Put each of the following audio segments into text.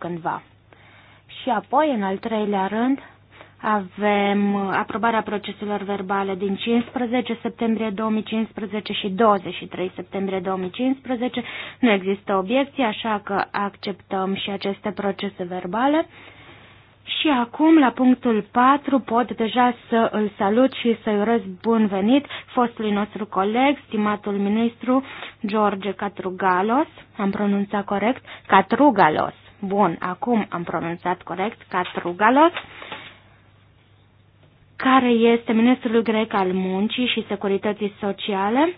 cândva. Și apoi, în al treilea rând, avem aprobarea proceselor verbale din 15 septembrie 2015 și 23 septembrie 2015. Nu există obiecții, așa că acceptăm și aceste procese verbale. Și acum, la punctul 4, pot deja să îl salut și să-i urez bun venit fostului nostru coleg, stimatul ministru George Catrugalos, am pronunțat corect, Catrugalos Bun, acum am pronunțat corect Catrugalos, care este ministrul grec al muncii și securității sociale,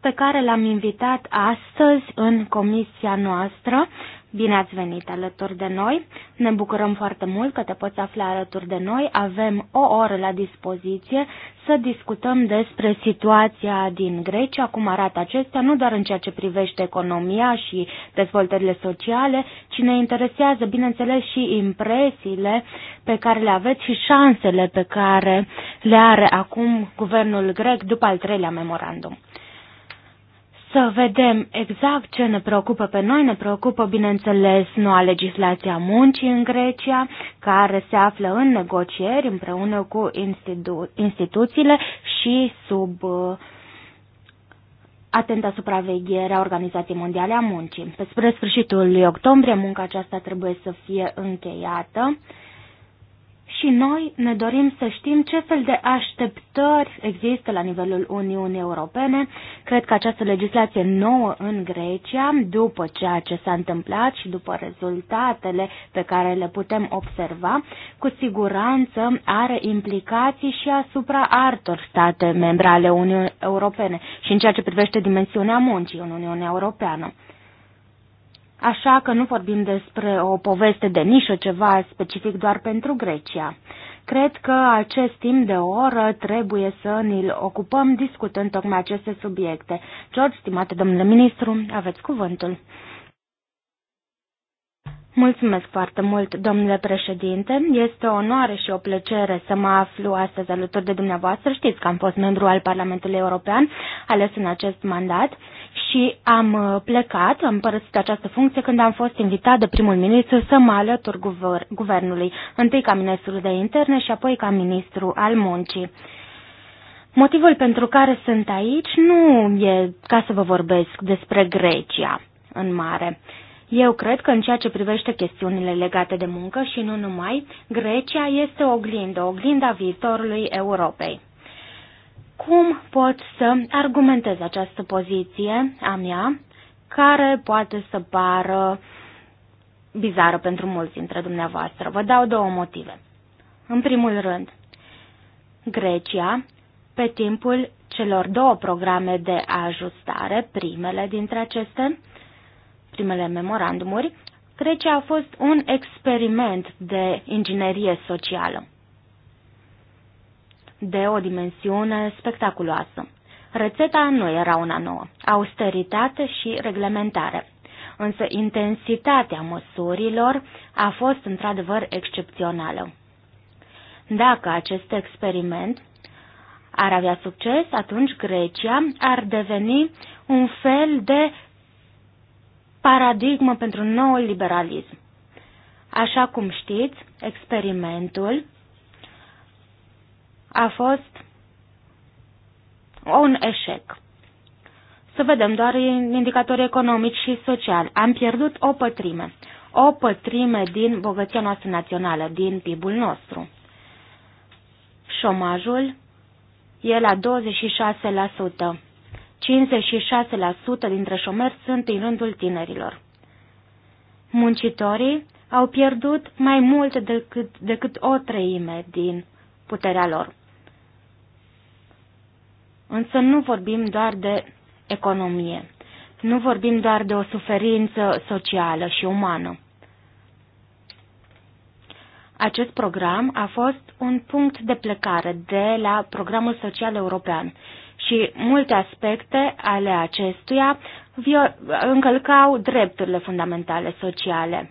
pe care l-am invitat astăzi în comisia noastră Bine ați venit alături de noi. Ne bucurăm foarte mult că te poți afla alături de noi. Avem o oră la dispoziție să discutăm despre situația din Grecia, cum arată acestea, nu doar în ceea ce privește economia și dezvoltările sociale, ci ne interesează, bineînțeles, și impresiile pe care le aveți și șansele pe care le are acum guvernul grec după al treilea memorandum să vedem exact ce ne preocupă pe noi. Ne preocupă, bineînțeles, noua legislație a muncii în Grecia, care se află în negocieri împreună cu institu- instituțiile și sub uh, atenta supraveghere a Organizației Mondiale a Muncii. Pe spre sfârșitul lui octombrie, munca aceasta trebuie să fie încheiată. Uh, și noi ne dorim să știm ce fel de așteptări există la nivelul Uniunii Europene. Cred că această legislație nouă în Grecia, după ceea ce s-a întâmplat și după rezultatele pe care le putem observa, cu siguranță are implicații și asupra altor state membre ale Uniunii Europene și în ceea ce privește dimensiunea muncii în Uniunea Europeană. Așa că nu vorbim despre o poveste de nișă, ceva specific doar pentru Grecia. Cred că acest timp de o oră trebuie să ne-l ocupăm discutând tocmai aceste subiecte. George, stimate domnule ministru, aveți cuvântul. Mulțumesc foarte mult, domnule președinte. Este o onoare și o plăcere să mă aflu astăzi alături de dumneavoastră. Știți că am fost membru al Parlamentului European, ales în acest mandat, și am uh, plecat, am părăsit această funcție când am fost invitat de primul ministru să mă alătur guver- guvernului, întâi ca ministru de interne și apoi ca ministru al muncii. Motivul pentru care sunt aici nu e ca să vă vorbesc despre Grecia în mare. Eu cred că în ceea ce privește chestiunile legate de muncă și nu numai, Grecia este oglindă, oglinda viitorului Europei. Cum pot să argumentez această poziție a mea, care poate să pară bizară pentru mulți dintre dumneavoastră? Vă dau două motive. În primul rând, Grecia, pe timpul celor două programe de ajustare, primele dintre acestea, primele memorandumuri, Grecia a fost un experiment de inginerie socială de o dimensiune spectaculoasă. Rețeta nu era una nouă, austeritate și reglementare. Însă intensitatea măsurilor a fost într-adevăr excepțională. Dacă acest experiment ar avea succes, atunci Grecia ar deveni un fel de paradigmă pentru noul liberalism. Așa cum știți, experimentul a fost un eșec. Să vedem doar indicatori economici și sociali. Am pierdut o pătrime. O pătrime din bogăția noastră națională, din PIB-ul nostru. Șomajul e la 26%. 56% dintre șomeri sunt în rândul tinerilor. Muncitorii au pierdut mai mult decât, decât o treime din puterea lor. Însă nu vorbim doar de economie, nu vorbim doar de o suferință socială și umană. Acest program a fost un punct de plecare de la programul social european și multe aspecte ale acestuia încălcau drepturile fundamentale sociale.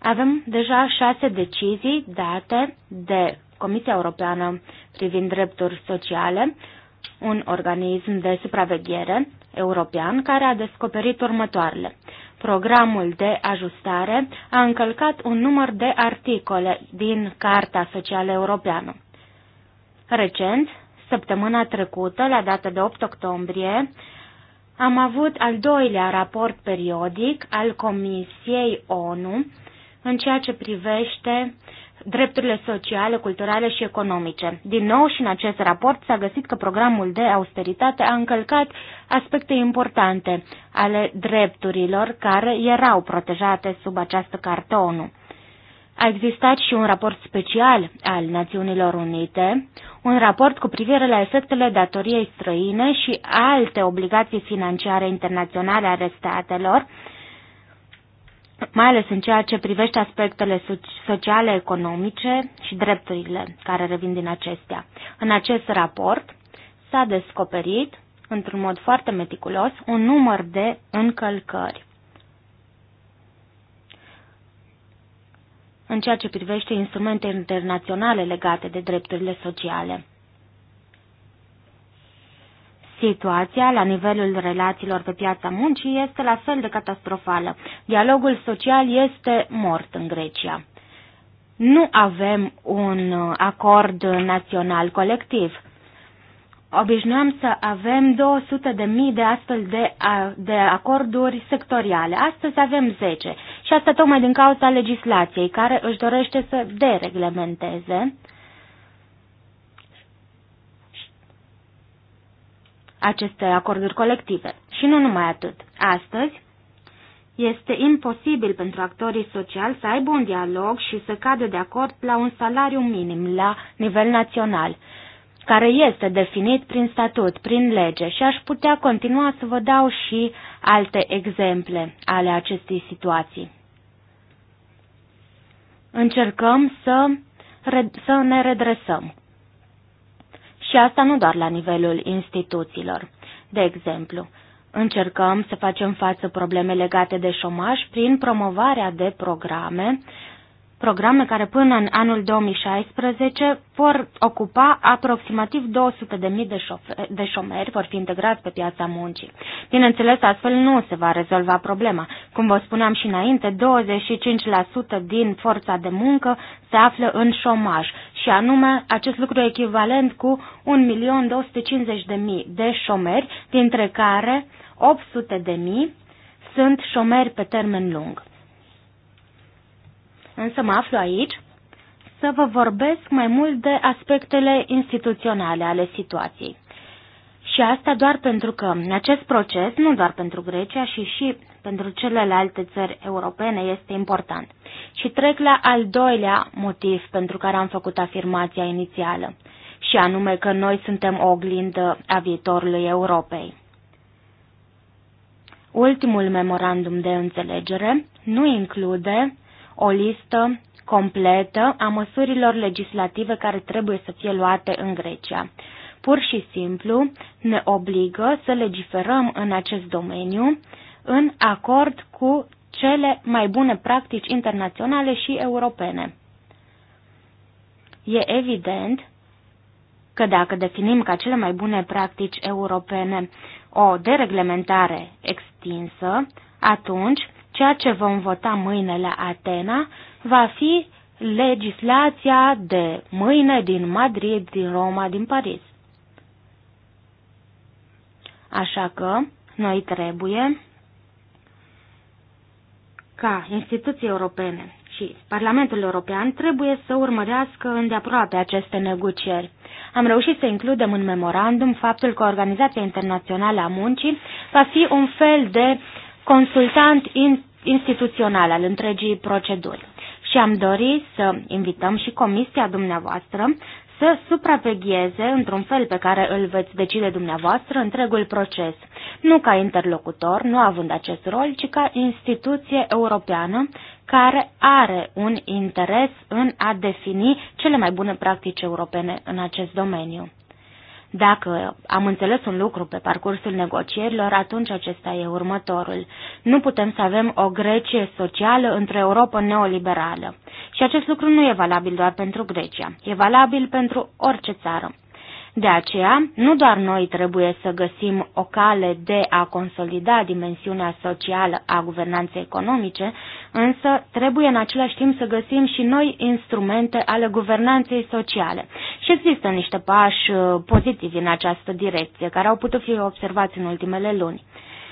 Avem deja șase decizii date de Comisia Europeană privind drepturi sociale, un organism de supraveghere european care a descoperit următoarele. Programul de ajustare a încălcat un număr de articole din Carta Socială Europeană. Recent, Săptămâna trecută, la data de 8 octombrie, am avut al doilea raport periodic al Comisiei ONU în ceea ce privește drepturile sociale, culturale și economice. Din nou și în acest raport s-a găsit că programul de austeritate a încălcat aspecte importante ale drepturilor care erau protejate sub această cartă ONU. A existat și un raport special al Națiunilor Unite, un raport cu privire la efectele datoriei străine și alte obligații financiare internaționale ale statelor, mai ales în ceea ce privește aspectele sociale, economice și drepturile care revin din acestea. În acest raport s-a descoperit, într-un mod foarte meticulos, un număr de încălcări. în ceea ce privește instrumente internaționale legate de drepturile sociale. Situația la nivelul relațiilor pe piața muncii este la fel de catastrofală. Dialogul social este mort în Grecia. Nu avem un acord național colectiv. Obișnuiam să avem 200.000 de astfel de astfel de, de acorduri sectoriale. Astăzi avem 10. Și asta tocmai din cauza legislației, care își dorește să dereglementeze aceste acorduri colective. Și nu numai atât. Astăzi, este imposibil pentru actorii sociali să aibă un dialog și să cadă de acord la un salariu minim la nivel național care este definit prin statut, prin lege și aș putea continua să vă dau și alte exemple ale acestei situații. Încercăm să, să ne redresăm. Și asta nu doar la nivelul instituțiilor. De exemplu, încercăm să facem față probleme legate de șomaș prin promovarea de programe programe care până în anul 2016 vor ocupa aproximativ 200.000 de, de, de șomeri, vor fi integrați pe piața muncii. Bineînțeles, astfel nu se va rezolva problema. Cum vă spuneam și înainte, 25% din forța de muncă se află în șomaj și anume acest lucru echivalent cu 1.250.000 de șomeri, dintre care 800.000 sunt șomeri pe termen lung însă mă aflu aici să vă vorbesc mai mult de aspectele instituționale ale situației. Și asta doar pentru că acest proces, nu doar pentru Grecia, și și pentru celelalte țări europene este important. Și trec la al doilea motiv pentru care am făcut afirmația inițială, și anume că noi suntem o oglindă a viitorului Europei. Ultimul memorandum de înțelegere nu include o listă completă a măsurilor legislative care trebuie să fie luate în Grecia. Pur și simplu ne obligă să legiferăm în acest domeniu în acord cu cele mai bune practici internaționale și europene. E evident că dacă definim ca cele mai bune practici europene o dereglementare extinsă, atunci Ceea ce vom vota mâine la Atena va fi legislația de mâine din Madrid, din Roma, din Paris. Așa că noi trebuie ca instituții europene și Parlamentul European trebuie să urmărească îndeaproape aceste negocieri. Am reușit să includem în memorandum faptul că Organizația Internațională a Muncii va fi un fel de uh, consultant instituțional al întregii proceduri și am dorit să invităm și comisia dumneavoastră să supravegheze, într-un fel pe care îl veți decide dumneavoastră, întregul proces, nu ca interlocutor, nu având acest rol, ci ca instituție europeană care are un interes în a defini cele mai bune practici europene în acest domeniu. Dacă am înțeles un lucru pe parcursul negocierilor, atunci acesta e următorul. Nu putem să avem o Grecie socială într-o Europa neoliberală. Și acest lucru nu e valabil doar pentru Grecia, e valabil pentru orice țară. De aceea, nu doar noi trebuie să găsim o cale de a consolida dimensiunea socială a guvernanței economice, însă trebuie în același timp să găsim și noi instrumente ale guvernanței sociale. Și există niște pași uh, pozitivi în această direcție, care au putut fi observați în ultimele luni.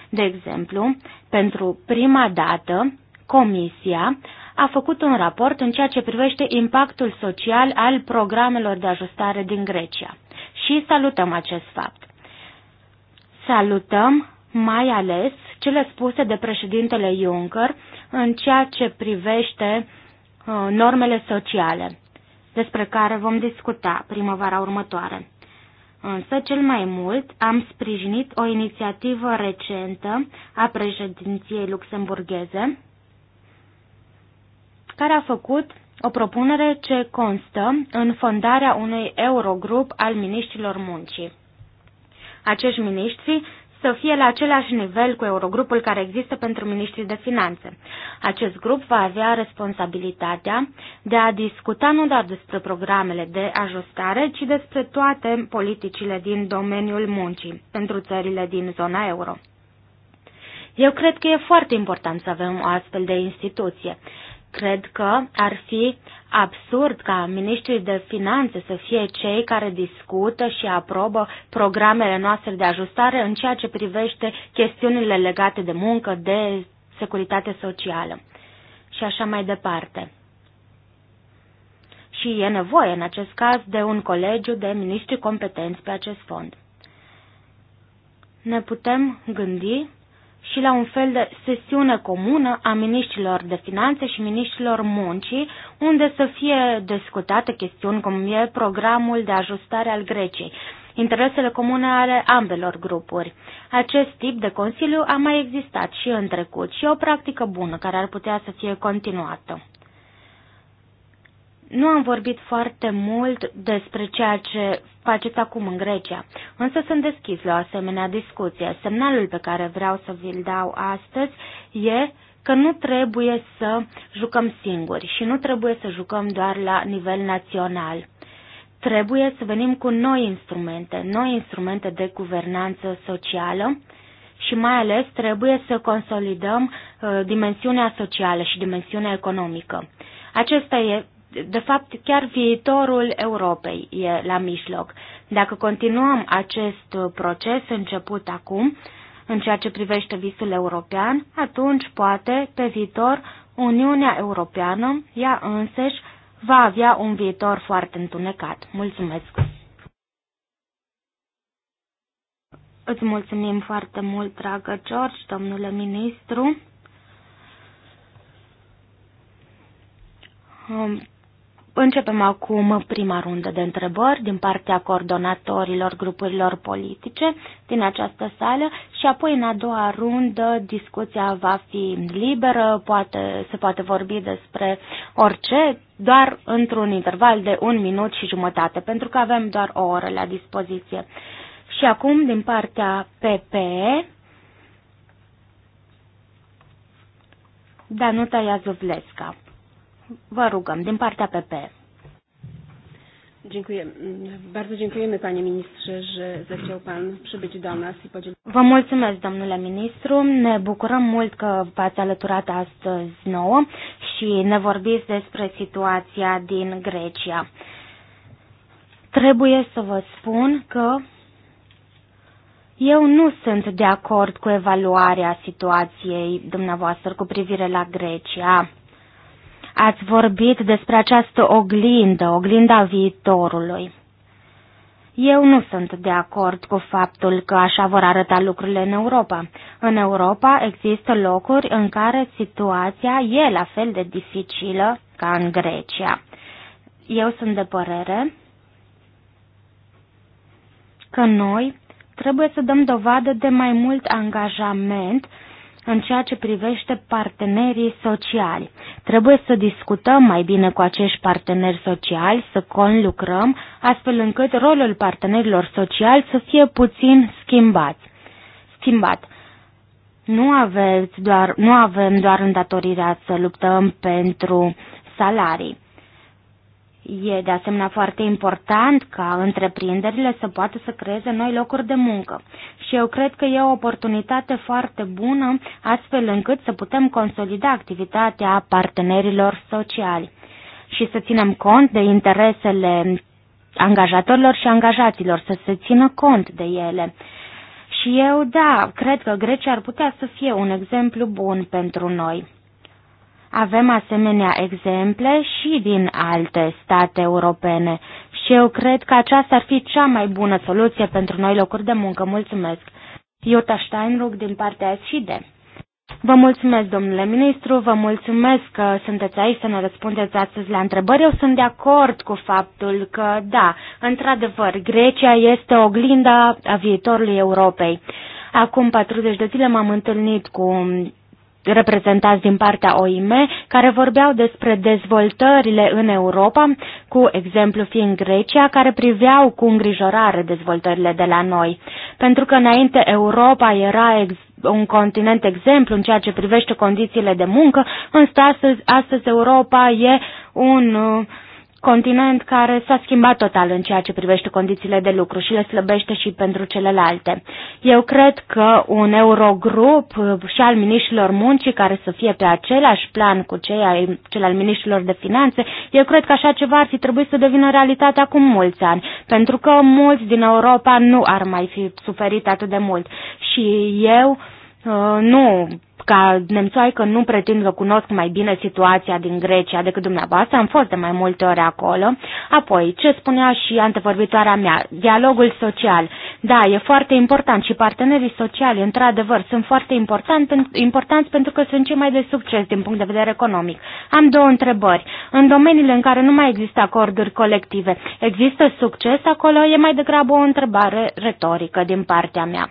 De exemplu, pentru prima dată, Comisia a făcut un raport în ceea ce privește impactul social al programelor de ajustare din Grecia și salutăm acest fapt. Salutăm mai ales cele spuse de președintele Juncker în ceea ce privește uh, normele sociale, despre care vom discuta primăvara următoare. Însă, cel mai mult, am sprijinit o inițiativă recentă a președinției luxemburgheze, care a făcut o propunere ce constă în fondarea unui Eurogrup al miniștilor muncii. Acești miniștri să fie la același nivel cu Eurogrupul care există pentru ministrii de finanțe. Acest grup va avea responsabilitatea de a discuta nu doar despre programele de ajustare, ci despre toate politicile din domeniul muncii pentru țările din zona euro. Eu cred că e foarte important să avem o astfel de instituție. Cred că ar fi absurd ca ministrii de finanțe să fie cei care discută și aprobă programele noastre de ajustare în ceea ce privește chestiunile legate de muncă, de securitate socială și așa mai departe. Și e nevoie, în acest caz, de un colegiu de ministri competenți pe acest fond. Ne putem gândi și la un fel de sesiune comună a miniștilor de finanțe și miniștilor muncii, unde să fie discutate chestiuni cum e programul de ajustare al Greciei, interesele comune ale ambelor grupuri. Acest tip de consiliu a mai existat și în trecut și e o practică bună care ar putea să fie continuată. Nu am vorbit foarte mult despre ceea ce faceți acum în Grecia, însă sunt deschis la o asemenea discuție. Semnalul pe care vreau să vi-l dau astăzi e că nu trebuie să jucăm singuri și nu trebuie să jucăm doar la nivel național. Trebuie să venim cu noi instrumente, noi instrumente de guvernanță socială și mai ales trebuie să consolidăm uh, dimensiunea socială și dimensiunea economică. Acesta e de fapt, chiar viitorul Europei e la mijloc. Dacă continuăm acest proces început acum, în ceea ce privește visul european, atunci, poate, pe viitor, Uniunea Europeană, ea însăși, va avea un viitor foarte întunecat. Mulțumesc! Îți mulțumim foarte mult, dragă George, domnule ministru. Începem acum prima rundă de întrebări din partea coordonatorilor grupurilor politice din această sală și apoi în a doua rundă discuția va fi liberă, poate, se poate vorbi despre orice, doar într-un interval de un minut și jumătate, pentru că avem doar o oră la dispoziție. Și acum din partea PPE, Danuta Iazuvlesca. Vă rugăm, din partea PP. Vă mulțumesc, domnule ministru. Ne bucurăm mult că v-ați alăturat astăzi nouă și ne vorbiți despre situația din Grecia. Trebuie să vă spun că eu nu sunt de acord cu evaluarea situației dumneavoastră cu privire la Grecia. Ați vorbit despre această oglindă, oglinda viitorului. Eu nu sunt de acord cu faptul că așa vor arăta lucrurile în Europa. În Europa există locuri în care situația e la fel de dificilă ca în Grecia. Eu sunt de părere că noi trebuie să dăm dovadă de mai mult angajament în ceea ce privește partenerii sociali. Trebuie să discutăm mai bine cu acești parteneri sociali, să conlucrăm, astfel încât rolul partenerilor sociali să fie puțin schimbat. schimbat. Nu, aveți doar, nu avem doar îndatorirea să luptăm pentru salarii. E de asemenea foarte important ca întreprinderile să poată să creeze noi locuri de muncă și eu cred că e o oportunitate foarte bună astfel încât să putem consolida activitatea partenerilor sociali și să ținem cont de interesele angajatorilor și angajaților, să se țină cont de ele. Și eu, da, cred că Grecia ar putea să fie un exemplu bun pentru noi. Avem asemenea exemple și din alte state europene și eu cred că aceasta ar fi cea mai bună soluție pentru noi locuri de muncă. Mulțumesc! Iota Steinruck din partea SID. Vă mulțumesc, domnule ministru, vă mulțumesc că sunteți aici să ne răspundeți astăzi la întrebări. Eu sunt de acord cu faptul că, da, într-adevăr, Grecia este oglinda a viitorului Europei. Acum 40 de zile m-am întâlnit cu reprezentați din partea OIM care vorbeau despre dezvoltările în Europa, cu exemplu fiind Grecia, care priveau cu îngrijorare dezvoltările de la noi. Pentru că înainte Europa era ex un continent exemplu în ceea ce privește condițiile de muncă, însă astăzi, astăzi Europa e un uh, continent care s-a schimbat total în ceea ce privește condițiile de lucru și le slăbește și pentru celelalte. Eu cred că un eurogrup și al miniștilor muncii care să fie pe același plan cu cei ai, cel al miniștilor de finanțe, eu cred că așa ceva ar fi trebuit să devină realitate acum mulți ani, pentru că mulți din Europa nu ar mai fi suferit atât de mult. Și eu Uh, nu, ca nemțoaică nu pretind că cunosc mai bine situația din Grecia decât dumneavoastră, am fost de mai multe ori acolo. Apoi, ce spunea și antevorbitoarea mea, dialogul social. Da, e foarte important și partenerii sociali, într-adevăr, sunt foarte important, importanți pentru că sunt cei mai de succes din punct de vedere economic. Am două întrebări. În domeniile în care nu mai există acorduri colective, există succes acolo? E mai degrabă o întrebare retorică din partea mea.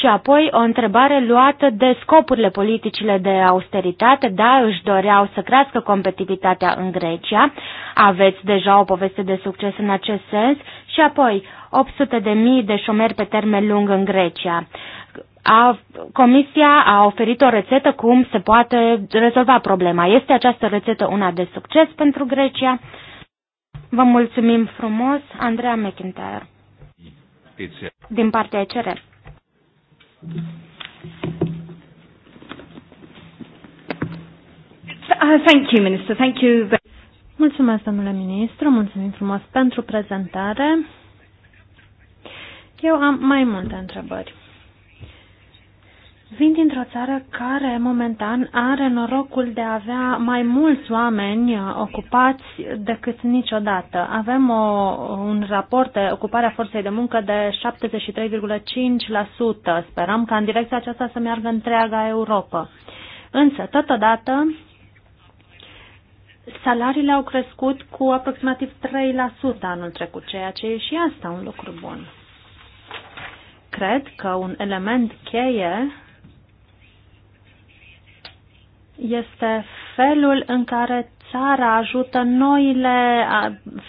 Și apoi o întrebare luată de scopurile politicile de austeritate, da, își doreau să crească competitivitatea în Grecia, aveți deja o poveste de succes în acest sens, și apoi 800 de mii de șomeri pe termen lung în Grecia. A, comisia a oferit o rețetă cum se poate rezolva problema. Este această rețetă una de succes pentru Grecia? Vă mulțumim frumos, Andreea McIntyre. Din partea ECR. Uh, thank you, Minister. Thank you. Mulțumesc, domnule ministru, mulțumim frumos pentru prezentare. Eu am mai multe întrebări. Vin dintr-o țară care momentan are norocul de a avea mai mulți oameni ocupați decât niciodată. Avem o, un raport de ocuparea forței de muncă de 73,5%. Sperăm ca în direcția aceasta să meargă întreaga Europa. Însă, totodată, salariile au crescut cu aproximativ 3% anul trecut, ceea ce e și asta un lucru bun. Cred că un element cheie este felul în care țara ajută noile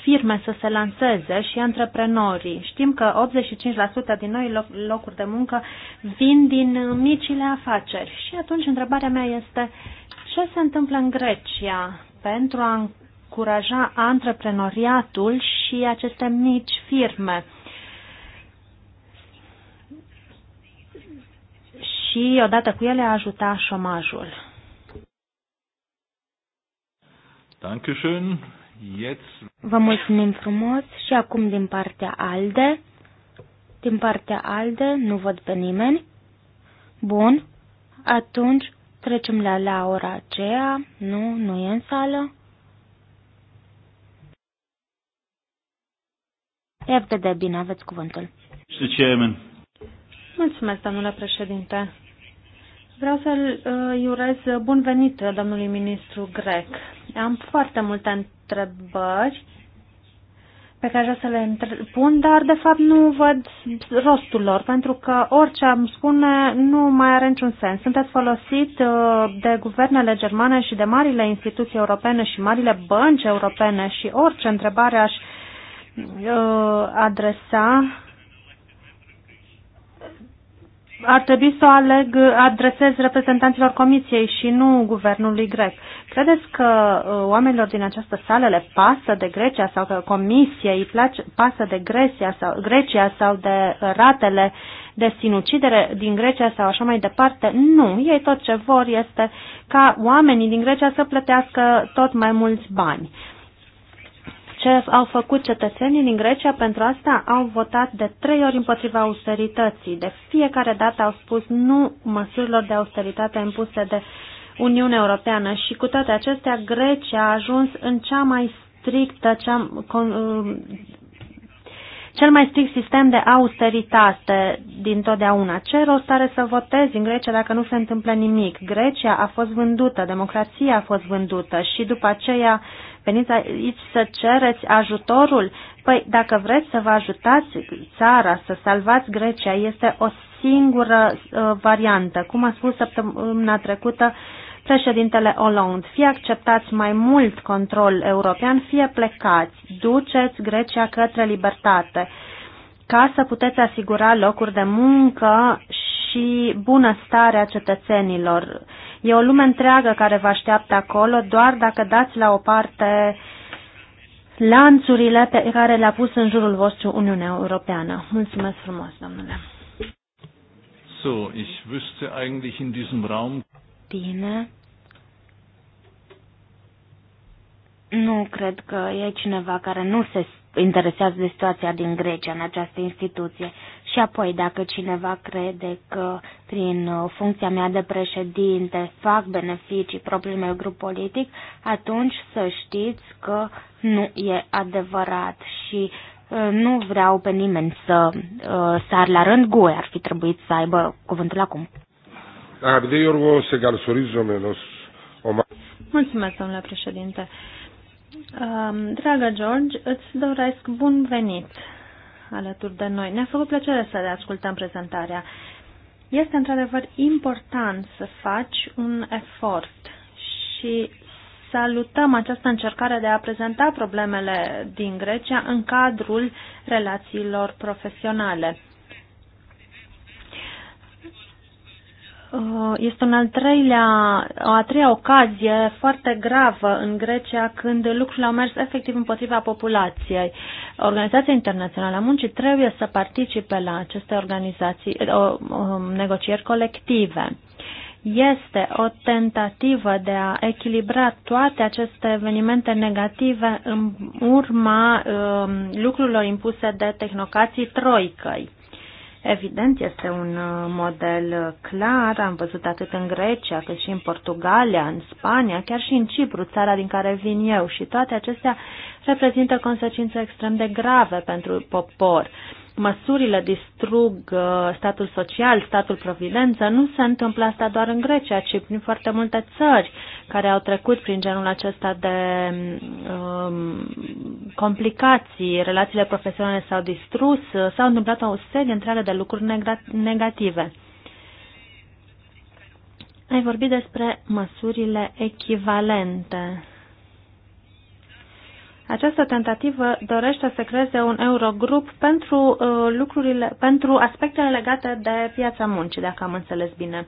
firme să se lanseze și antreprenorii. Știm că 85% din noi locuri de muncă vin din micile afaceri. Și atunci întrebarea mea este ce se întâmplă în Grecia pentru a încuraja antreprenoriatul și aceste mici firme? Și odată cu ele a ajuta șomajul. Dankeschön. Jetzt... Vă mulțumim frumos și acum din partea ALDE. Din partea ALDE nu văd pe nimeni. Bun. Atunci trecem la Laura aceea. Nu, nu e în sală. FDD, bine, aveți cuvântul. Mr. Mulțumesc, domnule președinte. Vreau să-l uh, urez bun venit domnului ministru grec. Am foarte multe întrebări pe care vreau să le pun, dar de fapt nu văd rostul lor, pentru că orice am spune nu mai are niciun sens. Sunteți folosit uh, de guvernele germane și de marile instituții europene și marile bănci europene și orice întrebare aș uh, adresa ar trebui să o aleg, adresez reprezentanților Comisiei și nu guvernului grec. Credeți că uh, oamenilor din această sală le pasă de Grecia sau că Comisiei îi place, pasă de Grecia sau, Grecia sau de ratele de sinucidere din Grecia sau așa mai departe? Nu, ei tot ce vor este ca oamenii din Grecia să plătească tot mai mulți bani. Uh, ce au făcut cetățenii din Grecia pentru asta au votat de trei ori împotriva austerității. De fiecare dată au spus nu măsurilor de austeritate impuse de Uniunea Europeană și cu toate acestea Grecia a ajuns în cea mai strictă, cea, con, um, cel mai strict sistem de austeritate din totdeauna. Ce rost are să votezi în Grecia dacă nu se întâmplă nimic? Grecia a fost vândută, democrația a fost vândută și după aceea veniți aici să cereți ajutorul. Păi dacă vreți să vă ajutați țara, să salvați Grecia, este o singură uh, variantă. Cum a spus săptămâna trecută președintele Hollande, fie acceptați mai mult control european, fie plecați, duceți Grecia către libertate ca să puteți asigura locuri de muncă și bunăstarea cetățenilor. Uh, E o lume întreagă care vă așteaptă acolo doar dacă dați la o parte lanțurile pe care le-a pus în jurul vostru Uniunea Europeană. Mulțumesc frumos, domnule. So, ich wüsste eigentlich in diesem Raum. Bine. Nu cred că e cineva care nu se interesează de situația din Grecia în această instituție. Și apoi, dacă cineva crede că prin uh, funcția mea de președinte fac beneficii propriul meu grup politic, atunci să știți că nu e adevărat și uh, nu vreau pe nimeni să uh, sar la rând. Gue ar fi trebuit să aibă cuvântul acum. Mulțumesc, domnule președinte. Um, dragă George, îți doresc bun venit alături de noi. Ne-a făcut plăcere să le ascultăm prezentarea. Este într-adevăr important să faci un efort și salutăm această încercare de a prezenta problemele din Grecia în cadrul relațiilor profesionale. Uh, este un al treilea, o a treia ocazie foarte gravă în Grecia când lucrurile au mers efectiv împotriva populației. Organizația Internațională a Muncii trebuie să participe la aceste organizații, o uh, um, negocieri colective. Este o tentativă de a echilibra toate aceste evenimente negative în urma um, lucrurilor impuse de tehnocații troicăi Evident, este un uh, model clar, am văzut atât în Grecia, cât și în Portugalia, în Spania, chiar și în Cipru, țara din care vin eu, și toate acestea reprezintă consecințe extrem de grave pentru popor măsurile distrug uh, statul social, statul providență, nu se întâmplă asta doar în Grecia, ci prin foarte multe țări care au trecut prin genul acesta de um, complicații, relațiile profesionale s-au distrus, uh, s-au întâmplat o serie întreagă de lucruri negative. Ai vorbit despre măsurile echivalente. Această tentativă dorește să creeze un eurogrup pentru, uh, lucrurile, pentru aspectele legate de piața muncii, dacă am înțeles bine.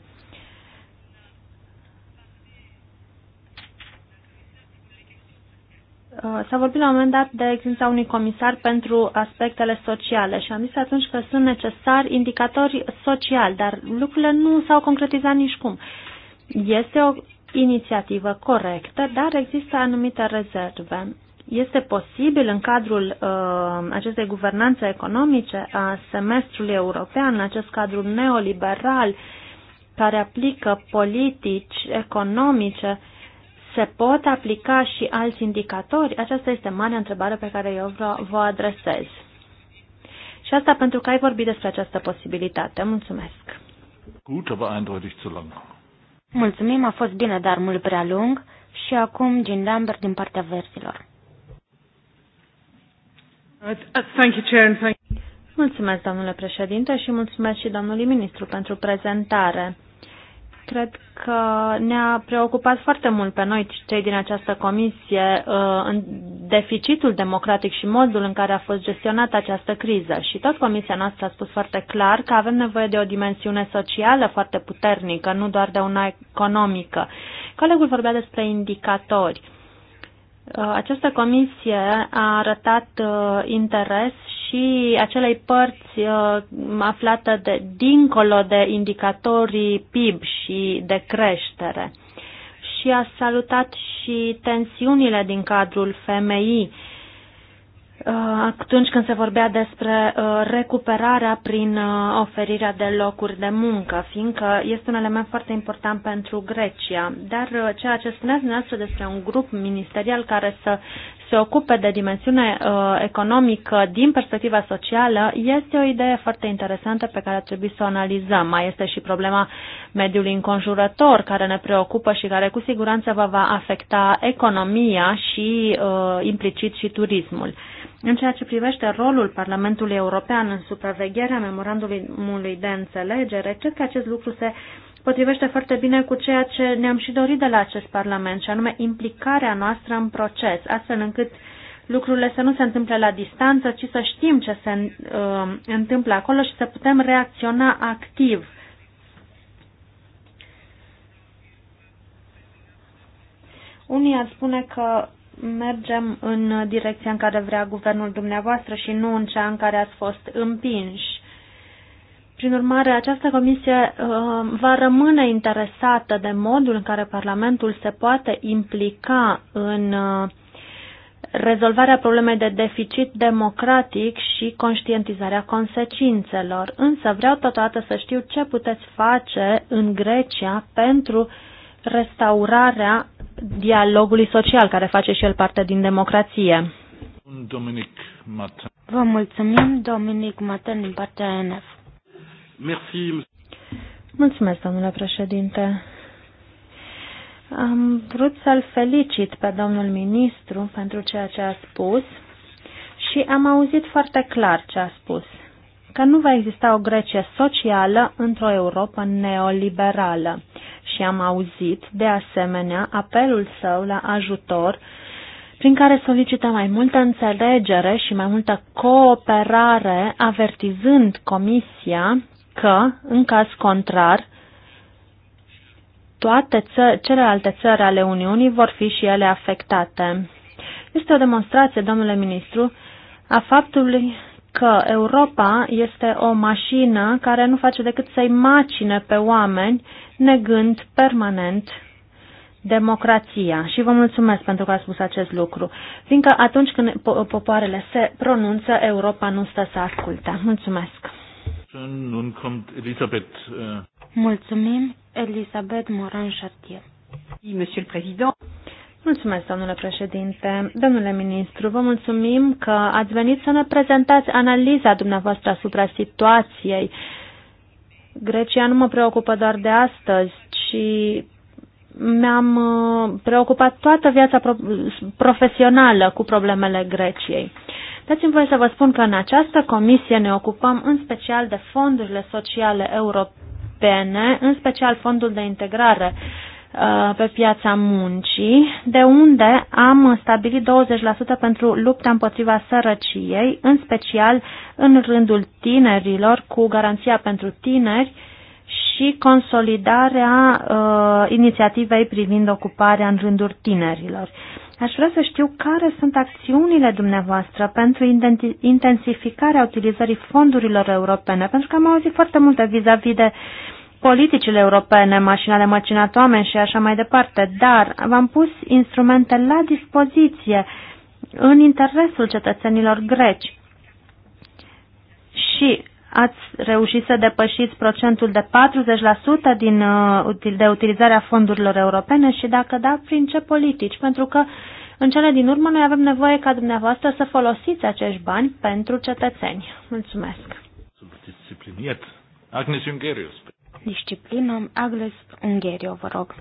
Uh, s-a vorbit la un moment dat de existența unui comisar pentru aspectele sociale și am zis atunci că sunt necesari indicatori sociali, dar lucrurile nu s-au concretizat nici cum. Este o inițiativă corectă, dar există anumite rezerve este posibil în cadrul uh, acestei guvernanțe economice a semestrului european, în acest cadru neoliberal care aplică politici economice, se pot aplica și alți indicatori? Aceasta este marea întrebare pe care eu vă adresez. Și asta pentru că ai vorbit despre această posibilitate. Mulțumesc. Gut, aber eindeutig zu lang. Mulțumim, a fost bine, dar mult prea lung. Și acum Jean Lambert din partea versilor. Uh, thank you, Chair, and thank Mulțumesc, domnule președinte, și mulțumesc și domnului ministru pentru prezentare. Cred că ne-a preocupat foarte mult pe noi, cei din această comisie, uh, în deficitul democratic și modul în care a fost gestionată această criză. Și tot comisia noastră a spus foarte clar că avem nevoie de o dimensiune socială foarte puternică, nu doar de una economică. Colegul vorbea despre indicatori. Uh, această comisie a arătat uh, interes și acelei părți uh, aflată de, dincolo de indicatorii PIB și de creștere. Și a salutat și tensiunile din cadrul FMI Uh, atunci când se vorbea despre uh, recuperarea prin uh, oferirea de locuri de muncă, fiindcă este un element foarte important pentru Grecia. Dar ceea ce spuneați dumneavoastră despre un grup ministerial care să se ocupe de dimensiune economică din perspectiva socială este o idee foarte interesantă pe care ar trebui să o analizăm. Mai este și problema mediului înconjurător care ne preocupă și care cu siguranță va va afecta economia și implicit și turismul. În ceea ce privește rolul Parlamentului European în supravegherea memorandumului de înțelegere, cred că acest lucru se potrivește foarte bine cu ceea ce ne-am și dorit de la acest Parlament, și anume implicarea noastră în proces, astfel încât lucrurile să nu se întâmple la distanță, ci să știm ce se uh, întâmplă acolo și să putem reacționa activ. Unii ar spune că mergem în direcția în care vrea guvernul dumneavoastră și nu în cea în care ați fost împinși. Prin urmare, această comisie uh, va rămâne interesată de modul în care Parlamentul se poate implica în uh, rezolvarea problemei de deficit democratic și conștientizarea consecințelor. Însă vreau totodată să știu ce puteți face în Grecia pentru restaurarea dialogului social, care face și el parte din democrație. Dominic Vă mulțumim, Dominic Matan, din partea ANF. Merci. Mulțumesc, domnule președinte. Am vrut să-l felicit pe domnul ministru pentru ceea ce a spus și am auzit foarte clar ce a spus, că nu va exista o Grecie socială într-o Europa neoliberală și am auzit, de asemenea, apelul său la ajutor prin care solicită mai multă înțelegere și mai multă cooperare, avertizând Comisia că, în caz contrar, toate ță- celelalte țări ale Uniunii vor fi și ele afectate. Este o demonstrație, domnule ministru, a faptului că Europa este o mașină care nu face decât să-i macine pe oameni, negând permanent democrația. Și vă mulțumesc pentru că ați spus acest lucru, fiindcă atunci când popoarele se pronunță, Europa nu stă să asculte. Mulțumesc! Uh. Mulțumim, Elisabeth Moran-Chartier. Monsieur le Président. Mulțumesc, domnule președinte. Domnule ministru, vă mulțumim că ați venit să ne prezentați analiza dumneavoastră asupra situației. Grecia nu mă preocupă doar de astăzi, ci mi-am uh, preocupat toată viața profesională cu problemele Greciei. Dați-mi voie să vă spun că în această comisie ne ocupăm în special de fondurile sociale europene, în special fondul de integrare Uh, pe piața muncii, de unde am stabilit 20% pentru lupta împotriva sărăciei, în special în rândul tinerilor, cu garanția pentru tineri și consolidarea uh, inițiativei privind ocuparea în rândul tinerilor. Aș vrea să știu care sunt acțiunile dumneavoastră pentru intensificarea utilizării fondurilor europene, pentru că am auzit foarte multe vis-a-vis -vis de politicile europene, mașinile măcinat oameni și așa mai departe, dar v-am pus instrumente la dispoziție în interesul cetățenilor greci și ați reușit să depășiți procentul de 40% din, uh, de utilizarea fondurilor europene și dacă da, prin ce politici? Pentru că în cele din urmă noi avem nevoie ca dumneavoastră să folosiți acești bani pentru cetățeni. Mulțumesc! Agnes Jungerius disciplină, Agles Ungheriu, vă rog.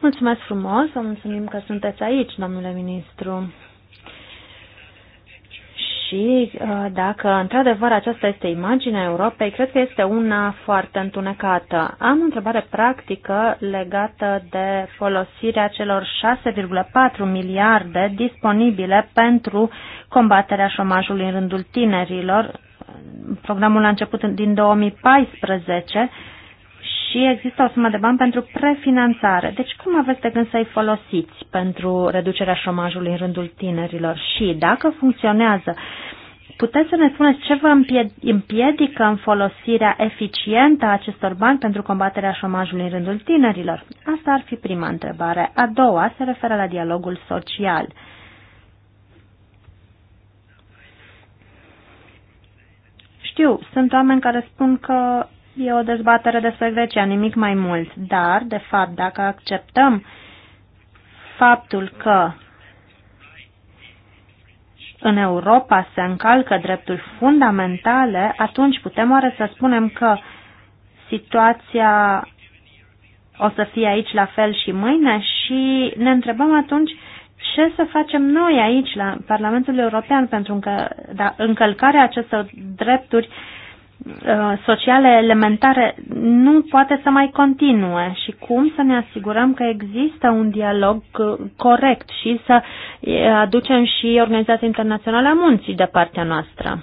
Mulțumesc frumos, vă mulțumim că sunteți aici, domnule ministru. Și uh, dacă într-adevăr aceasta este imaginea Europei, cred că este una foarte întunecată. Am o întrebare practică legată de folosirea celor 6,4 miliarde disponibile pentru combaterea șomajului în rândul tinerilor programul a început din 2014 și există o sumă de bani pentru prefinanțare. Deci cum aveți de gând să-i folosiți pentru reducerea șomajului în rândul tinerilor? Și dacă funcționează, puteți să ne spuneți ce vă împiedică în folosirea eficientă a acestor bani pentru combaterea șomajului în rândul tinerilor? Asta ar fi prima întrebare. A doua se referă la dialogul social. Uh, Știu, sunt oameni care spun că e o dezbatere despre Grecia, nimic mai mult, dar, de fapt, dacă acceptăm faptul că în Europa se încalcă drepturi fundamentale, atunci putem oare să spunem că situația o să fie aici la fel și mâine și ne întrebăm atunci ce să facem noi aici, la Parlamentul European, pentru că da, încălcarea acestor drepturi uh, sociale elementare nu poate să mai continue și cum să ne asigurăm că există un dialog uh, corect și să uh, aducem și Organizația Internațională a Munții de partea noastră.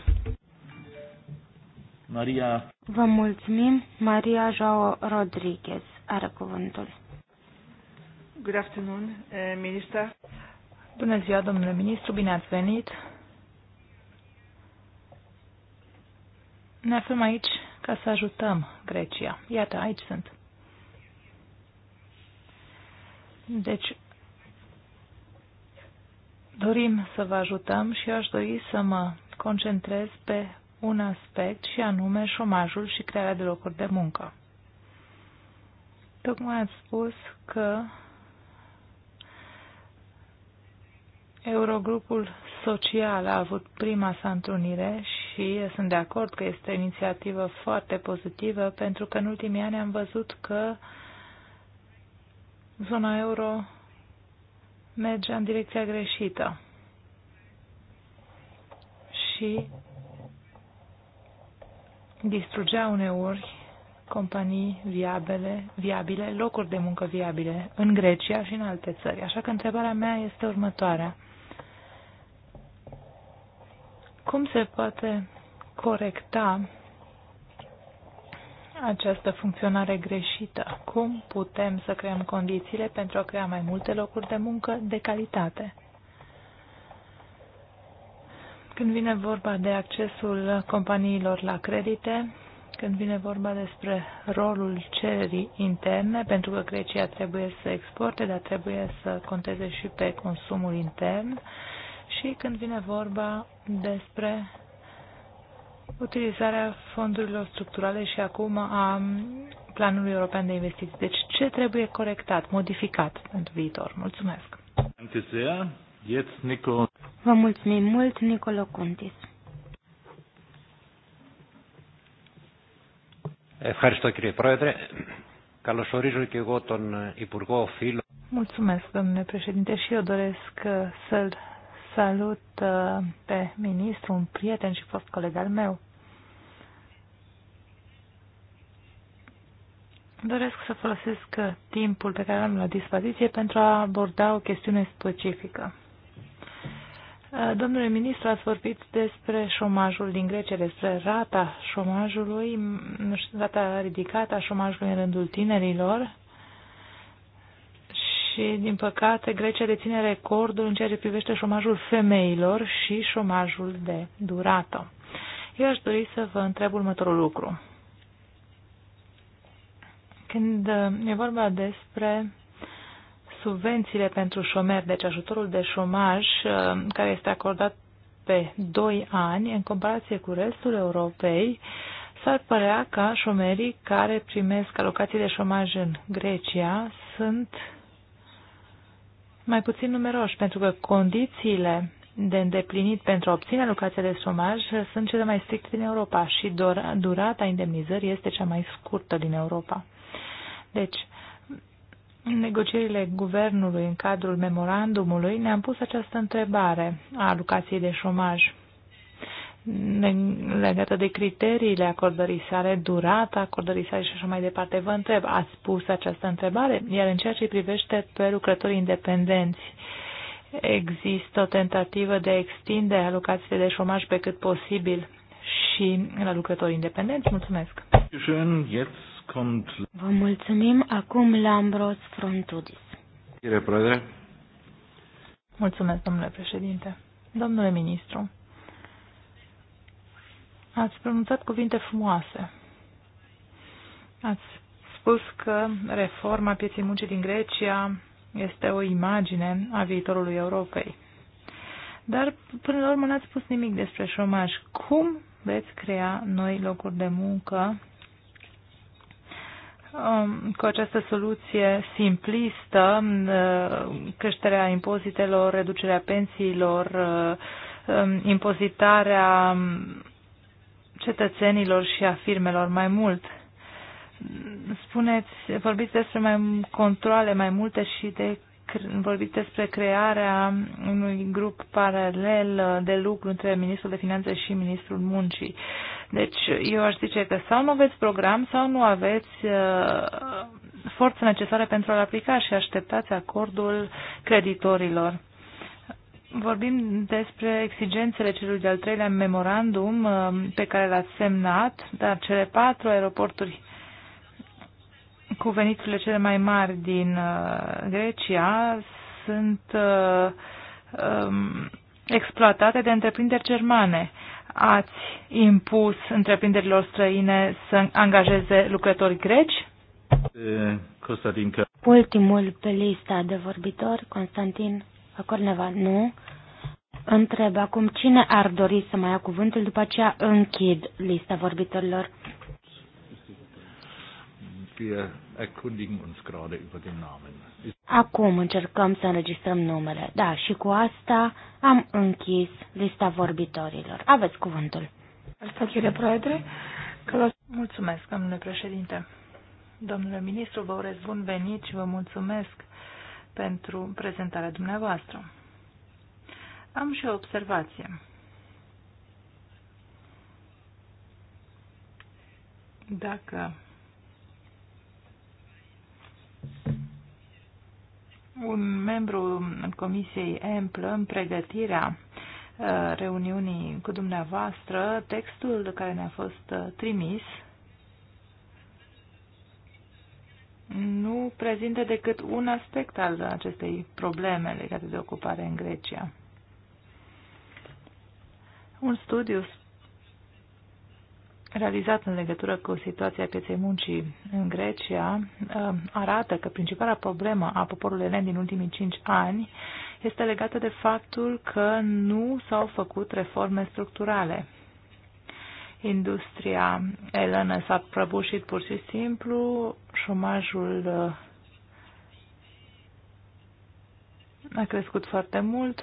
Maria. Vă mulțumim. Maria Joao Rodriguez are cuvântul. Good afternoon, eh, Minister. Bună ziua, domnule ministru, bine ați venit. Ne aflăm aici ca să ajutăm Grecia. Iată, aici sunt. Deci, dorim să vă ajutăm și eu aș dori să mă concentrez pe un aspect și anume șomajul și crearea de locuri de muncă. Tocmai ați spus că Eurogrupul social a avut prima sa întrunire și sunt de acord că este o inițiativă foarte pozitivă pentru că în ultimii ani am văzut că zona euro merge în direcția greșită. Și distrugea uneori companii viabile, viabile, locuri de muncă viabile în Grecia și în alte țări. Așa că întrebarea mea este următoarea. Cum se poate corecta această funcționare greșită? Cum putem să creăm condițiile pentru a crea mai multe locuri de muncă de calitate? Când vine vorba de accesul companiilor la credite, când vine vorba despre rolul cererii interne, pentru că Grecia trebuie să exporte, dar trebuie să conteze și pe consumul intern, și când vine vorba despre utilizarea fondurilor structurale și acum a Planului European de Investiții. Deci ce trebuie corectat, modificat pentru viitor? Mulțumesc! Vă mulțumim mult, Nicolo Contis. Mulțumesc, domnule președinte, și eu doresc să-l salut uh, pe ministru, un prieten și fost coleg al meu. Doresc să folosesc uh, timpul pe care l-am la dispoziție pentru a aborda o chestiune specifică. Uh, domnule ministru, ați vorbit despre șomajul din Grecia, despre rata șomajului, rata ridicată a șomajului în rândul tinerilor și, din păcate, Grecia deține recordul în ceea ce privește șomajul femeilor și șomajul de durată. Eu aș dori să vă întreb următorul lucru. Când uh, e vorba despre subvențiile pentru șomeri, deci ajutorul de șomaj uh, care este acordat pe 2 ani, în comparație cu restul Europei, s-ar părea că șomerii care primesc alocații de șomaj în Grecia sunt mai puțin numeroși, pentru că condițiile de îndeplinit pentru a obține locația de șomaj sunt cele mai stricte din Europa și durata indemnizării este cea mai scurtă din Europa. Deci, în negocierile guvernului în cadrul memorandumului ne-am pus această întrebare a locației de șomaj legată de criteriile acordării sale, durata acordării sale și așa mai departe. Vă întreb, ați pus această întrebare? Iar în ceea ce privește pe lucrătorii independenți, există o tentativă de a extinde alocațiile de șomaj pe cât posibil și la lucrători independenți? Mulțumesc! Vă mulțumim. Acum Lambros Frontudis. Mulțumesc, domnule președinte. Domnule ministru, Ați pronunțat cuvinte frumoase. Ați spus că reforma pieței muncii din Grecia este o imagine a viitorului Europei. Dar, până la urmă, n-ați spus nimic despre șomaj. Cum veți crea noi locuri de muncă um, cu această soluție simplistă, uh, creșterea impozitelor, reducerea pensiilor, uh, um, impozitarea um, cetățenilor și a firmelor mai mult. Spuneți, vorbiți despre mai controle mai multe și de vorbiți despre crearea unui grup paralel de lucru între Ministrul de Finanțe și Ministrul Muncii. Deci eu aș zice că sau nu aveți program sau nu aveți uh, forță necesară pentru a-l aplica și așteptați acordul creditorilor vorbim despre exigențele celui de-al treilea memorandum uh, pe care l a semnat, dar cele patru aeroporturi cu veniturile cele mai mari din uh, Grecia sunt uh, um, exploatate de întreprinderi germane. Ați impus întreprinderilor străine să angajeze lucrători greci? Eh, Ultimul pe lista de vorbitori, Constantin Corneva, nu. Întreb acum cine ar dori să mai ia cuvântul, după aceea închid lista vorbitorilor. Acum încercăm să înregistrăm numele. Da, și cu asta am închis lista vorbitorilor. Aveți cuvântul. Mulțumesc, domnule președinte. Domnule ministru, vă urez bun venit și vă mulțumesc pentru prezentarea dumneavoastră. Am și o observație. Dacă un membru în Comisiei EMPLă, în pregătirea uh, reuniunii cu dumneavoastră, textul care ne-a fost uh, trimis nu prezintă decât un aspect al acestei probleme legate de ocupare în Grecia. Un studiu realizat în legătură cu situația pieței muncii în Grecia uh, arată că principala problemă a poporului elen din ultimii cinci ani este legată de faptul că nu s-au făcut reforme structurale Industria elenă s-a prăbușit pur și simplu, șomajul uh, a crescut foarte mult.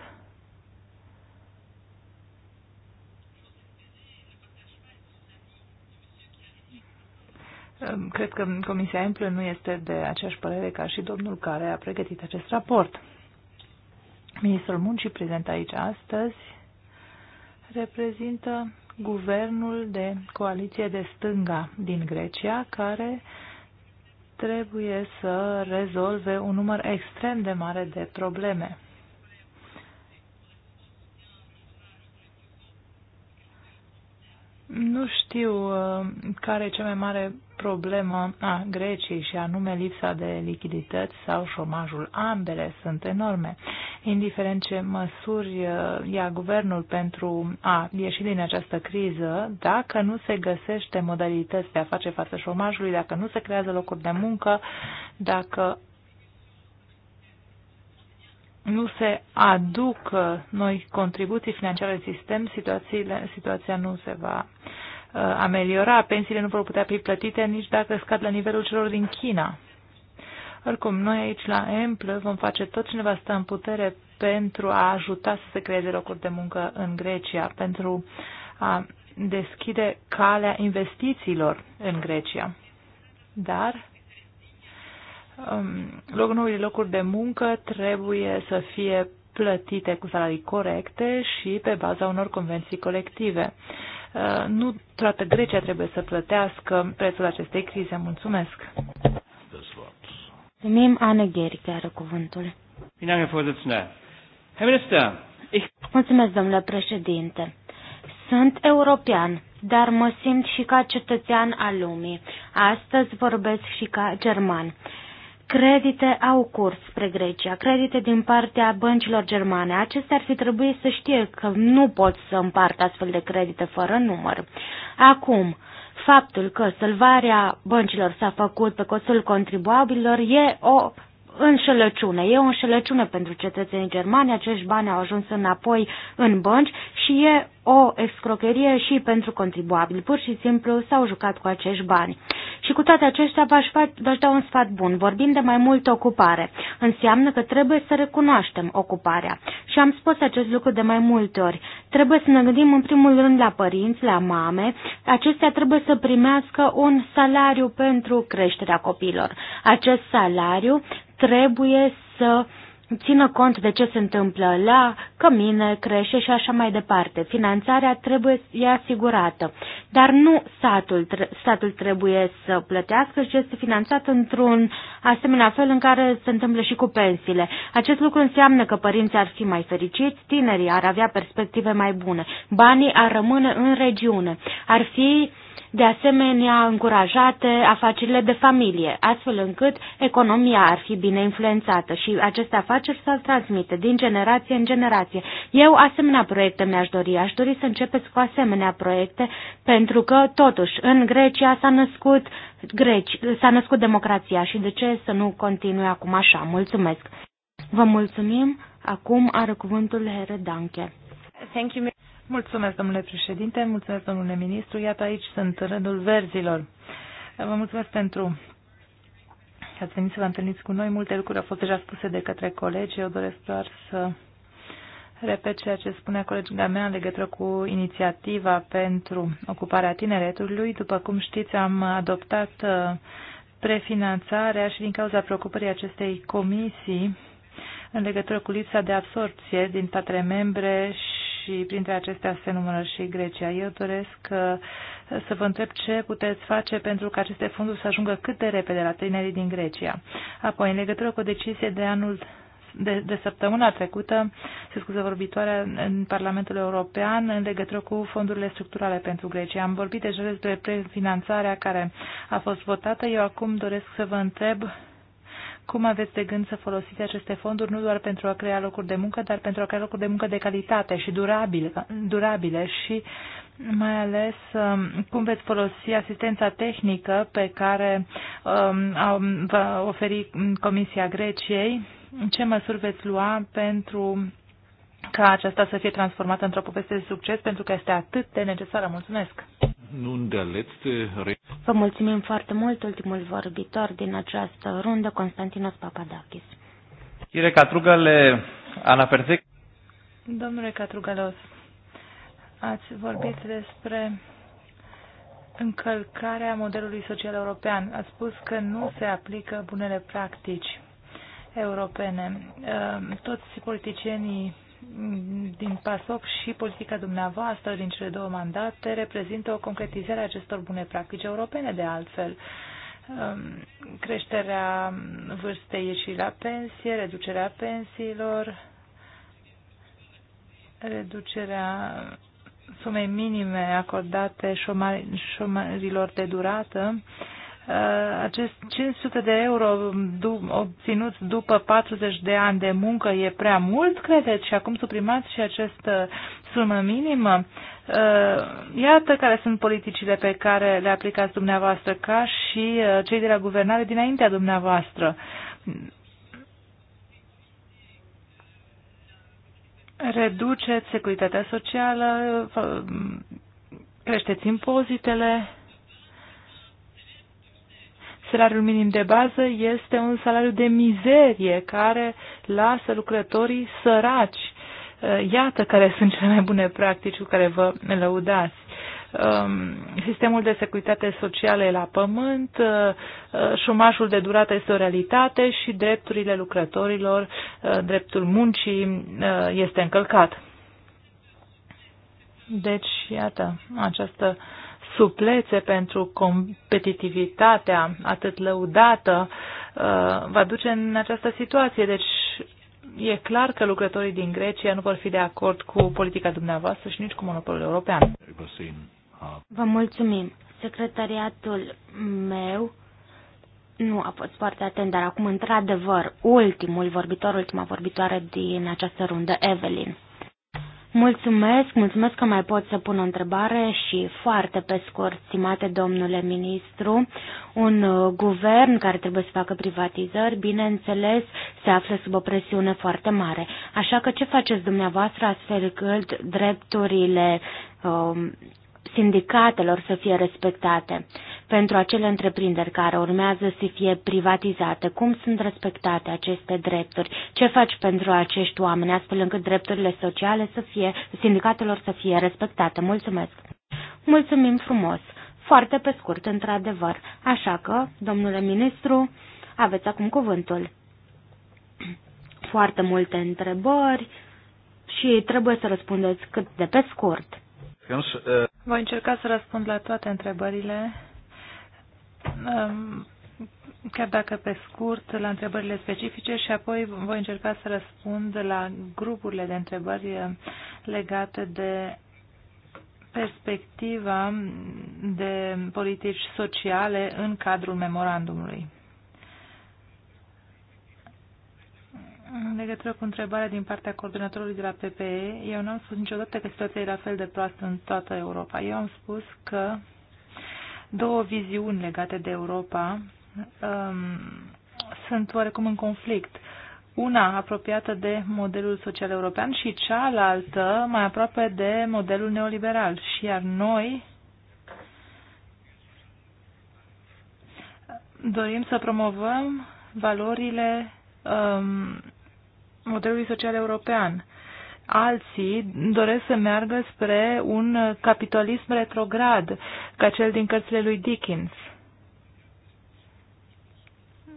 Um, cred că Comisia Emplă nu este de aceeași părere ca și domnul care a pregătit acest raport. Ministrul Muncii prezent aici astăzi reprezintă guvernul de coaliție de stânga din Grecia, care trebuie să rezolve un număr extrem de mare de probleme. Nu știu uh, care e cea mai mare problemă a Greciei și anume lipsa de lichidități sau șomajul. Ambele sunt enorme. Indiferent ce măsuri uh, ia guvernul pentru a ieși din această criză, dacă nu se găsește modalități de a face față șomajului, dacă nu se creează locuri de muncă, dacă nu se aduc noi contribuții financiare în sistem, situația nu se va uh, ameliora, pensiile nu vor putea fi plătite nici dacă scad la nivelul celor din China. Oricum, noi aici la Emplă vom face tot ce ne va sta în putere pentru a ajuta să se creeze locuri de muncă în Grecia, pentru a deschide calea investițiilor în Grecia. Dar um, noile locuri de muncă trebuie să fie plătite cu salarii corecte și pe baza unor convenții colective. Uh, nu toată Grecia trebuie să plătească prețul acestei crize. Mulțumesc! Mulțumim, Ana Gheri, chiar cuvântul. Mulțumesc, domnule președinte. Sunt european, dar mă simt și ca cetățean al lumii. Astăzi vorbesc și ca german. Credite au curs spre Grecia, credite din partea băncilor germane. Acestea ar fi trebuit să știe că nu pot să împartă astfel de credite fără număr. Acum, faptul că salvarea băncilor s-a făcut pe costul contribuabililor e o înșelăciune. E o înșelăciune pentru cetățenii germani, acești bani au ajuns înapoi în bănci și e o escrocherie și pentru contribuabili. Pur și simplu s-au jucat cu acești bani. Și cu toate acestea v-aș da un sfat bun. Vorbim de mai multă ocupare. Înseamnă că trebuie să recunoaștem ocuparea. Și am spus acest lucru de mai multe ori. Trebuie să ne gândim în primul rând la părinți, la mame. Acestea trebuie să primească un salariu pentru creșterea copiilor. Acest salariu trebuie să țină cont de ce se întâmplă la cămine, creșe și așa mai departe. Finanțarea trebuie e asigurată, dar nu statul, statul trebuie să plătească și este finanțat într-un asemenea fel în care se întâmplă și cu pensiile. Acest lucru înseamnă că părinții ar fi mai fericiți, tinerii ar avea perspective mai bune, banii ar rămâne în regiune, ar fi uh, de asemenea, încurajate afacerile de familie, astfel încât economia ar fi bine influențată și aceste afaceri s-ar transmite din generație în generație. Eu asemenea proiecte mi-aș dori. Aș dori să începeți cu asemenea proiecte, pentru că, totuși, în Grecia s-a născut, greci, s-a născut democrația și de ce să nu continui acum așa? Mulțumesc! Vă mulțumim! Acum are cuvântul Here Danke. Thank you. Mulțumesc, domnule președinte, mulțumesc, domnule ministru. Iată, aici sunt rândul verzilor. Vă mulțumesc pentru că ați venit să vă întâlniți cu noi. Multe lucruri au fost deja spuse de către colegi. Eu doresc doar să repet ceea ce spunea colega mea în legătură cu inițiativa pentru ocuparea tineretului. După cum știți, am adoptat uh, prefinanțarea și din cauza preocupării acestei comisii în legătură cu lipsa de absorpție din statele membre și printre acestea se numără și Grecia. Eu doresc uh, să vă întreb ce puteți face pentru ca aceste fonduri să ajungă cât de repede la tinerii din Grecia. Apoi, în legătură cu o decizie de anul de, de săptămâna trecută, se scuză vorbitoarea în Parlamentul European în legătură cu fondurile structurale pentru Grecia. Am vorbit deja despre prefinanțarea care a fost votată. Eu acum doresc să vă întreb cum aveți de gând să folosiți aceste fonduri nu doar pentru a crea locuri de muncă, dar pentru a crea locuri de muncă de calitate și durabile, durabile și mai ales um, cum veți folosi asistența tehnică pe care um, va oferi Comisia Greciei, ce măsuri veți lua pentru ca aceasta să fie transformată într-o poveste de succes pentru că este atât de necesară. Mulțumesc! Vă mulțumim foarte mult, ultimul vorbitor din această rundă, Constantinos Papadakis. Κύριε Κατρούγκαλε, αναφερθήκατε. Domnule Catrugalos, ați vorbit despre încălcarea modelului social european. Ați spus că nu se aplică bunele practici europene. Ă, toți politicienii din PASOC și politica dumneavoastră din cele două mandate reprezintă o concretizare a acestor bune practici europene, de altfel. Um, creșterea vârstei ieșirii la pensie, reducerea pensiilor, reducerea sumei minime acordate șomarilor de durată, Uh, acest 500 de euro obținut după 40 de ani de muncă e prea mult, credeți? Și acum suprimați și această sumă minimă. Uh, iată care sunt politicile pe care le aplicați dumneavoastră ca și uh, cei de la guvernare dinaintea dumneavoastră. Reduceți securitatea socială, creșteți impozitele, Salariul minim de bază este un salariu de mizerie care lasă lucrătorii săraci. Uh, iată care sunt cele mai bune practici cu care vă lăudați um, sistemul de securitate socială e la pământ, uh, uh, șomajul de durată este o realitate și drepturile lucrătorilor, dreptul muncii este încălcat. Deci, iată, această suplețe pentru competitivitatea atât lăudată uh, va duce în această situație. Deci e clar că lucrătorii din Grecia nu vor fi de acord cu politica dumneavoastră și nici cu monopolul european. Vă mulțumim. Secretariatul meu nu a fost foarte atent, dar acum, într-adevăr, ultimul vorbitor, ultima vorbitoare din această rundă, Evelyn. Mulțumesc, mulțumesc că mai pot să pun o întrebare și foarte pe scurt, stimate domnule ministru, un uh, guvern care trebuie să facă privatizări, bineînțeles, se află sub o presiune foarte mare. Așa că ce faceți dumneavoastră astfel cât drepturile um, sindicatelor să fie respectate pentru acele întreprinderi care urmează să fie privatizate? Cum sunt respectate aceste drepturi? Ce faci pentru acești oameni astfel încât drepturile sociale să fie, sindicatelor să fie respectate? Mulțumesc! Mulțumim frumos! Foarte pe scurt, într-adevăr. Așa că, domnule ministru, aveți acum cuvântul. Foarte multe întrebări și trebuie să răspundeți cât de pe scurt. Uh, voi încerca să răspund la toate întrebările, um, chiar dacă pe scurt, la întrebările specifice și apoi voi încerca să răspund la grupurile de întrebări um, legate de perspectiva um, de politici sociale în cadrul memorandumului. În legătură cu întrebarea din partea coordonatorului de la PPE, eu nu am spus niciodată că situația e la fel de proastă în toată Europa. Eu am spus că două viziuni legate de Europa um, sunt oarecum în conflict. Una apropiată de modelul social european și cealaltă mai aproape de modelul neoliberal. Și iar noi dorim să promovăm valorile um, modelului social european. Alții doresc să meargă spre un capitalism retrograd, ca cel din cărțile lui Dickens.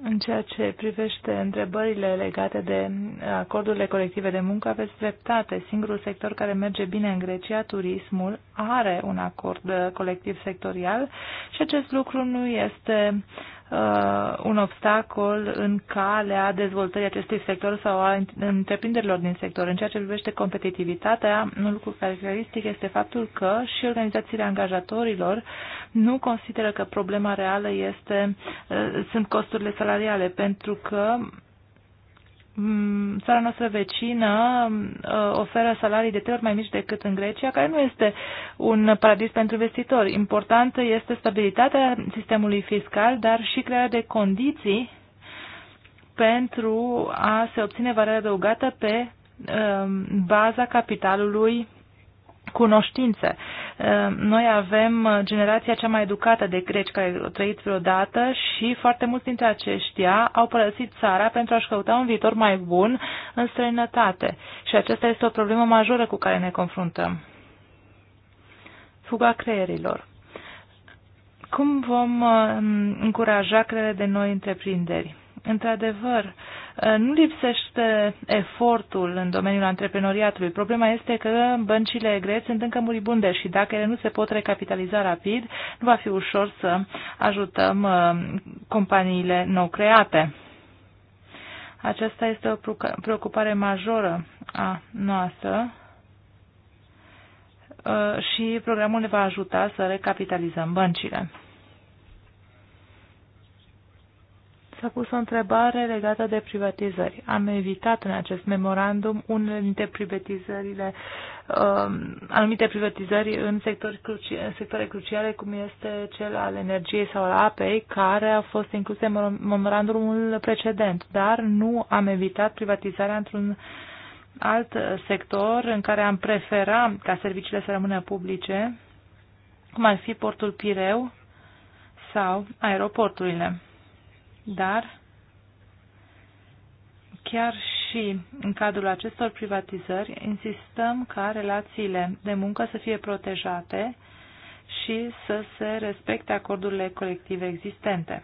În ceea ce privește întrebările legate de acordurile colective de muncă, aveți dreptate. Singurul sector care merge bine în Grecia, turismul, are un acord colectiv sectorial și acest lucru nu este uh, un obstacol în calea dezvoltării acestui sector sau a întreprinderilor din sector. În ceea ce privește competitivitatea, un lucru caracteristic este faptul că și organizațiile angajatorilor nu consideră că problema reală este, uh, sunt costurile salariale, pentru că Mm, țara noastră vecină uh, oferă salarii de trei ori mai mici decât în Grecia, care nu este un paradis pentru investitori. Importantă este stabilitatea sistemului fiscal, dar și crearea de condiții pentru a se obține valoare adăugată pe uh, baza capitalului cunoștințe. Ehm, noi avem generația cea mai educată de greci care au trăit vreodată și foarte mulți dintre aceștia au părăsit țara pentru a-și căuta un viitor mai bun în străinătate. Și aceasta este o problemă majoră cu care ne confruntăm. Fuga creierilor. Cum vom ehm, încuraja creierile de noi întreprinderi? Într-adevăr, uh, nu lipsește efortul în domeniul antreprenoriatului. Problema este că băncile gre sunt încă muribunde și dacă ele nu se pot recapitaliza rapid, nu va fi ușor să ajutăm uh, companiile nou create. Aceasta este o preocupare majoră a noastră uh, și programul ne va ajuta să recapitalizăm băncile. S-a pus o întrebare legată de privatizări. Am evitat în acest memorandum unele dintre privatizările, um, anumite privatizări în sectori cruci, în sectoare cruciale, cum este cel al energiei sau al apei, care a fost incluse în memorandumul precedent, dar nu am evitat privatizarea într-un alt sector în care am prefera ca serviciile să rămână publice, cum ar fi portul Pireu sau aeroporturile dar chiar și în cadrul acestor privatizări insistăm ca relațiile de muncă să fie protejate și să se respecte acordurile colective existente.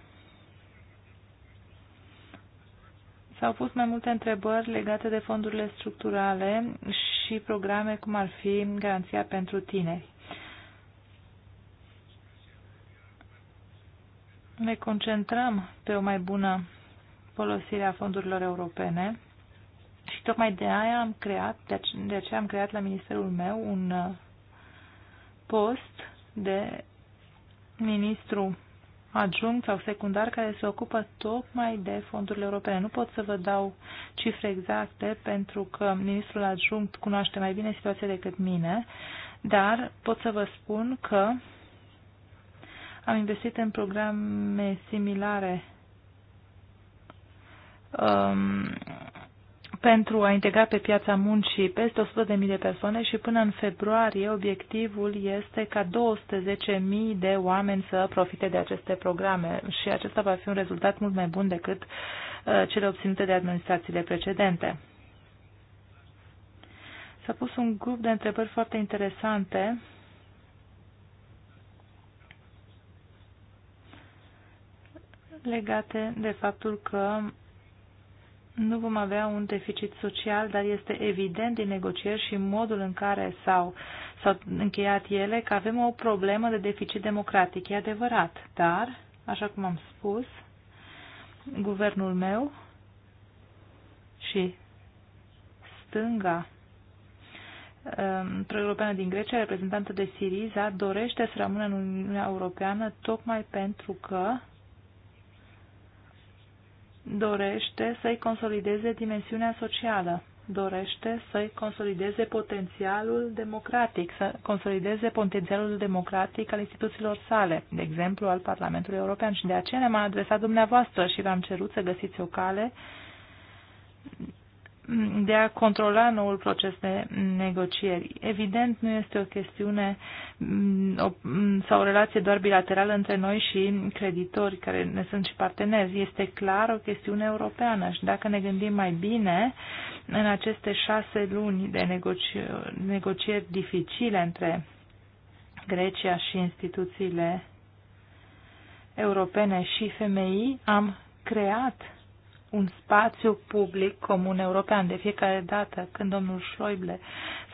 S-au pus mai multe întrebări legate de fondurile structurale și programe cum ar fi garanția pentru tineri. ne concentrăm pe o mai bună folosire a fondurilor europene și tocmai de aia am creat, de aceea am creat la ministerul meu un uh, post de ministru adjunct sau secundar care se ocupă tocmai de fondurile europene. Nu pot să vă dau cifre exacte pentru că ministrul adjunct cunoaște mai bine situația decât mine, dar pot să vă spun că am investit în programe similare um, pentru a integra pe piața muncii peste 100.000 de persoane și până în februarie obiectivul este ca 210.000 de oameni să profite de aceste programe și acesta va fi un rezultat mult mai bun decât uh, cele obținute de administrațiile precedente. S-a pus un grup de întrebări foarte interesante legate de faptul că nu vom avea un deficit social, dar este evident din negocieri și modul în care s-au, încheiat ele că avem o problemă de deficit democratic. E adevărat, dar, așa cum am spus, guvernul meu și stânga um, pro-europeană din Grecia, reprezentantă de Siriza, dorește să rămână în Uniunea Europeană tocmai pentru că dorește să-i consolideze dimensiunea socială, dorește să-i consolideze potențialul democratic, să consolideze potențialul democratic al instituțiilor sale, de exemplu al Parlamentului European. Și de aceea ne-am adresat dumneavoastră și v-am cerut să găsiți o cale de a controla noul proces de negocieri. Evident, nu este o chestiune mm, mm, sau o relație doar bilaterală între noi și creditori, care ne sunt și parteneri. Este clar o chestiune europeană și dacă ne gândim mai bine, în aceste șase luni de negoci negocieri dificile între Grecia și instituțiile europene și FMI, am creat un spațiu public comun european. De fiecare dată când domnul Schäuble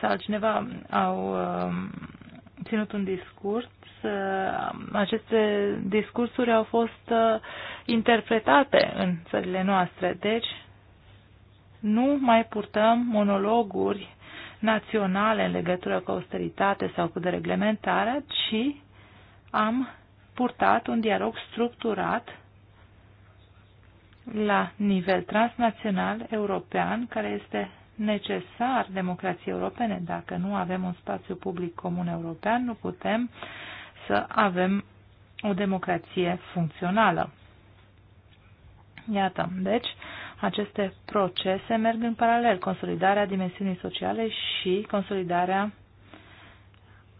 sau cineva au um, ținut un discurs, um, aceste discursuri au fost uh, interpretate în țările noastre. Deci, nu mai purtăm monologuri naționale în legătură cu austeritate sau cu dereglementarea, ci am purtat un dialog structurat la nivel transnațional european, care este necesar democrației europene. Dacă nu avem un spațiu public comun european, nu putem să avem o democrație funcțională. Iată, deci, aceste procese merg în paralel, consolidarea dimensiunii sociale și consolidarea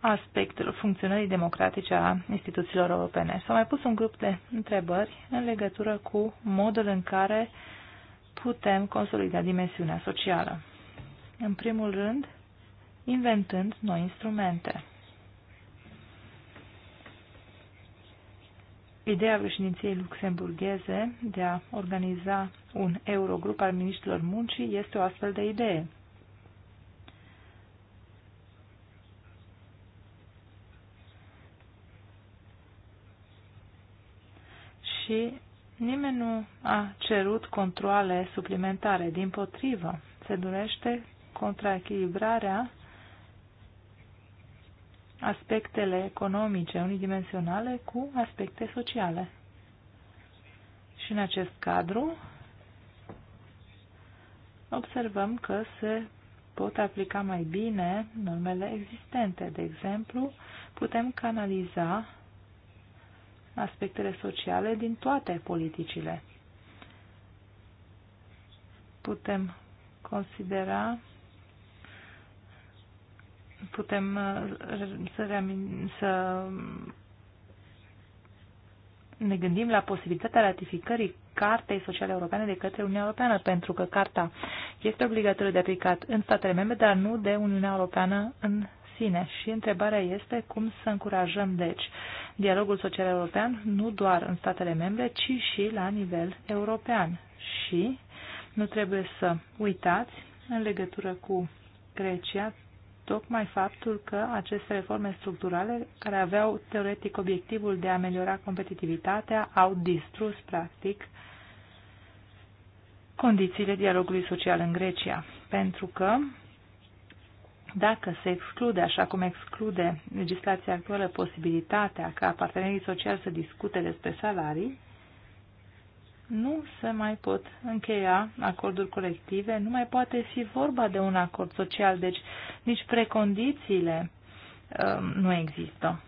aspectul funcționării democratice a instituțiilor europene. S-a mai pus un grup de întrebări în legătură cu modul în care putem consolida dimensiunea socială. În primul rând, inventând noi instrumente. Ideea președinției luxemburgheze de a organiza un Eurogrup al ministrilor muncii este o astfel de idee. și nimeni nu a cerut controle suplimentare. Din potrivă, se dorește contraechilibrarea aspectele economice unidimensionale cu aspecte sociale. Și în acest cadru observăm că se pot aplica mai bine normele existente. De exemplu, putem canaliza aspectele sociale din toate politicile. Putem considera putem uh, să, reamin, să ne gândim la posibilitatea ratificării Cartei Sociale Europene de către Uniunea Europeană, pentru că Carta este obligatoriu de aplicat în statele membre, dar nu de Uniunea Europeană în sine și întrebarea este cum să încurajăm, deci, dialogul social european nu doar în statele membre, ci și la nivel european. Și nu trebuie să uitați în legătură cu Grecia tocmai faptul că aceste reforme structurale, care aveau teoretic obiectivul de a ameliora competitivitatea, au distrus, practic, condițiile dialogului social în Grecia, pentru că dacă se exclude, așa cum exclude legislația actuală, posibilitatea ca partenerii sociali să discute despre salarii, nu se mai pot încheia acorduri colective, nu mai poate fi vorba de un acord social, deci nici precondițiile um, nu există.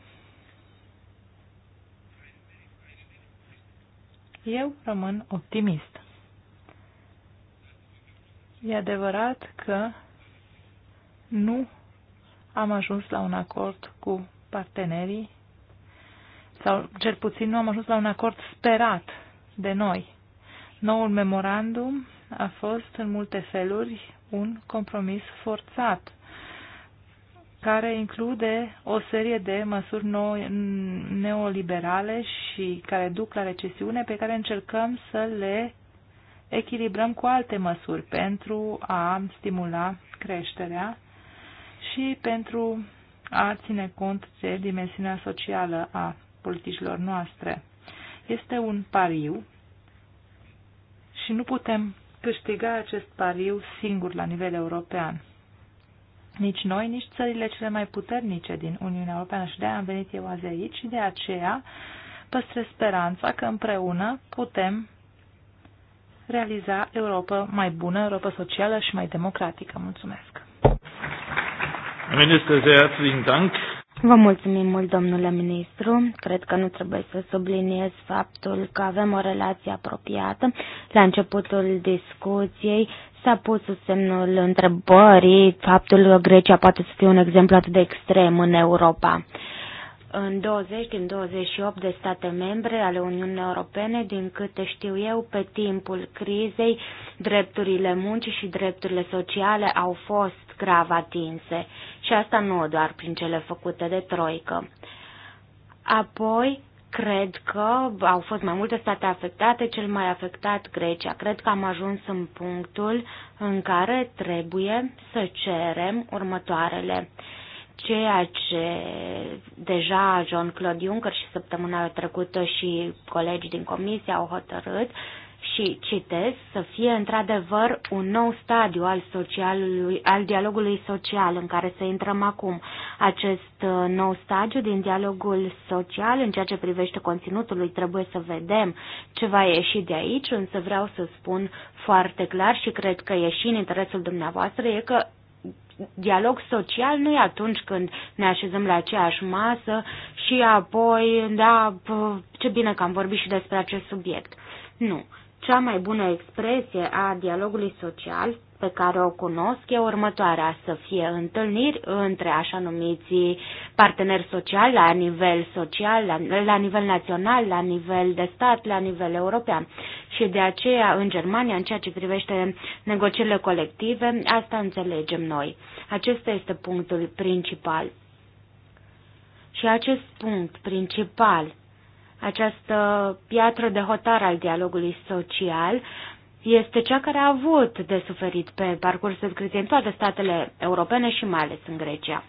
Eu rămân optimist. E adevărat că nu am ajuns la un acord cu partenerii sau cel puțin nu am ajuns la un acord sperat de noi. Noul memorandum a fost în multe feluri un compromis forțat care include o serie de măsuri neoliberale și care duc la recesiune pe care încercăm să le echilibrăm cu alte măsuri pentru a stimula creșterea și pentru a ține cont de dimensiunea socială a politicilor noastre. Este un pariu și nu putem câștiga acest pariu singur la nivel european. Nici noi, nici țările cele mai puternice din Uniunea Europeană și de-aia am venit eu azi aici și de aceea păstrez speranța că împreună putem realiza Europa mai bună, Europa socială și mai democratică. Mulțumesc! Minister, sehr herzlichen Dank. Vă mulțumim mult, domnule ministru. Cred că nu trebuie să subliniez faptul că avem o relație apropiată. La începutul discuției s-a pus sub semnul întrebării faptul că Grecia poate să fie un exemplu atât de extrem în Europa. În 20 din 28 de state membre ale Uniunii Europene, din câte știu eu, pe timpul crizei, drepturile muncii și drepturile sociale au fost grav atinse și asta nu doar prin cele făcute de Troică. Apoi, cred că au fost mai multe state afectate, cel mai afectat Grecia. Cred că am ajuns în punctul în care trebuie să cerem următoarele ceea ce deja Jean-Claude Juncker și săptămâna trecută și colegii din comisie au hotărât, și citez să fie într-adevăr un nou stadiu al, socialului, al dialogului social în care să intrăm acum. Acest uh, nou stadiu din dialogul social în ceea ce privește conținutul lui trebuie să vedem ce va ieși de aici, însă vreau să spun foarte clar și cred că e și în interesul dumneavoastră e că dialog social nu e atunci când ne așezăm la aceeași masă și apoi, da, ce bine că am vorbit și despre acest subiect. Nu. Cea mai bună expresie a dialogului social pe care o cunosc e următoarea, să fie întâlniri între așa numiții parteneri sociali la nivel social, la, la nivel național, la nivel de stat, la nivel european. Și de aceea, în Germania, în ceea ce privește negocierile colective, asta înțelegem noi. Acesta este punctul principal. Și acest punct principal această piatră de hotar al dialogului social, este cea care a avut de suferit pe parcursul crizei în toate statele europene și mai ales în Grecia.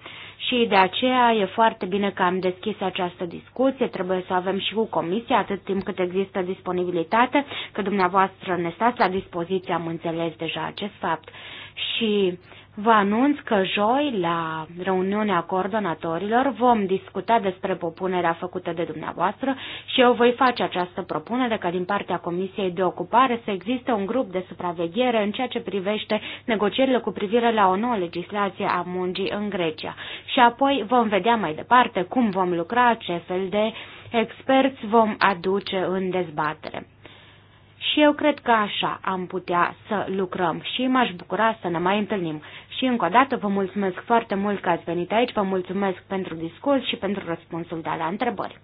Și de aceea e foarte bine că am deschis această discuție, trebuie să avem și cu comisia atât timp cât există disponibilitate, că dumneavoastră ne stați la dispoziție, am înțeles deja acest fapt. Și Vă anunț că joi, la reuniunea coordonatorilor, vom discuta despre propunerea făcută de dumneavoastră și eu voi face această propunere ca din partea Comisiei de Ocupare să existe un grup de supraveghere în ceea ce privește negocierile cu privire la o nouă legislație a muncii în Grecia. Și apoi vom vedea mai departe cum vom lucra, ce fel de experți vom aduce în dezbatere. Și eu cred că așa am putea să lucrăm și m-aș bucura să ne mai întâlnim. Și încă o dată vă mulțumesc foarte mult că ați venit aici, vă mulțumesc pentru discurs și pentru răspunsul de la întrebări.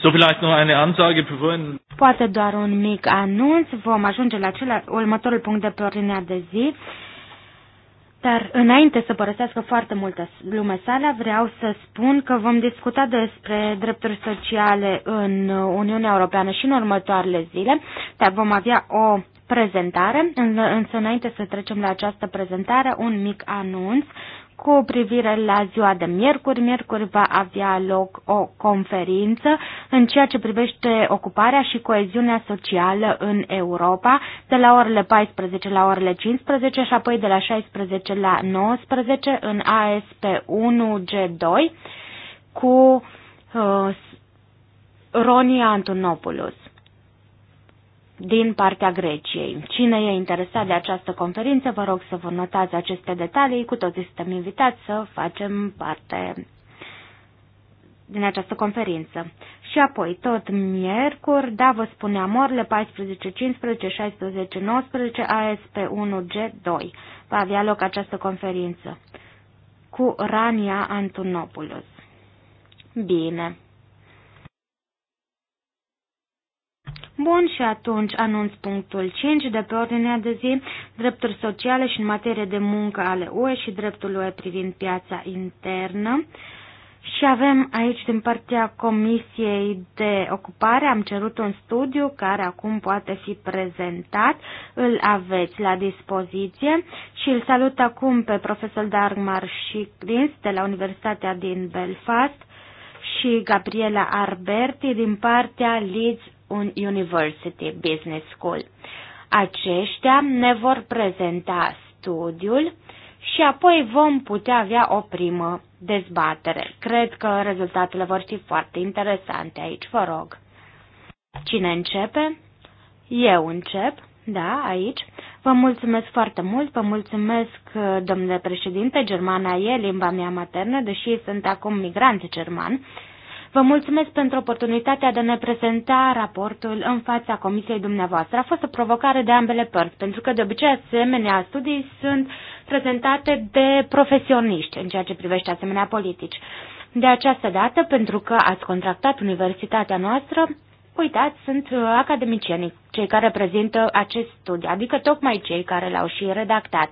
So vielleicht noch eine Ansage, Poate doar un mic anunț, vom ajunge la cel următorul punct de pe ordinea de zi. Dar înainte să părăsească foarte multă lume sala, vreau să spun că vom discuta despre drepturi sociale în Uniunea Europeană și în următoarele zile, dar vom avea o prezentare, însă înainte să trecem la această prezentare, un mic anunț. Cu privire la ziua de miercuri, miercuri va avea loc o conferință în ceea ce privește ocuparea și coeziunea socială în Europa, de la orele 14 la orele 15 și apoi de la 16 la 19 în ASP1G2 cu uh, Ronia Antonopoulos din partea Greciei. Cine e interesat de această conferință, vă rog să vă notați aceste detalii. Cu toții suntem invitați să facem parte din această conferință. Și apoi, tot miercuri, da, vă spuneam orele 14, 15, 16, 19, ASP 1G2. Va avea loc această conferință cu Rania Antonopoulos. Bine. Bun, și atunci anunț punctul 5 de pe ordinea de zi, drepturi sociale și în materie de muncă ale UE și dreptul UE privind piața internă. Și avem aici din partea Comisiei de Ocupare, am cerut un studiu care acum poate fi prezentat, îl aveți la dispoziție și îl salut acum pe profesor Dagmar Șigrins de la Universitatea din Belfast și Gabriela Arberti din partea Leeds un University Business School. Aceștia ne vor prezenta studiul și apoi vom putea avea o primă dezbatere. Cred că rezultatele vor fi foarte interesante aici, vă rog. Cine începe? Eu încep, da, aici. Vă mulțumesc foarte mult, vă mulțumesc, domnule președinte, germana e limba mea maternă, deși sunt acum migrant german. Vă mulțumesc pentru oportunitatea de a ne prezenta raportul în fața comisiei dumneavoastră. A fost o provocare de ambele părți, pentru că de obicei asemenea studii sunt prezentate de profesioniști în ceea ce privește asemenea politici. De această dată, pentru că ați contractat universitatea noastră, uitați, sunt academicienii, cei care prezintă acest studiu, adică tocmai cei care l-au și redactat.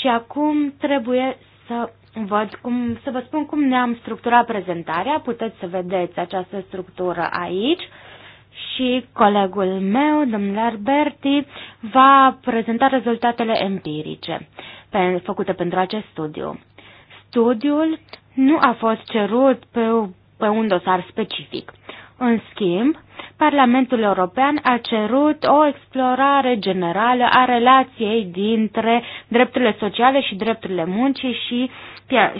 Și acum trebuie să văd cum, să vă spun cum ne-am structurat prezentarea. Puteți să vedeți această structură aici și colegul meu, domnul Alberti, va prezenta rezultatele empirice pe, făcute pentru acest studiu. Studiul nu a fost cerut pe, pe un dosar specific. În schimb, Parlamentul European a cerut o explorare generală a relației dintre drepturile sociale și drepturile muncii și,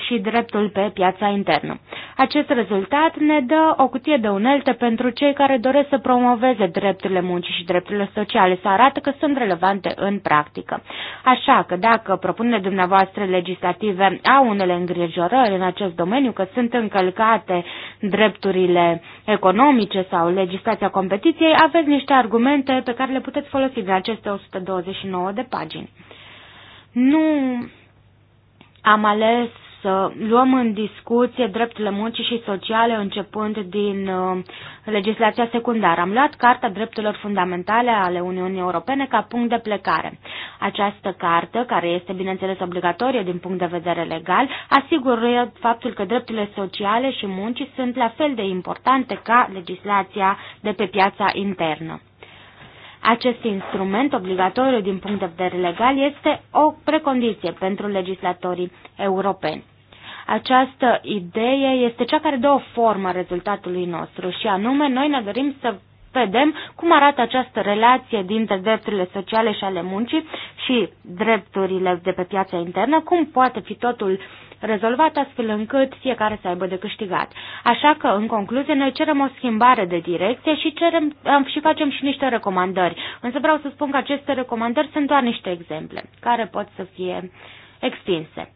și dreptul pe piața internă. Acest rezultat ne dă o cutie de unelte pentru cei care doresc să promoveze drepturile muncii și drepturile sociale, să arată că sunt relevante în practică. Așa că dacă propunerile dumneavoastră legislative au unele îngrijorări în acest domeniu, că sunt încălcate drepturile economice sau legislative, situația competiției, aveți niște argumente pe care le puteți folosi din aceste 129 de pagini. Nu am ales să luăm în discuție drepturile muncii și sociale începând din uh, legislația secundară. Am luat Carta Drepturilor Fundamentale ale Uniunii Europene ca punct de plecare. Această carte, care este bineînțeles obligatorie din punct de vedere legal, asigură faptul că drepturile sociale și muncii sunt la fel de importante ca legislația de pe piața internă. Acest instrument obligatoriu din punct de vedere legal este o precondiție pentru legislatorii europeni. Această idee este cea care dă o formă rezultatului nostru și anume noi ne dorim să vedem cum arată această relație dintre drepturile sociale și ale muncii și drepturile de pe piața internă, cum poate fi totul uh, rezolvat astfel încât fiecare să aibă de câștigat. Așa că, în concluzie, noi cerem o schimbare de direcție și, cerem, și facem și niște recomandări. Însă vreau să spun că aceste recomandări sunt doar niște exemple care pot să fie extinse.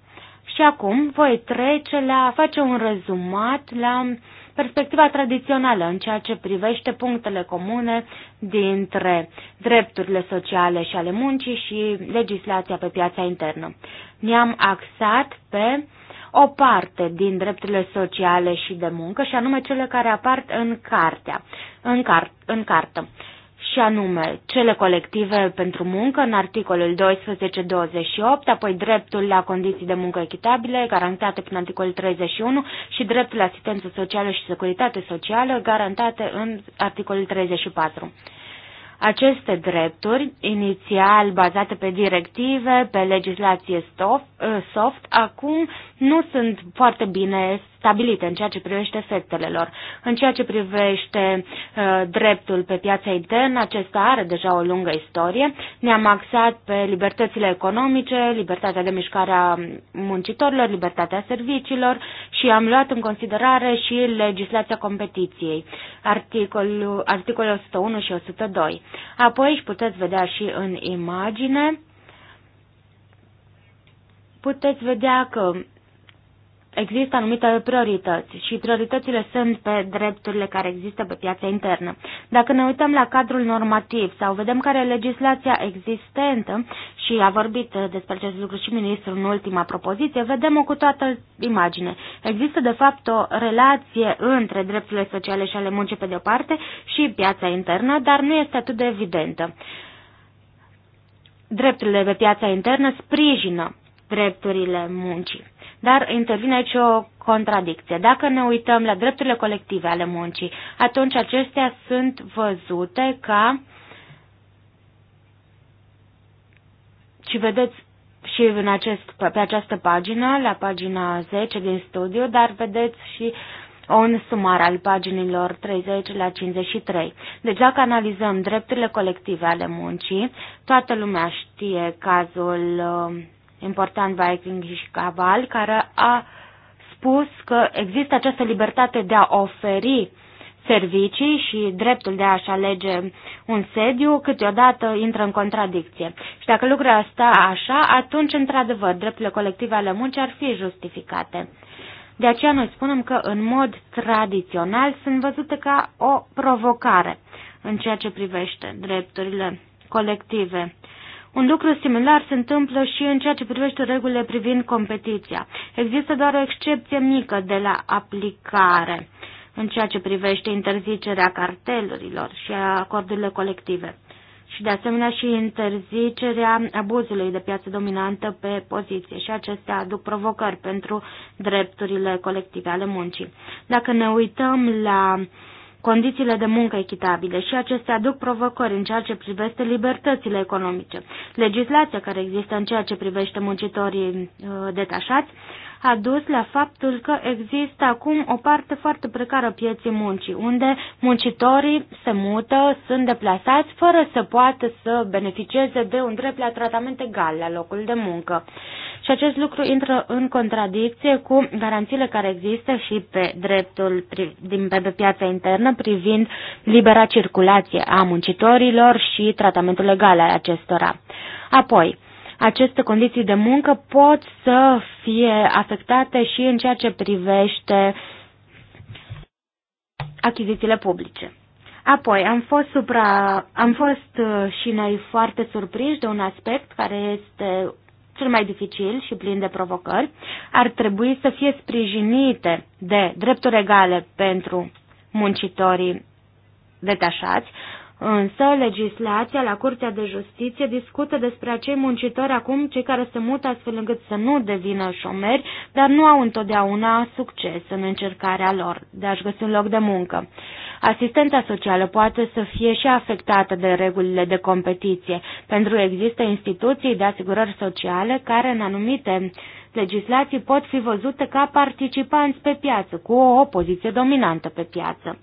Și acum voi trece la face un rezumat la perspectiva tradițională în ceea ce privește punctele comune dintre drepturile sociale și ale muncii și legislația pe piața internă. Ne-am axat pe o parte din drepturile sociale și de muncă, și anume cele care apar în, cartea, în, car- în cartă și anume cele colective pentru muncă în articolul 12-28, apoi dreptul la condiții de muncă echitabile garantate prin articolul 31 și dreptul la asistență socială și securitate socială garantate în articolul 34. Aceste drepturi, inițial bazate pe directive, pe legislație soft, acum nu sunt foarte bine stabilite în ceea ce privește efectele lor. În ceea ce privește uh, dreptul pe piața internă, acesta are deja o lungă istorie. Ne-am axat pe libertățile economice, libertatea de mișcare a muncitorilor, libertatea serviciilor și am luat în considerare și legislația competiției, articolul, articolul 101 și 102. Apoi își puteți vedea și în imagine puteți vedea că există anumite priorități și prioritățile sunt pe drepturile care există pe piața internă. Dacă ne uităm la cadrul normativ sau vedem care e legislația existentă și a vorbit despre acest lucru și ministrul în ultima propoziție, vedem o cu toată imagine. Există de fapt o relație între drepturile sociale și ale muncii pe de-o parte și piața internă, dar nu este atât de evidentă. Drepturile pe piața internă sprijină drepturile muncii. Dar intervine aici o contradicție. Dacă ne uităm la drepturile colective ale muncii, atunci acestea sunt văzute ca și vedeți și în acest, pe această pagină, la pagina 10 din studiu, dar vedeți și un sumar al paginilor 30 la 53. Deci dacă analizăm drepturile colective ale muncii, toată lumea știe cazul uh, important Viking și Caval, care a spus că există această libertate de a oferi servicii și dreptul de a-și alege un sediu, câteodată intră în contradicție. Și dacă lucrurile asta așa, atunci, într-adevăr, drepturile colective ale muncii ar fi justificate. De aceea noi spunem că, în mod tradițional, sunt văzute ca o provocare în ceea ce privește drepturile colective. Un lucru similar se întâmplă și în ceea ce privește regulile privind competiția. Există doar o excepție mică de la aplicare în ceea ce privește interzicerea cartelurilor și a acordurilor colective și de asemenea și interzicerea abuzului de piață dominantă pe poziție și acestea aduc provocări pentru drepturile colective ale muncii. Dacă ne uităm la condițiile de muncă echitabile și acestea aduc provocări în ceea ce privește libertățile economice. Legislația care există în ceea ce privește muncitorii uh, detașați a dus la faptul că există acum o parte foarte precară pieții muncii, unde muncitorii se mută, sunt deplasați fără să poată să beneficieze de un drept la tratament egal la locul de muncă. Și acest lucru intră în contradicție cu garanțiile care există și pe dreptul din pe piața internă privind libera circulație a muncitorilor și tratamentul legal al acestora. Apoi, aceste condiții de muncă pot să fie afectate și în ceea ce privește achizițiile publice. Apoi, am fost, supra, am fost uh, și noi foarte surprinși de un aspect care este cel mai dificil și plin de provocări, ar trebui să fie sprijinite de drepturi egale pentru muncitorii detașați, Însă, legislația la Curtea de Justiție discută despre acei muncitori acum, cei care se mută astfel încât să nu devină șomeri, dar nu au întotdeauna succes în încercarea lor de a-și găsi un loc de muncă. Asistența socială poate să fie și afectată de regulile de competiție, pentru că există instituții de asigurări sociale care în anumite legislații pot fi văzute ca participanți pe piață, cu o poziție dominantă pe piață.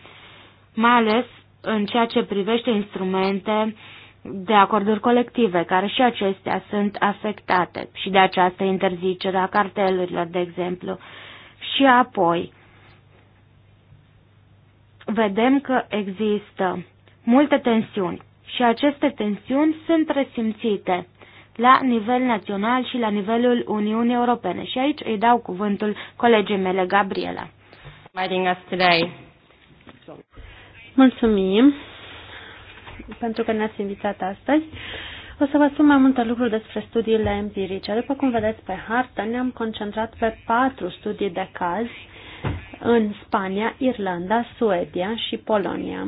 Mai ales în ceea ce privește instrumente de acorduri colective, care și acestea sunt afectate și de această interzicere a cartelurilor, de exemplu. Și apoi, vedem că există multe tensiuni și aceste tensiuni sunt resimțite la nivel național și la nivelul Uniunii Europene. Și aici îi dau cuvântul colegii mele, Gabriela. us today. Mulțumim pentru că ne-ați invitat astăzi. O să vă spun mai multe lucruri despre studiile empirice. După cum vedeți pe hartă, ne-am concentrat pe patru studii de caz în Spania, Irlanda, Suedia și Polonia.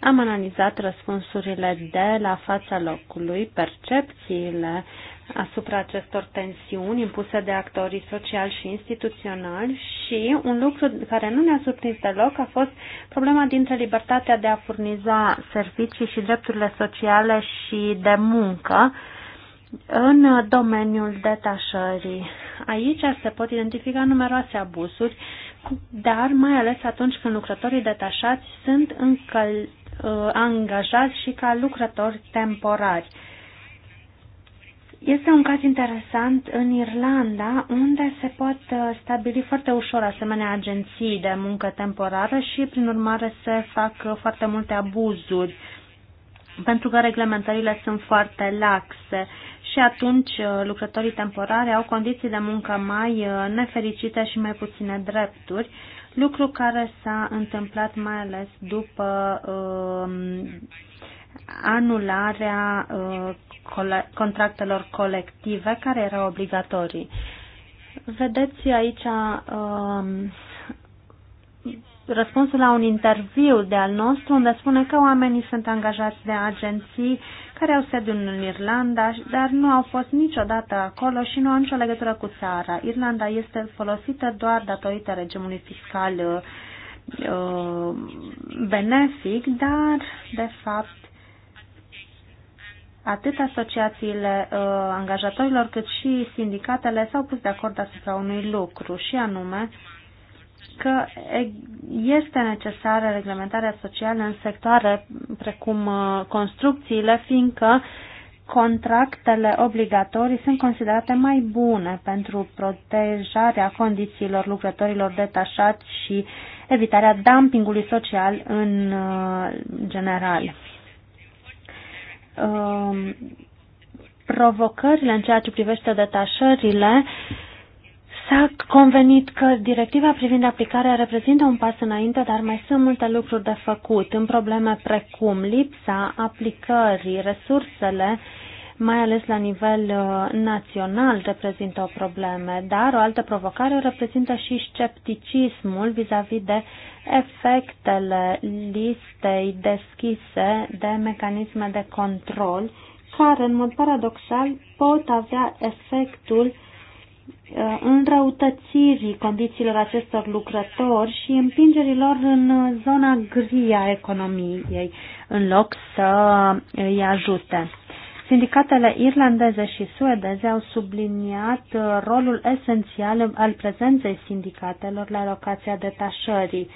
Am analizat răspunsurile de la fața locului, percepțiile asupra acestor tensiuni impuse de actorii sociali și instituționali și un lucru care nu ne-a surprins deloc a fost problema dintre libertatea de a furniza servicii și drepturile sociale și de muncă în domeniul detașării. Aici se pot identifica numeroase abuzuri, dar mai ales atunci când lucrătorii detașați sunt încă uh, angajați și ca lucrători temporari. Este un caz interesant în Irlanda, unde se pot uh, stabili foarte ușor asemenea agenții de muncă temporară și, prin urmare, se fac uh, foarte multe abuzuri, pentru că reglementările sunt foarte laxe și atunci uh, lucrătorii temporari au condiții de muncă mai nefericite și mai puține drepturi, lucru care s-a întâmplat mai ales după Um, anularea uh, contractelor colective care erau obligatorii. Vedeți aici um, răspunsul la un interviu de al nostru unde spune că oamenii sunt angajați de agenții care au sediul în Irlanda, dar nu au fost niciodată acolo și nu au nicio legătură cu țara. Irlanda este folosită doar datorită regimului fiscal uh, benefic, dar de fapt Atât asociațiile uh, angajatorilor cât și sindicatele s-au pus de acord asupra unui lucru și anume că este necesară reglementarea socială în sectoare precum uh, construcțiile, fiindcă contractele obligatorii sunt considerate mai bune pentru protejarea condițiilor lucrătorilor detașați și evitarea dumpingului social în uh, general. Um, provocările în ceea ce privește detașările, s-a convenit că directiva privind aplicarea reprezintă un pas înainte, dar mai sunt multe lucruri de făcut în probleme precum lipsa aplicării, resursele mai ales la nivel uh, național, reprezintă o problemă, dar o altă provocare reprezintă și scepticismul vis-a-vis -vis de efectele listei deschise de mecanisme de control, care, în mod paradoxal, pot avea efectul uh, înrăutățirii condițiilor acestor lucrători și împingerilor în uh, zona gri a economiei, în loc să îi ajute. Sindicatele irlandeze și suedeze au subliniat uh, rolul esențial al prezenței sindicatelor la locația detașării.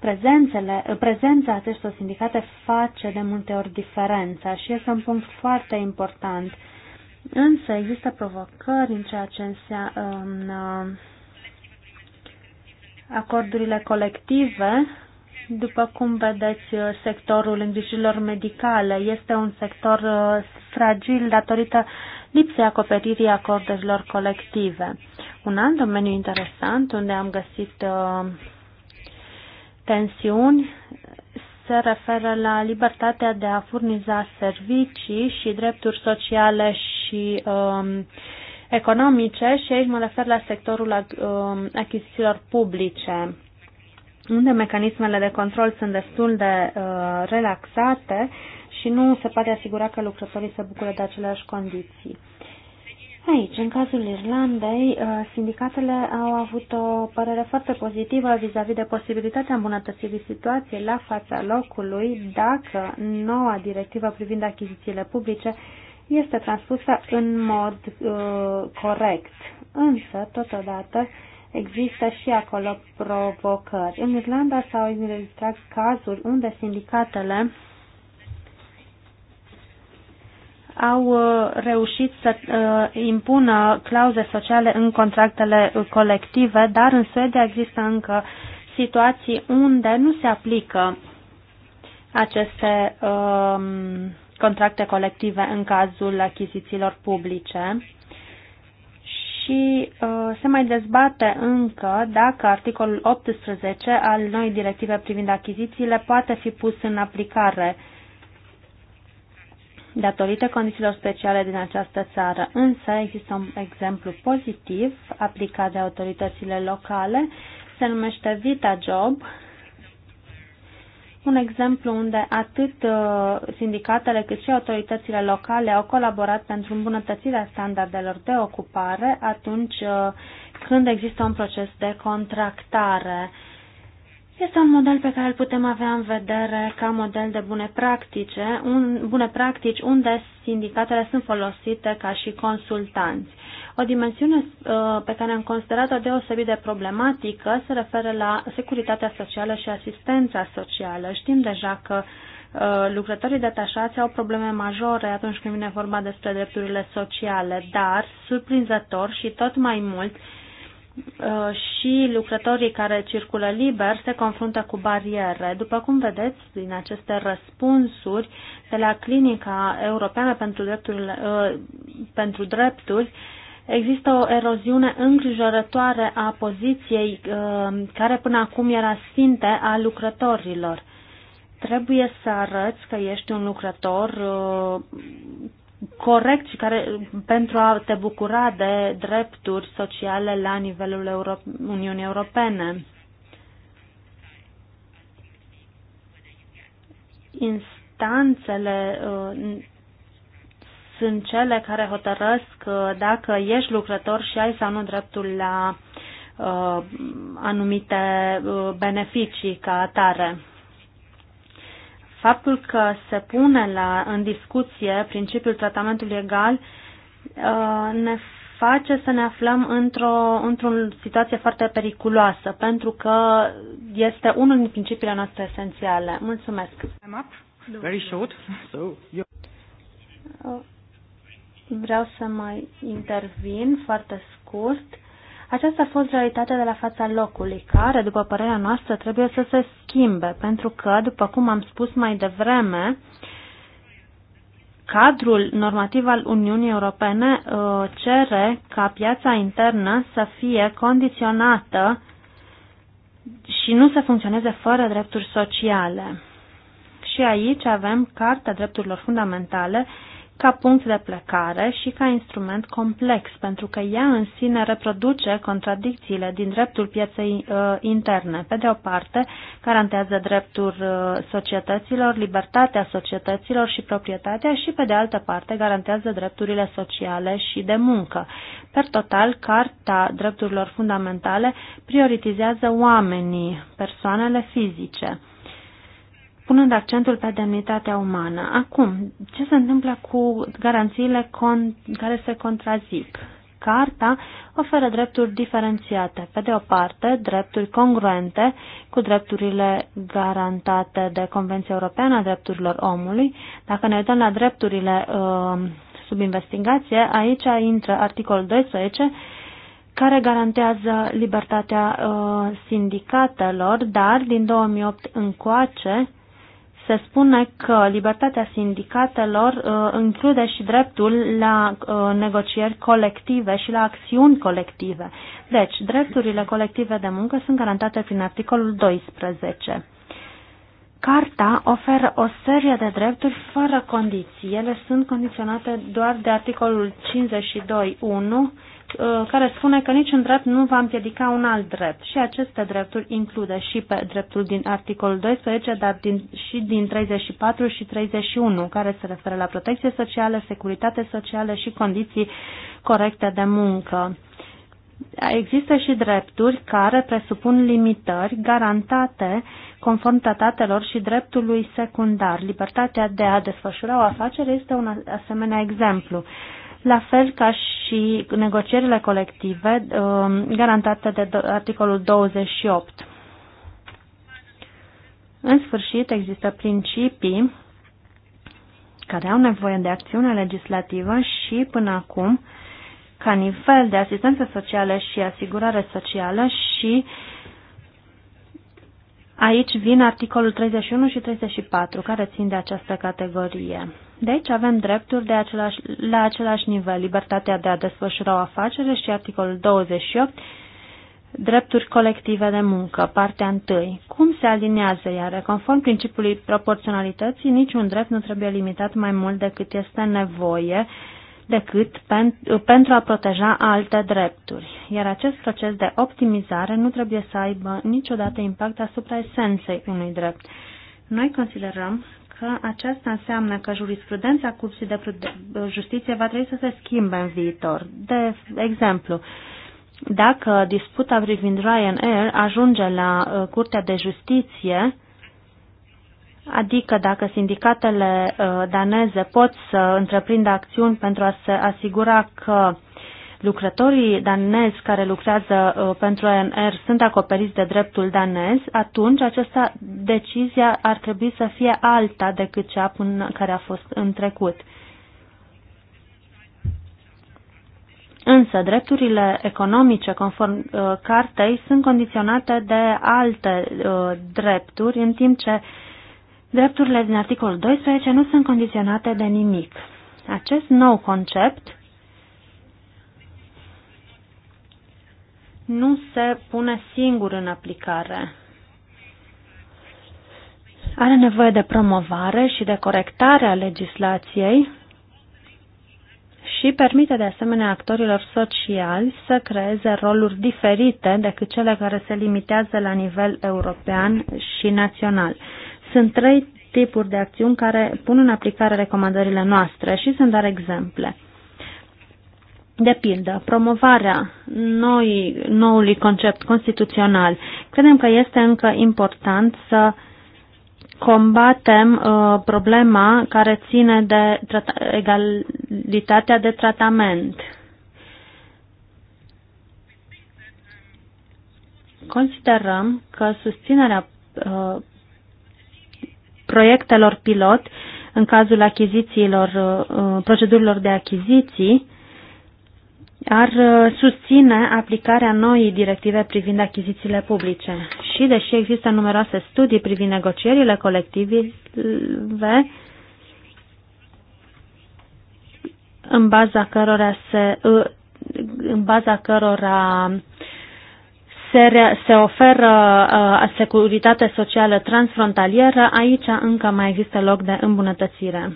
Prezențele, uh, prezența acestor sindicate face de multe ori diferența și este un punct foarte important. Însă există provocări în ceea ce înseamnă um, uh, acordurile colective după cum vedeți, uh, sectorul îngrijirilor medicale este un sector uh, fragil datorită lipsei acoperirii acordurilor colective. Un alt domeniu interesant unde am găsit uh, tensiuni se referă la libertatea de a furniza servicii și drepturi sociale și um, economice și aici mă refer la sectorul um, achizițiilor publice unde mecanismele de control sunt destul de uh, relaxate și nu se poate asigura că lucrătorii se bucură de aceleași condiții. Aici, în cazul Irlandei, uh, sindicatele au avut o părere foarte pozitivă vis-a-vis -vis de posibilitatea îmbunătățirii situației la fața locului dacă noua directivă privind achizițiile publice este transpusă în mod uh, corect. Însă, totodată, uh, există și acolo provocări. În Irlanda s-au înregistrat cazuri unde sindicatele au uh, reușit să uh, impună clauze sociale în contractele colective, dar în Suedia există încă situații unde nu se aplică aceste um, contracte colective în cazul achizițiilor publice și uh, se mai dezbate încă dacă articolul 18 al noi directive privind achizițiile poate fi pus în aplicare datorită condițiilor speciale din această țară. Însă există un exemplu pozitiv aplicat de autoritățile locale, se numește Vita Job un exemplu unde atât uh, sindicatele cât și autoritățile locale au colaborat pentru îmbunătățirea standardelor de ocupare atunci uh, când există un proces de contractare. Este un model pe care îl putem avea în vedere ca model de bune, practice, un, bune practici unde sindicatele sunt folosite ca și consultanți. O dimensiune uh, pe care am considerat-o deosebit de problematică se referă la securitatea socială și asistența socială. Știm deja că uh, lucrătorii detașați au probleme majore atunci când vine vorba despre drepturile sociale, dar, surprinzător și tot mai mult, uh, și lucrătorii care circulă liber se confruntă cu bariere. După cum vedeți din aceste răspunsuri de la Clinica Europeană pentru Drepturi, pentru drepturi Există o eroziune îngrijorătoare a poziției uh, care până acum era sfinte a lucrătorilor. Trebuie să arăți că ești un lucrător uh, corect și care, pentru a te bucura de drepturi sociale la nivelul Euro- Uniunii Europene. Instanțele uh, sunt cele care hotărăsc uh, dacă ești lucrător și ai sau nu dreptul la uh, anumite uh, beneficii ca atare. Faptul că se pune la, în discuție principiul tratamentului egal uh, ne face să ne aflăm într-o, într-o situație foarte periculoasă, pentru că este unul din principiile noastre esențiale. Mulțumesc! Very short. So, uh, vreau să mai intervin foarte scurt. Aceasta a fost realitatea de la fața locului, care, după părerea noastră, trebuie să se schimbe, pentru că, după cum am spus mai devreme, cadrul normativ al Uniunii Europene uh, cere ca piața internă să fie condiționată și nu să funcționeze fără drepturi sociale. Și aici avem Carta Drepturilor Fundamentale, ca punct de plecare și ca instrument complex, pentru că ea în sine reproduce contradicțiile din dreptul pieței uh, interne. Pe de o parte, garantează dreptul uh, societăților, libertatea societăților și proprietatea și, pe de altă parte, garantează drepturile sociale și de muncă. Per total, Carta Drepturilor Fundamentale prioritizează oamenii, persoanele fizice punând accentul pe demnitatea umană. Acum, ce se întâmplă cu garanțiile con- care se contrazic? Carta oferă drepturi diferențiate, pe de o parte, drepturi congruente cu drepturile garantate de Convenția Europeană a Drepturilor Omului. Dacă ne uităm la drepturile uh, sub investigație, aici intră articolul 12 care garantează libertatea uh, sindicatelor, dar din 2008 încoace se spune că libertatea sindicatelor uh, include și dreptul la uh, negocieri colective și la acțiuni colective. Deci, drepturile colective de muncă sunt garantate prin articolul 12. Carta oferă o serie de drepturi fără condiții. Ele sunt condiționate doar de articolul 52.1 Uh, care spune că niciun drept nu va împiedica un alt drept și aceste drepturi include și pe dreptul din articolul 12, dar din, și din 34 și 31, care se referă la protecție socială, securitate socială și condiții corecte de muncă. Există și drepturi care presupun limitări garantate conform tratatelor și dreptului secundar. Libertatea de a desfășura o afacere este un asemenea exemplu la fel ca și negocierile colective um, garantate de articolul 28. În sfârșit, există principii care au nevoie de acțiune legislativă și, până acum, ca nivel de asistență socială și asigurare socială și aici vin articolul 31 și 34, care țin de această categorie. Deci avem drepturi de același, la același nivel, libertatea de a desfășura o afacere și articolul 28, drepturi colective de muncă, partea 1. Cum se alinează iar? Conform principiului proporționalității, niciun drept nu trebuie limitat mai mult decât este nevoie decât pen, pentru a proteja alte drepturi, iar acest proces de optimizare nu trebuie să aibă niciodată impact asupra esenței unui drept. Noi considerăm că aceasta înseamnă că jurisprudența Curții de Justiție va trebui să se schimbe în viitor. De exemplu, dacă disputa privind Ryanair ajunge la uh, Curtea de Justiție, Adică dacă sindicatele uh, daneze pot să întreprindă acțiuni pentru a se asigura că lucrătorii danezi care lucrează uh, pentru ANR sunt acoperiți de dreptul danez, atunci această decizia ar trebui să fie alta decât cea până care a fost în trecut. Însă, drepturile economice conform uh, cartei sunt condiționate de alte uh, drepturi, în timp ce drepturile din articolul 12 nu sunt condiționate de nimic. Acest nou concept nu se pune singur în aplicare. Are nevoie de promovare și de corectare a legislației și permite de asemenea actorilor sociali să creeze roluri diferite decât cele care se limitează la nivel european și național. Sunt trei tipuri de acțiuni care pun în aplicare recomandările noastre și sunt dar exemple. De pildă, promovarea noi, noului concept constituțional. Credem că este încă important să combatem uh, problema care ține de egalitatea de tratament. Considerăm că susținerea uh, proiectelor pilot în cazul achizițiilor, uh, procedurilor de achiziții ar uh, susține aplicarea noii directive privind achizițiile publice. Și deși există numeroase studii privind negocierile colective, în baza cărora se, uh, în baza cărora se, se oferă uh, securitate socială transfrontalieră, aici încă mai există loc de îmbunătățire.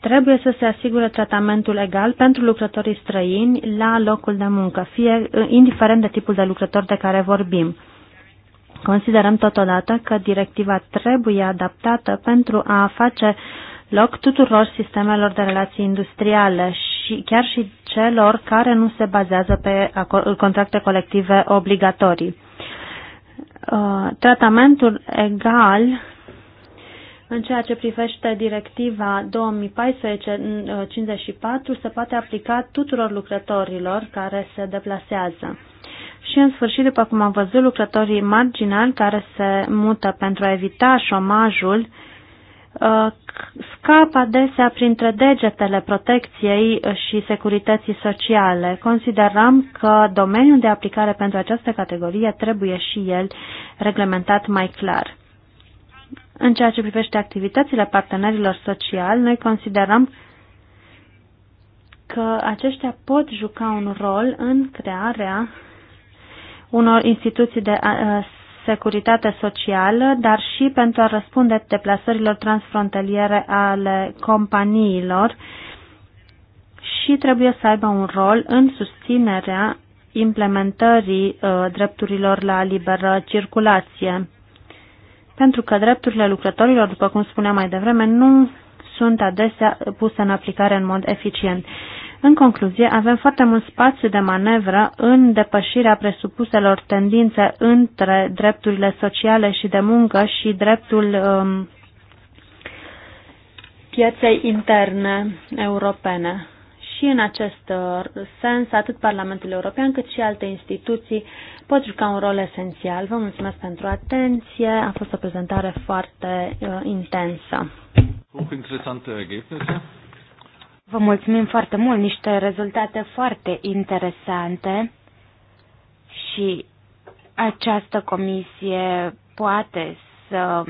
Trebuie să se asigure tratamentul egal pentru lucrătorii străini la locul de muncă, fie uh, indiferent de tipul de lucrător de care vorbim. Considerăm totodată că directiva trebuie adaptată pentru a face loc tuturor sistemelor de relații industriale și chiar și celor care nu se bazează pe contracte colective obligatorii. Uh, tratamentul egal în ceea ce privește directiva 2014-54, uh, se poate aplica tuturor lucrătorilor care se deplasează. Și, în sfârșit, după cum am văzut, lucrătorii marginali care se mută pentru a evita șomajul uh, scapă adesea printre degetele protecției și securității sociale. Considerăm că domeniul de aplicare pentru această categorie trebuie și el reglementat mai clar. În ceea ce privește activitățile partenerilor sociali, noi considerăm că aceștia pot juca un rol în crearea unor instituții de securitate socială, dar și pentru a răspunde deplasărilor transfrontaliere ale companiilor și trebuie să aibă un rol în susținerea implementării ă, drepturilor la liberă circulație pentru că drepturile lucrătorilor, după cum spuneam mai devreme, nu sunt adesea puse în aplicare în mod eficient. În concluzie, avem foarte mult spațiu de manevră în depășirea presupuselor tendințe între drepturile sociale și de muncă și dreptul um, pieței interne europene. Și în acest uh, sens, atât Parlamentul European cât și alte instituții pot juca un rol esențial. Vă mulțumesc pentru atenție. A fost o prezentare foarte uh, intensă. Vă mulțumim foarte mult, niște rezultate foarte interesante și această comisie poate să,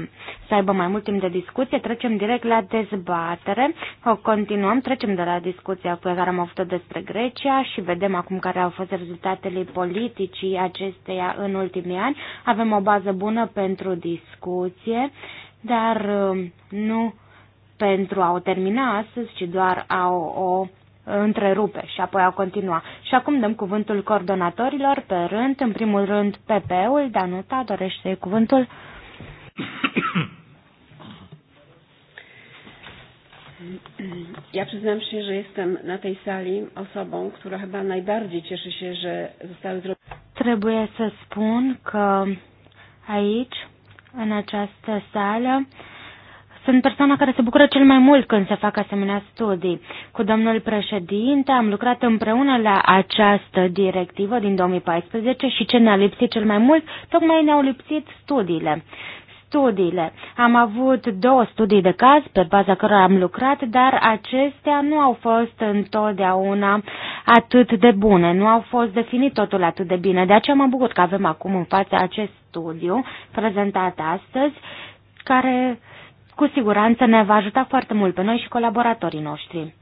să aibă mai mult timp de discuție, trecem direct la dezbatere. O continuăm, trecem de la discuția pe care am avut-o despre Grecia și vedem acum care au fost rezultatele politicii acesteia în ultimii ani. Avem o bază bună pentru discuție, dar um, nu pentru a o termina astăzi, ci doar a o, o întrerupe și apoi a continua. Și acum dăm cuvântul coordonatorilor pe rând, în primul rând PP-ul, Danuta dorește cuvântul. Ja przyznam się, że jestem na tej sali osobą, która chyba najbardziej cieszy się, że zostały zrobione. Trebuie să spun că aici, în această sală, sunt persoana care se bucură cel mai mult când se fac asemenea studii. Cu domnul președinte am lucrat împreună la această directivă din 2014 și ce ne-a lipsit cel mai mult, tocmai ne-au lipsit studiile studiile. Am avut două studii de caz pe baza cărora am lucrat, dar acestea nu au fost întotdeauna atât de bune, nu au fost definit totul atât de bine. De aceea mă bucur că avem acum în fața acest studiu prezentat astăzi, care cu siguranță ne va ajuta foarte mult pe noi și colaboratorii noștri.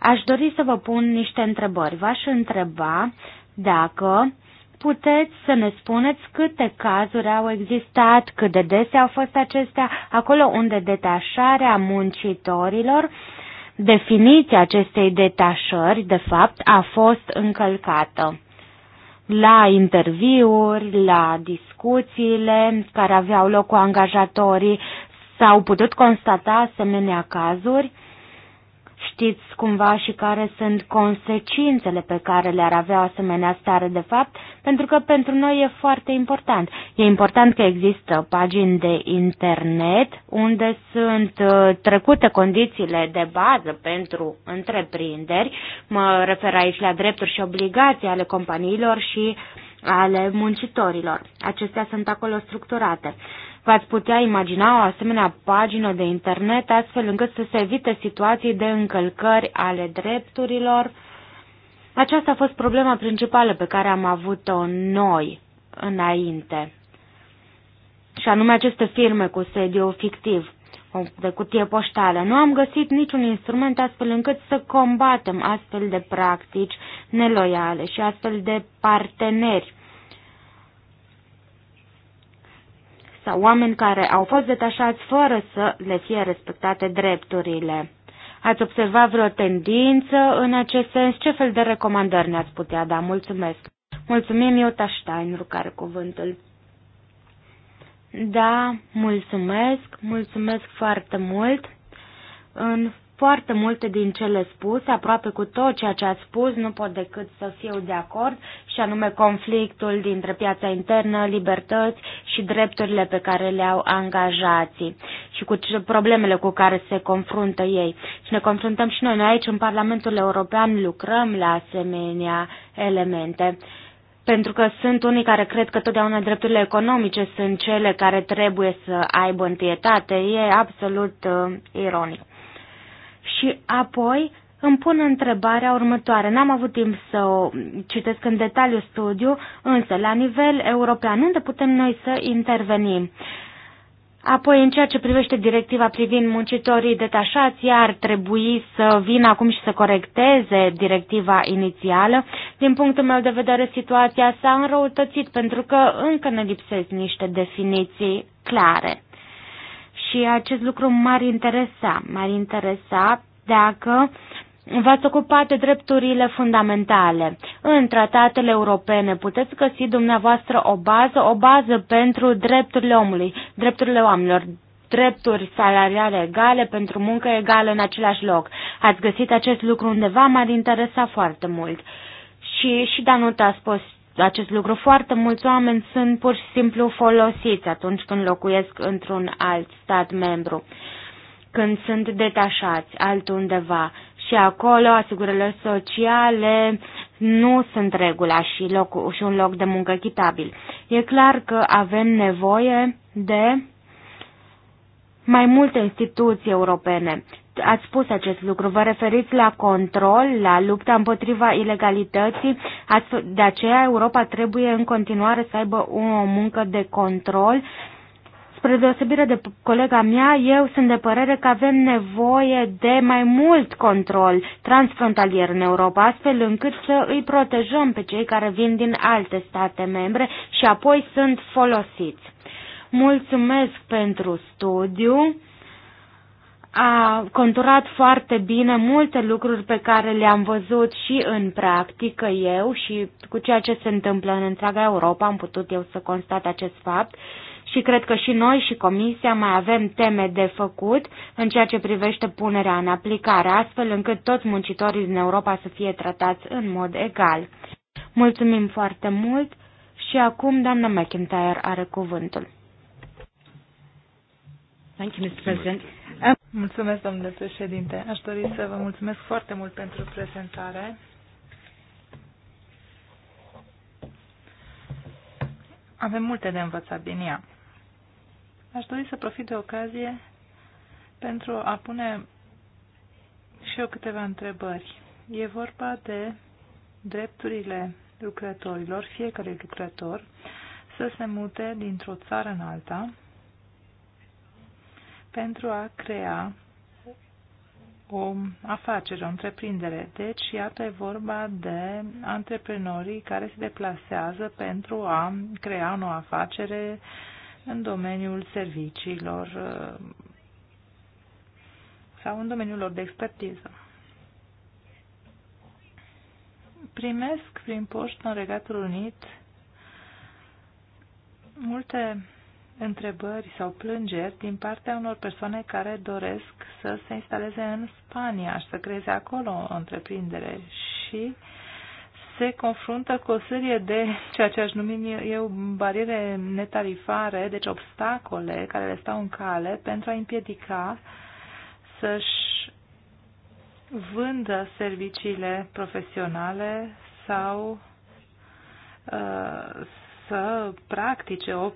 Aș dori să vă pun niște întrebări. V-aș întreba dacă uh, Puteți să ne spuneți câte cazuri au existat, cât de dese au fost acestea, acolo unde detașarea muncitorilor, definiția acestei detașări, de fapt, a fost încălcată la interviuri, la discuțiile care aveau loc cu angajatorii, s-au putut constata asemenea cazuri Știți cumva și care sunt consecințele pe care le-ar avea o asemenea stare de fapt? Pentru că pentru noi e foarte important. E important că există pagini de internet unde sunt uh, trecute condițiile de bază pentru întreprinderi. Mă refer aici la drepturi și obligații ale companiilor și ale muncitorilor. Acestea sunt acolo structurate. V-ați putea imagina o asemenea pagină de internet astfel încât să se evite situații de încălcări ale drepturilor? Aceasta a fost problema principală pe care am avut-o noi înainte. Și anume aceste firme cu sediu fictiv, de cutie poștală. Nu am găsit niciun instrument astfel încât să combatem astfel de practici neloiale și astfel de parteneri sau oameni care au fost detașați fără să le fie respectate drepturile. Ați observat vreo tendință în acest sens? Ce fel de recomandări ne-ați putea da? Mulțumesc! Mulțumim, Iota Stein, care cuvântul. Da, mulțumesc, mulțumesc foarte mult. În foarte multe din cele spuse, aproape cu tot ceea ce a spus, nu pot decât să fiu de acord, și anume conflictul dintre piața internă, libertăți și drepturile pe care le au angajații și cu problemele cu care se confruntă ei. Și ne confruntăm și noi. Noi aici, în Parlamentul European, lucrăm la asemenea elemente pentru că sunt unii care cred că totdeauna drepturile economice sunt cele care trebuie să aibă întâietate. E absolut uh, ironic și apoi îmi pun întrebarea următoare. N-am avut timp să o citesc în detaliu studiu, însă la nivel european, unde putem noi să intervenim? Apoi, în ceea ce privește directiva privind muncitorii detașați, ea ar trebui să vină acum și să corecteze directiva inițială. Din punctul meu de vedere, situația s-a înrăutățit pentru că încă ne lipsesc niște definiții clare și acest lucru m-ar interesa. M-ar interesa dacă v-ați ocupat de drepturile fundamentale. În tratatele europene puteți găsi dumneavoastră o bază, o bază pentru drepturile omului, drepturile oamenilor, drepturi salariale egale pentru muncă egală în același loc. Ați găsit acest lucru undeva, m-ar interesa foarte mult. Și, și Danuta a spus acest lucru. Foarte mulți oameni sunt pur și simplu folosiți atunci când locuiesc într-un alt stat membru, când sunt detașați altundeva și acolo asigurările sociale nu sunt regula și, loc, și un loc de muncă echitabil. E clar că avem nevoie de mai multe instituții europene ați spus acest lucru. Vă referiți la control, la lupta împotriva ilegalității. De aceea Europa trebuie în continuare să aibă o muncă de control. Spre deosebire de colega mea, eu sunt de părere că avem nevoie de mai mult control transfrontalier în Europa, astfel încât să îi protejăm pe cei care vin din alte state membre și apoi sunt folosiți. Mulțumesc pentru studiu a conturat foarte bine multe lucruri pe care le-am văzut și în practică eu și cu ceea ce se întâmplă în întreaga Europa am putut eu să constat acest fapt și cred că și noi și Comisia mai avem teme de făcut în ceea ce privește punerea în aplicare, astfel încât toți muncitorii din Europa să fie tratați în mod egal. Mulțumim foarte mult și acum doamna McIntyre are cuvântul. Thank you, Mr. President. Mulțumesc, domnule președinte. Aș dori să vă mulțumesc foarte mult pentru prezentare. Avem multe de învățat din ea. Aș dori să profit de ocazie pentru a pune și eu câteva întrebări. E vorba de drepturile lucrătorilor, fiecare lucrător, să se mute dintr-o țară în alta, pentru a crea o afacere, o întreprindere. Deci, iată, e vorba de antreprenorii care se deplasează pentru a crea o nouă afacere în domeniul serviciilor uh, sau în domeniul lor de expertiză. Primesc prin poștă în Regatul Unit multe întrebări sau plângeri din partea unor persoane care doresc să se instaleze în Spania și să creeze acolo o întreprindere și se confruntă cu o serie de ceea ce aș numi eu bariere netarifare, deci obstacole care le stau în cale pentru a împiedica să-și vândă serviciile profesionale sau uh, să practice o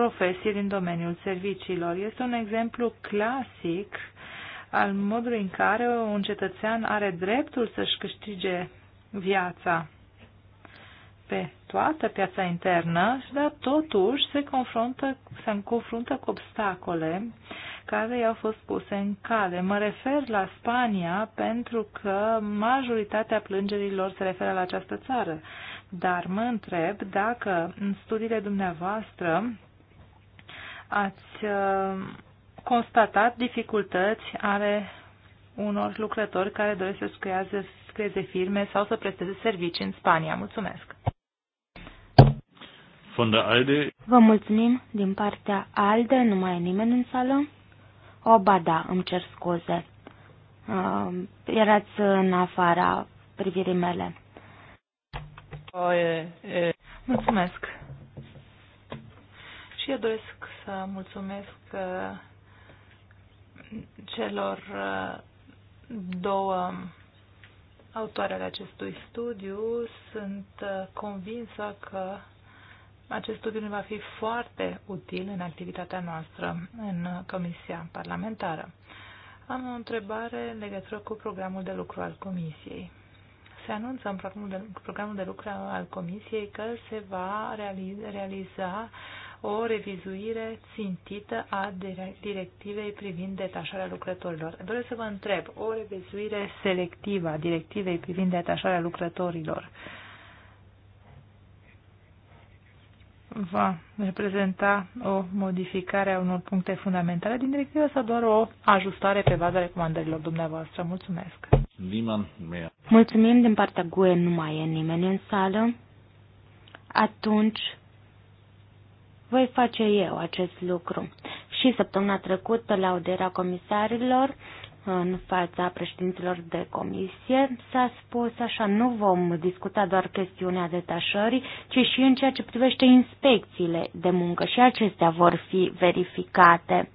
profesie din domeniul serviciilor. Este un exemplu clasic al modului în care un cetățean are dreptul să-și câștige viața pe toată piața internă, dar totuși se confruntă, se confruntă cu obstacole care i-au fost puse în cale. Mă refer la Spania pentru că majoritatea plângerilor se referă la această țară. Dar mă întreb dacă în studiile dumneavoastră ați uh, constatat dificultăți ale unor lucrători care doresc să scrieze, scrieze firme sau să presteze servicii în Spania. Mulțumesc! Vă mulțumim din partea ALDE, nu mai e nimeni în sală. O, ba da, îmi cer scuze. Uh, erați în afara privirii mele. Oh, e, e. Mulțumesc. Și eu doresc să mulțumesc uh, celor uh, două autoarele acestui studiu. Sunt uh, convinsă că acest studiu ne va fi foarte util în activitatea noastră în Comisia Parlamentară. Am o întrebare în legătură cu programul de lucru al Comisiei. Se anunță în programul de, programul de lucru al Comisiei că se va realiza o revizuire țintită a directivei privind detașarea lucrătorilor. Doresc să vă întreb, o revizuire selectivă a directivei privind detașarea lucrătorilor va reprezenta o modificare a unor puncte fundamentale din directivă sau doar o ajustare pe baza recomandărilor dumneavoastră? Mulțumesc! Mulțumim din partea GUE, nu mai e nimeni în sală. Atunci voi face eu acest lucru. Și săptămâna trecută, la audierea comisarilor, în fața președinților de comisie, s-a spus așa, nu vom discuta doar chestiunea detașării, ci și în ceea ce privește inspecțiile de muncă și acestea vor fi verificate.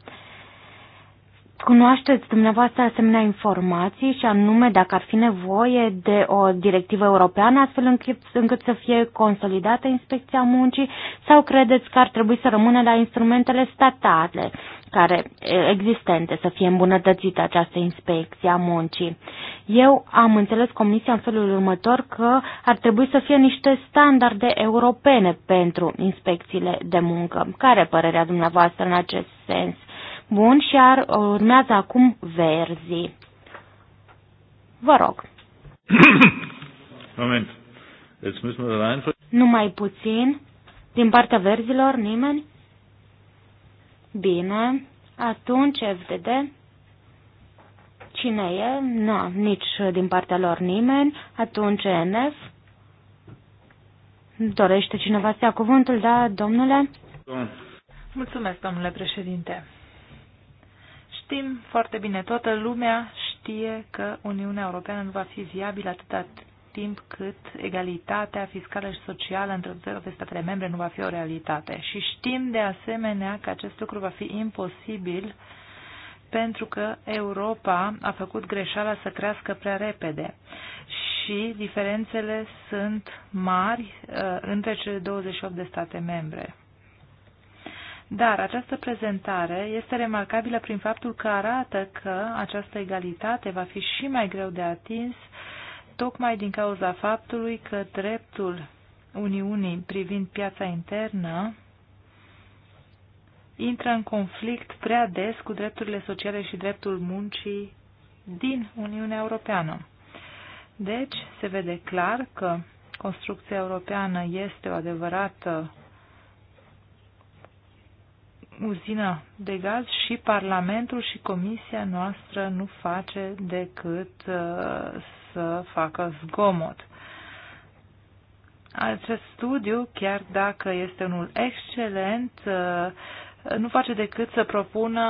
Cunoașteți dumneavoastră asemenea informații și anume dacă ar fi nevoie de o directivă europeană astfel încât, încât să fie consolidată inspecția muncii sau credeți că ar trebui să rămână la instrumentele statale care existente să fie îmbunătățită această inspecție a muncii? Eu am înțeles Comisia în felul următor că ar trebui să fie niște standarde europene pentru inspecțiile de muncă. Care părerea dumneavoastră în acest sens? Bun, și ar, urmează acum verzi. Vă rog. Moment. Deci, Numai puțin. Din partea verzilor, nimeni? Bine. Atunci, FDD. Cine e? Nu, nici din partea lor nimeni. Atunci, NF. Dorește cineva să ia cuvântul, da, domnule? Mulțumesc, domnule președinte. Știm foarte bine, toată lumea știe că Uniunea Europeană nu va fi viabilă atâta timp cât egalitatea fiscală și socială între toate statele membre nu va fi o realitate. Și știm de asemenea că acest lucru va fi imposibil pentru că Europa a făcut greșeala să crească prea repede și diferențele sunt mari uh, între cele 28 de state membre. Dar această prezentare este remarcabilă prin faptul că arată că această egalitate va fi și mai greu de atins, tocmai din cauza faptului că dreptul Uniunii privind piața internă intră în conflict prea des cu drepturile sociale și dreptul muncii din Uniunea Europeană. Deci, se vede clar că construcția europeană este o adevărată uzina de gaz și Parlamentul și Comisia noastră nu face decât uh, să facă zgomot. Acest studiu, chiar dacă este unul excelent, uh, nu face decât să propună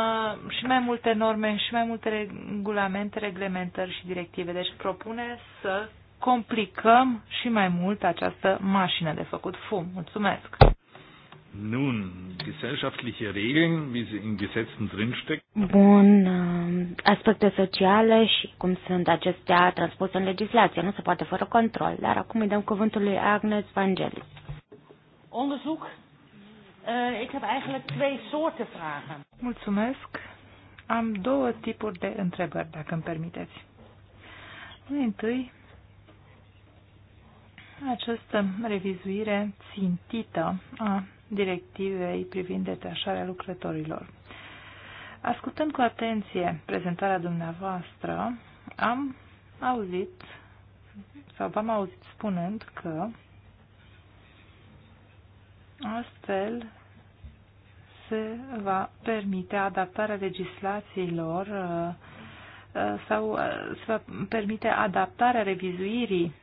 și mai multe norme, și mai multe regulamente, reglementări și directive. Deci propune să complicăm și mai mult această mașină de făcut fum. Mulțumesc! Nun, gesellschaftliche Regeln, wie sie in Gesetzen drinstecken. Bun, um, aspecte sociale și cum sunt acestea transpuse în legislație. Nu se poate fără control, dar acum îi dăm cuvântul lui Agnes Vangelis. Onderzoek. Eh, ik heb eigenlijk twee soorten vragen. Mulțumesc. Am două tipuri de întrebări, dacă îmi permiteți. Mai întâi, această revizuire țintită a directivei privind detașarea lucrătorilor. Ascultând cu atenție prezentarea dumneavoastră, am auzit sau v-am auzit spunând că astfel se va permite adaptarea legislațiilor uh, uh, sau uh, se va permite adaptarea revizuirii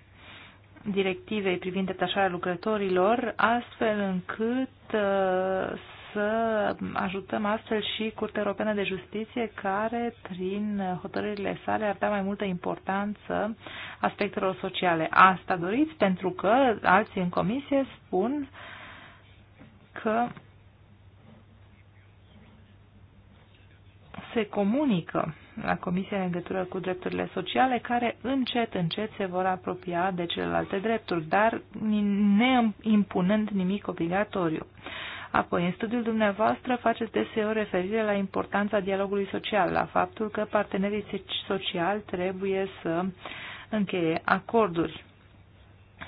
directivei privind detașarea lucrătorilor, astfel încât uh, să ajutăm astfel și Curtea Europeană de Justiție, care, prin hotărârile sale, ar da mai multă importanță aspectelor sociale. Asta doriți pentru că alții în comisie spun că se comunică la comisia în legătură cu drepturile sociale, care încet, încet se vor apropia de celelalte drepturi, dar ne impunând nimic obligatoriu. Apoi, în studiul dumneavoastră faceți deseori referire la importanța dialogului social, la faptul că partenerii sociali trebuie să încheie acorduri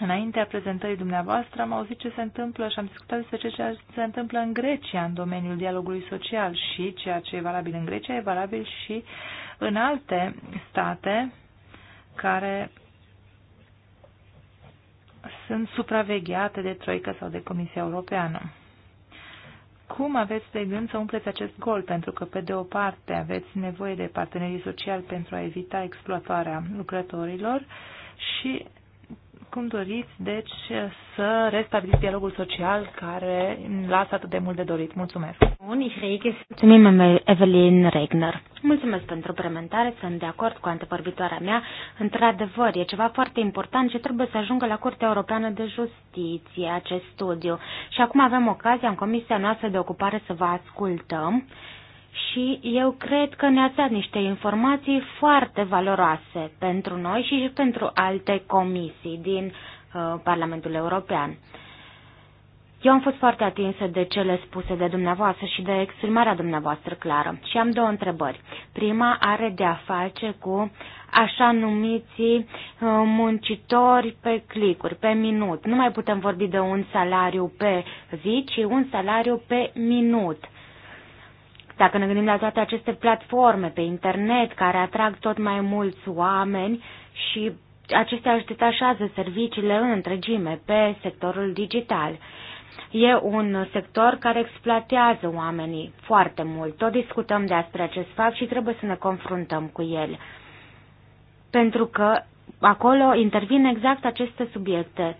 Înaintea prezentării dumneavoastră am auzit ce se întâmplă și am discutat despre ce se întâmplă în Grecia în domeniul dialogului social și ceea ce e valabil în Grecia e valabil și în alte state care sunt supravegheate de Troică sau de Comisia Europeană. Cum aveți de gând să umpleți acest gol? Pentru că, pe de o parte, aveți nevoie de partenerii sociali pentru a evita exploatarea lucrătorilor și cum doriți, deci, să restabiliți dialogul social care lasă atât de mult de dorit? Mulțumesc! Mulțumim, Evelyn Regner. Mulțumesc pentru prezentare, sunt de acord cu antevorbitoarea mea. Într-adevăr, e ceva foarte important și trebuie să ajungă la Curtea Europeană de Justiție acest studiu. Și acum avem ocazia în Comisia noastră de Ocupare să vă ascultăm și eu cred că ne-ați dat niște informații foarte valoroase pentru noi și, și pentru alte comisii din uh, Parlamentul European. Eu am fost foarte atinsă de cele spuse de dumneavoastră și de exprimarea dumneavoastră clară și am două întrebări. Prima are de a face cu așa numiții uh, muncitori pe clicuri, pe minut. Nu mai putem vorbi de un salariu pe zi, ci un salariu pe minut. Dacă ne gândim la toate aceste platforme pe internet care atrag tot mai mulți oameni și acestea își detașează serviciile în întregime pe sectorul digital. E un sector care exploatează oamenii foarte mult. Tot discutăm despre acest fapt și trebuie să ne confruntăm cu el. Pentru că acolo intervin exact aceste subiecte,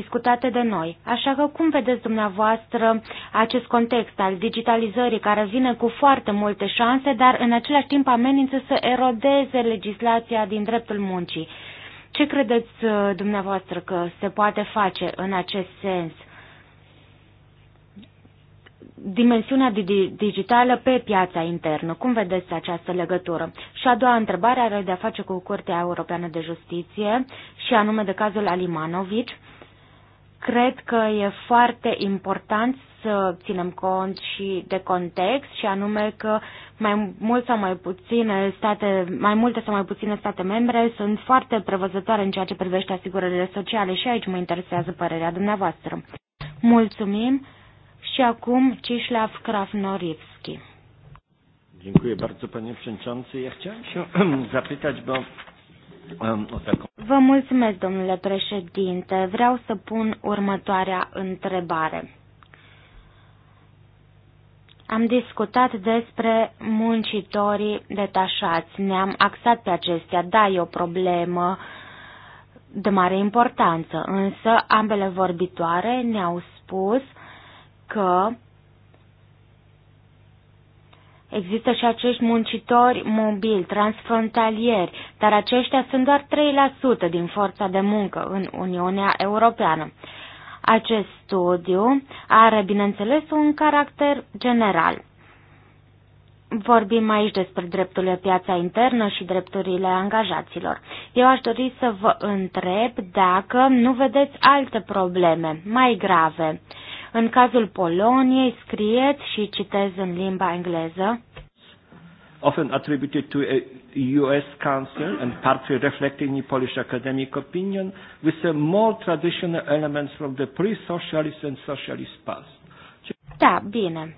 discutate de noi. Așa că cum vedeți dumneavoastră acest context al digitalizării care vine cu foarte multe șanse, dar în același timp amenință să erodeze legislația din dreptul muncii? Ce credeți uh, dumneavoastră că se poate face în acest sens? dimensiunea digitală pe piața internă. Cum vedeți această legătură? Și a doua întrebare are de a face cu Curtea Europeană de Justiție și anume de cazul Alimanovici. Cred că e foarte important să ținem cont și de context și anume că mai mult sau mai puține state, mai multe sau mai puține state membre sunt foarte prevăzătoare în ceea ce privește asigurările sociale și aici mă interesează părerea dumneavoastră. Mulțumim și acum Cislav Krafnorivski. Dziękuję bardzo panie przewodniczący. Ja chciałem się zapytać, bo Um, Vă mulțumesc, domnule președinte. Vreau să pun următoarea întrebare. Am discutat despre muncitorii detașați, ne-am axat pe acestea. Da, e o problemă de mare importanță, însă ambele vorbitoare ne-au spus că Există și acești muncitori mobili, transfrontalieri, dar aceștia sunt doar 3% din forța de muncă în Uniunea Europeană. Acest studiu are, bineînțeles, un caracter general. Vorbim aici despre drepturile piața internă și drepturile angajaților. Eu aș dori să vă întreb dacă nu vedeți alte probleme mai grave în cazul Poloniei scrieți și citez în limba engleză. Often attributed to a US Council and partly reflecting the Polish academic opinion with a more traditional elements from the pre-socialist and socialist past. Da, bine.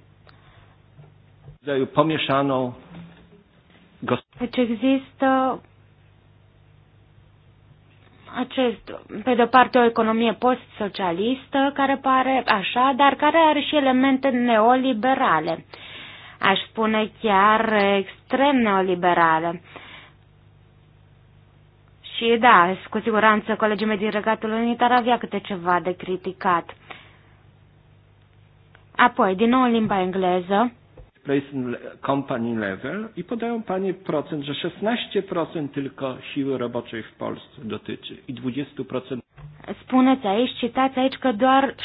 Pomieszano deci există acest, pe de-o parte, o economie post-socialistă care pare așa, dar care are și elemente neoliberale. Aș spune chiar extrem neoliberale. Și da, cu siguranță colegii mei din Regatul Unit ar avea câte ceva de criticat. Apoi, din nou în limba engleză placement company level i podają Panie procent, że 16% tylko siły roboczej w Polsce dotyczy i 20%. Spuneți aici, citați aici că doar 16%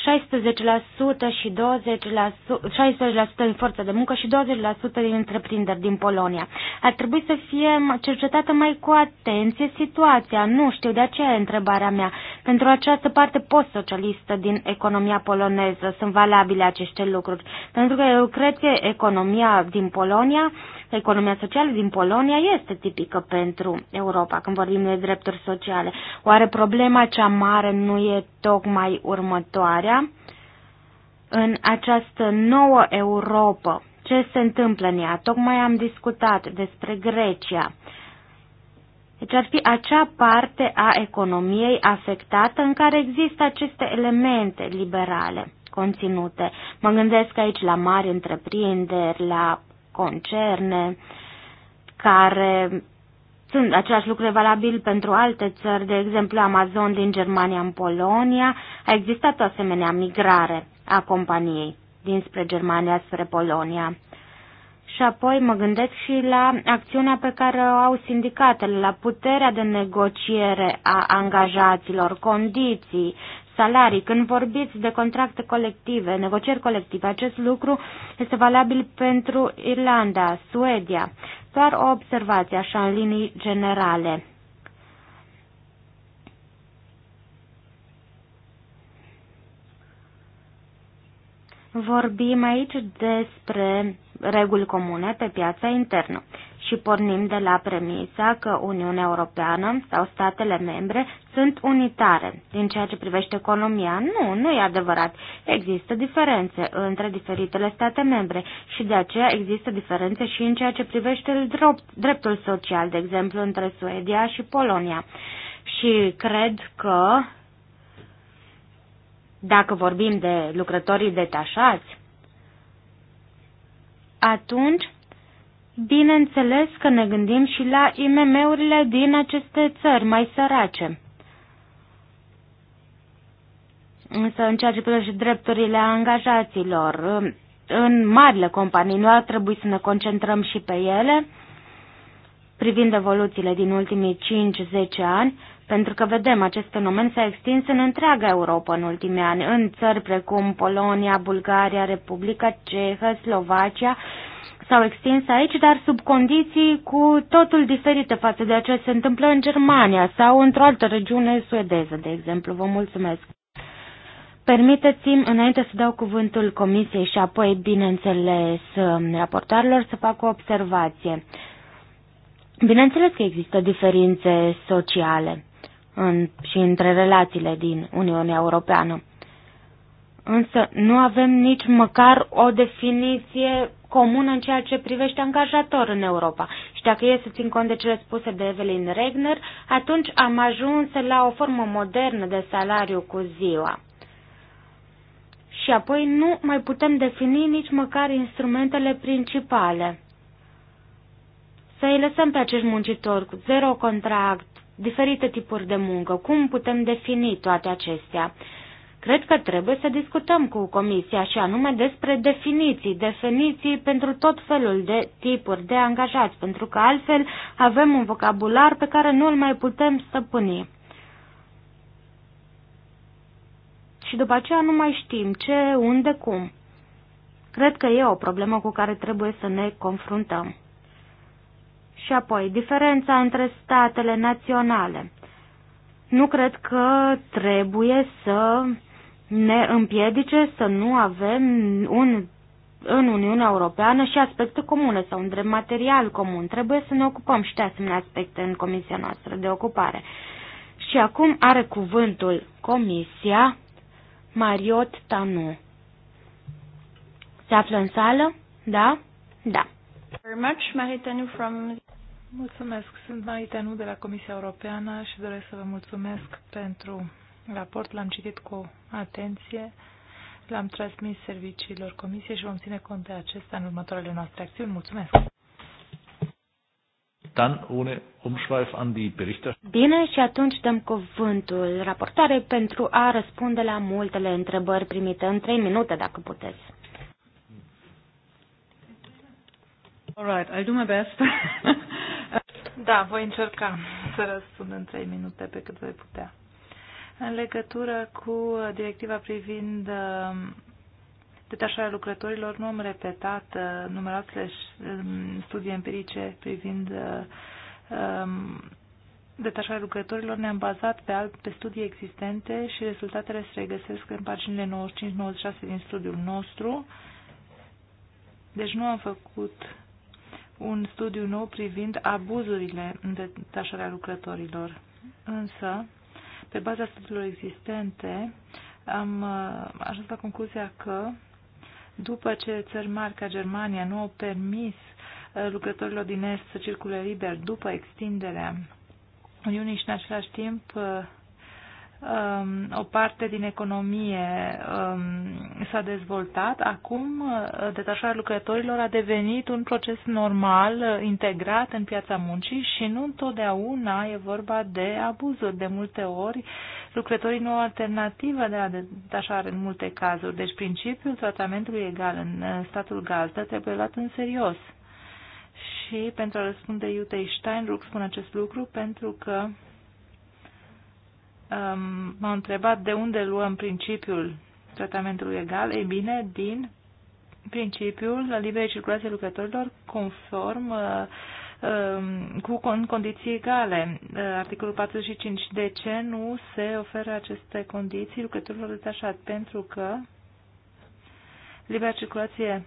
și 20%, 60% din forța de muncă și 20% din întreprinderi din Polonia. Ar trebui să fie cercetată mai cu atenție situația, nu știu, de aceea e întrebarea mea. Pentru această parte post-socialistă din economia poloneză sunt valabile aceste lucruri, pentru că eu cred că economia economia din Polonia, economia socială din Polonia este tipică pentru Europa când vorbim de drepturi sociale. Oare problema cea mare nu e tocmai următoarea? În această nouă Europa, ce se întâmplă în ea? Tocmai am discutat despre Grecia. Deci ar fi acea parte a economiei afectată în care există aceste elemente liberale conținute. Mă gândesc aici la mari întreprinderi, la concerne care sunt același lucru valabil pentru alte țări, de exemplu Amazon din Germania în Polonia. A existat o asemenea migrare a companiei dinspre Germania spre Polonia. Și apoi mă gândesc și la acțiunea pe care o au sindicatele, la puterea de negociere a angajaților, condiții, salarii, când vorbiți de contracte colective, negocieri colective, acest lucru este valabil pentru Irlanda, Suedia. Doar o observație așa în linii generale. Vorbim aici despre reguli comune pe piața internă și pornim de la premisa că Uniunea Europeană sau statele membre sunt unitare. Din ceea ce privește economia, nu, nu e adevărat. Există diferențe între diferitele state membre și de aceea există diferențe și în ceea ce privește dreptul social, de exemplu, între Suedia și Polonia. Și cred că dacă vorbim de lucrătorii detașați, atunci Bineînțeles că ne gândim și la IMM-urile din aceste țări mai sărace. Însă în ceea ce privește drepturile angajaților, în marile companii, nu ar trebui să ne concentrăm și pe ele, privind evoluțiile din ultimii 5-10 ani, pentru că vedem acest fenomen s-a extins în întreaga Europa în ultimii ani, în țări precum Polonia, Bulgaria, Republica Cehă, Slovacia, s-au extins aici, dar sub condiții cu totul diferite față de ce se întâmplă în Germania sau într-o altă regiune suedeză, de exemplu. Vă mulțumesc! Permiteți-mi, înainte să dau cuvântul comisiei și apoi, bineînțeles, raportarilor, să fac o observație. Bineînțeles că există diferențe sociale în, și între relațiile din Uniunea Europeană. Însă nu avem nici măcar o definiție comun în ceea ce privește angajator în Europa. Și dacă e să țin cont de cele spuse de Evelyn Regner, atunci am ajuns la o formă modernă de salariu cu ziua. Și apoi nu mai putem defini nici măcar instrumentele principale. Să-i lăsăm pe acești muncitori cu zero contract, diferite tipuri de muncă, cum putem defini toate acestea? Cred că trebuie să discutăm cu Comisia și anume despre definiții, definiții pentru tot felul de tipuri de angajați, pentru că altfel avem un vocabular pe care nu îl mai putem stăpâni. Și după aceea nu mai știm ce, unde, cum. Cred că e o problemă cu care trebuie să ne confruntăm. Și apoi, diferența între statele naționale. Nu cred că trebuie să ne împiedice să nu avem un, în Uniunea Europeană și aspecte comune sau un drept material comun. Trebuie să ne ocupăm și de asemenea aspecte în Comisia noastră de ocupare. Și acum are cuvântul Comisia Mariot Tanu. Se află în sală? Da? Da. Very much, Maritanu from... Mulțumesc. Sunt Maritanu de la Comisia Europeană și doresc să vă mulțumesc pentru raport, l-am citit cu atenție, l-am transmis serviciilor comisiei și vom ține cont de acesta în următoarele noastre acțiuni. Mulțumesc! Dann ohne Umschweif an die Berichter. Bine, și atunci dăm cuvântul raportare pentru a răspunde la multele întrebări primite în trei minute, dacă puteți. All right, I'll do my best. da, voi încerca să răspund în trei minute pe cât voi putea în legătură cu directiva privind um, detașarea lucrătorilor, nu am repetat uh, numeroasele um, studii empirice privind uh, um, detașarea lucrătorilor. Ne-am bazat pe, alt, pe studii existente și rezultatele se regăsesc în paginile 95-96 din studiul nostru. Deci nu am făcut un studiu nou privind abuzurile în detașarea lucrătorilor. Însă, pe baza studiilor existente, am uh, ajuns la concluzia că după ce țări mari ca Germania nu au permis uh, lucrătorilor din Est să circule liber după extinderea Uniunii și în același timp uh, um, o parte din economie um, s-a dezvoltat, acum uh, detașarea lucrătorilor a devenit un proces normal, uh, integrat în piața muncii și nu întotdeauna e vorba de abuzuri. De multe ori lucrătorii nu au alternativă de la detașare în multe cazuri, deci principiul tratamentului egal în uh, statul gazdă trebuie luat în serios. Și pentru a răspunde Iutei Steinruck spun acest lucru pentru că um, m a întrebat de unde luăm principiul tratamentului egal. Ei bine, din principiul la liberei circulației lucrătorilor conform uh, um, cu condiții egale. Uh, articolul 45. De ce nu se oferă aceste condiții lucrătorilor detașat? Pentru că libera circulație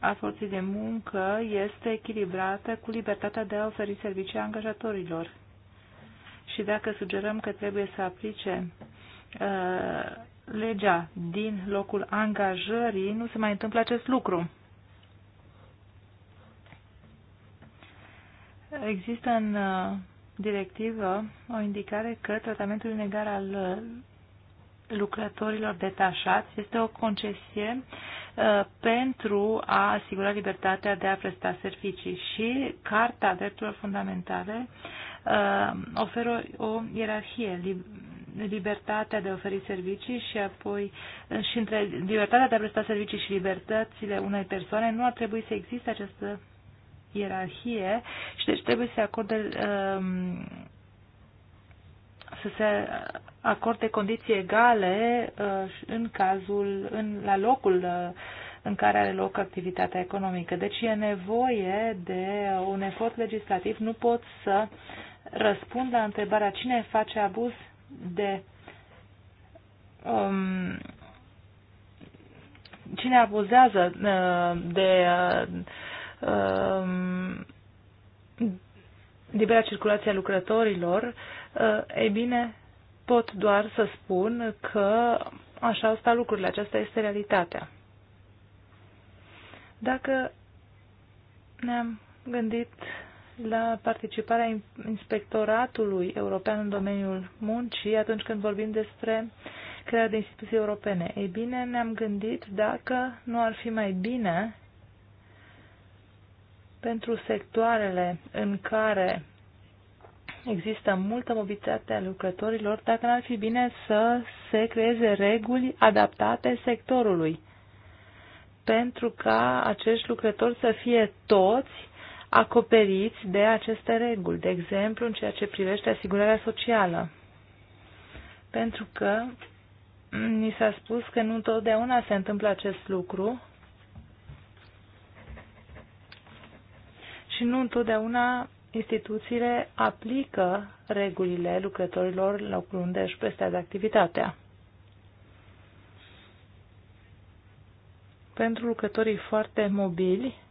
a forței de muncă este echilibrată cu libertatea de a oferi servicii angajatorilor și dacă sugerăm că trebuie să aplice uh, legea din locul angajării, nu se mai întâmplă acest lucru. Există în uh, directivă o indicare că tratamentul inegal al uh, lucrătorilor detașați este o concesie uh, pentru a asigura libertatea de a presta servicii și Carta Drepturilor Fundamentale uh, Uh, oferă o ierarhie libertatea de a oferi servicii și apoi uh, și între libertatea de a presta servicii și libertățile unei persoane nu ar trebui să existe această ierarhie și deci trebuie să acorde um, să se acorde condiții egale uh, în cazul în, la locul în care are loc activitatea economică. Deci e nevoie de un efort legislativ. Nu pot să uh, răspund la întrebarea cine face abuz de um, cine abuzează uh, de uh, um, libera circulație a lucrătorilor, uh, ei bine, pot doar să spun că așa au stat lucrurile, aceasta este realitatea. Dacă ne-am gândit la participarea Inspectoratului European în domeniul muncii atunci când vorbim despre crearea de instituții europene. Ei bine, ne-am gândit dacă nu ar fi mai bine pentru sectoarele în care există multă mobilitate a lucrătorilor, dacă n-ar fi bine să se creeze reguli adaptate sectorului, pentru ca acești lucrători să fie toți acoperiți de aceste reguli, de exemplu în ceea ce privește asigurarea socială. Pentru că ni s-a spus că nu întotdeauna se întâmplă acest lucru și nu întotdeauna instituțiile aplică regulile lucrătorilor la locul unde își prestează activitatea. Pentru lucrătorii foarte mobili,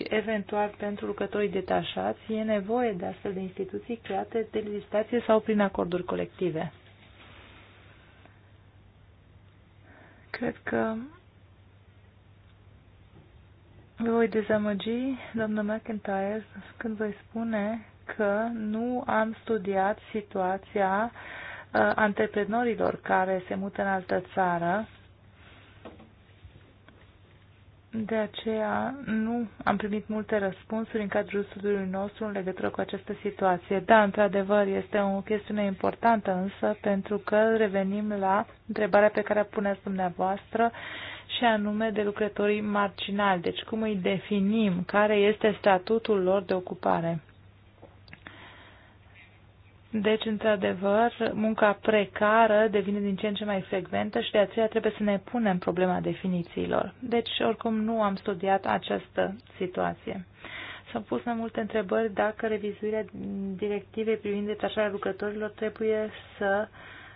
și eventual pentru lucrătorii detașați, e nevoie de astfel de instituții create de legislație sau prin acorduri colective. Cred că Vă voi dezamăgi, doamnă McIntyre, când voi spune că nu am studiat situația uh, antreprenorilor care se mută în altă țară de aceea nu am primit multe răspunsuri în cadrul studiului nostru în legătură cu această situație. Da, într-adevăr, este o chestiune importantă însă pentru că revenim la întrebarea pe care o puneți dumneavoastră și anume de lucrătorii marginali. Deci cum îi definim? Care este statutul lor de ocupare? Deci, într-adevăr, munca precară devine din ce în ce mai frecventă și de aceea trebuie să ne punem problema definițiilor. Deci, oricum, nu am studiat această situație. S-au pus mai multe întrebări dacă revizuirea directivei privind detașarea lucrătorilor trebuie să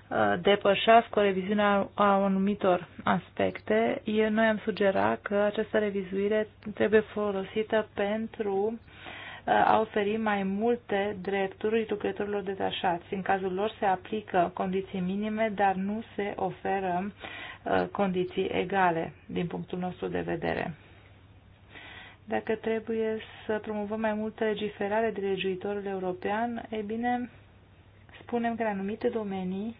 uh, depășească o reviziune a anumitor aspecte. Eu, noi am sugerat că această revizuire trebuie folosită pentru a oferi mai multe drepturi lucrătorilor detașați. În cazul lor se aplică condiții minime, dar nu se oferă uh, condiții egale din punctul nostru de vedere. Dacă trebuie să promovăm mai multă legiferare de legiuitorul european, e bine, spunem că în anumite domenii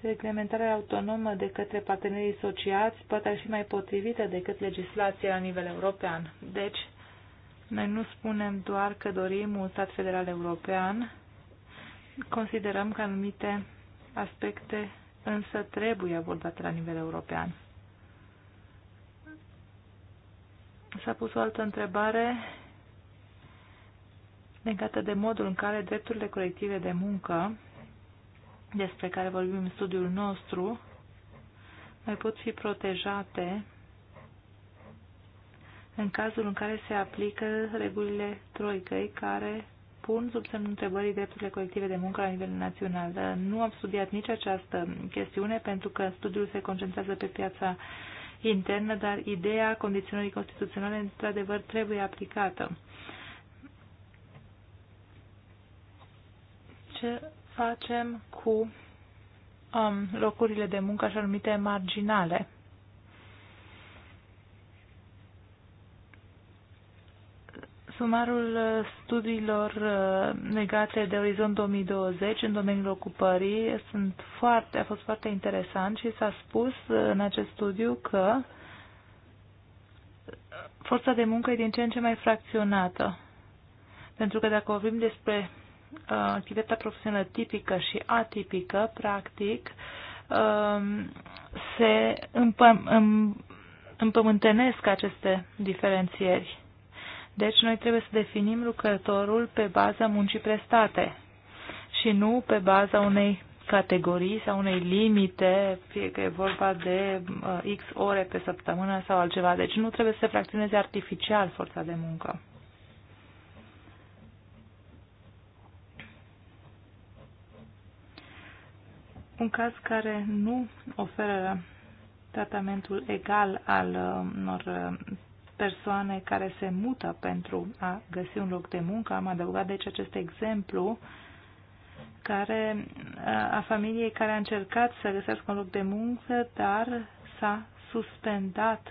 reglementarea autonomă de către partenerii sociați poate ar fi mai potrivită decât legislația la nivel european. Deci, noi nu spunem doar că dorim un stat federal european, considerăm că anumite aspecte însă trebuie abordate la nivel european. S-a pus o altă întrebare legată de modul în care drepturile colective de muncă, despre care vorbim în studiul nostru, mai pot fi protejate în cazul în care se aplică regulile troicăi care pun sub semnul întrebării drepturile colective de muncă la nivel național. Nu am studiat nici această chestiune pentru că studiul se concentrează pe piața internă, dar ideea condiționării constituționale într-adevăr trebuie aplicată. Ce facem cu um, locurile de muncă așa numite marginale? Sumarul uh, studiilor uh, legate de Orizont 2020 în domeniul ocupării sunt foarte, a fost foarte interesant și s-a spus uh, în acest studiu că forța de muncă e din ce în ce mai fracționată. Pentru că dacă vorbim despre uh, activitatea profesională tipică și atipică, practic, uh, se împăm împământenesc aceste diferențieri. Deci noi trebuie să definim lucrătorul pe baza muncii prestate și nu pe baza unei categorii sau unei limite, fie că e vorba de uh, X ore pe săptămână sau altceva. Deci nu trebuie să se fracționeze artificial forța de muncă. Un caz care nu oferă tratamentul egal al uh, unor uh, persoane care se mută pentru a găsi un loc de muncă. Am adăugat deci acest exemplu care, a familiei care a încercat să găsească un loc de muncă, dar s-a suspendat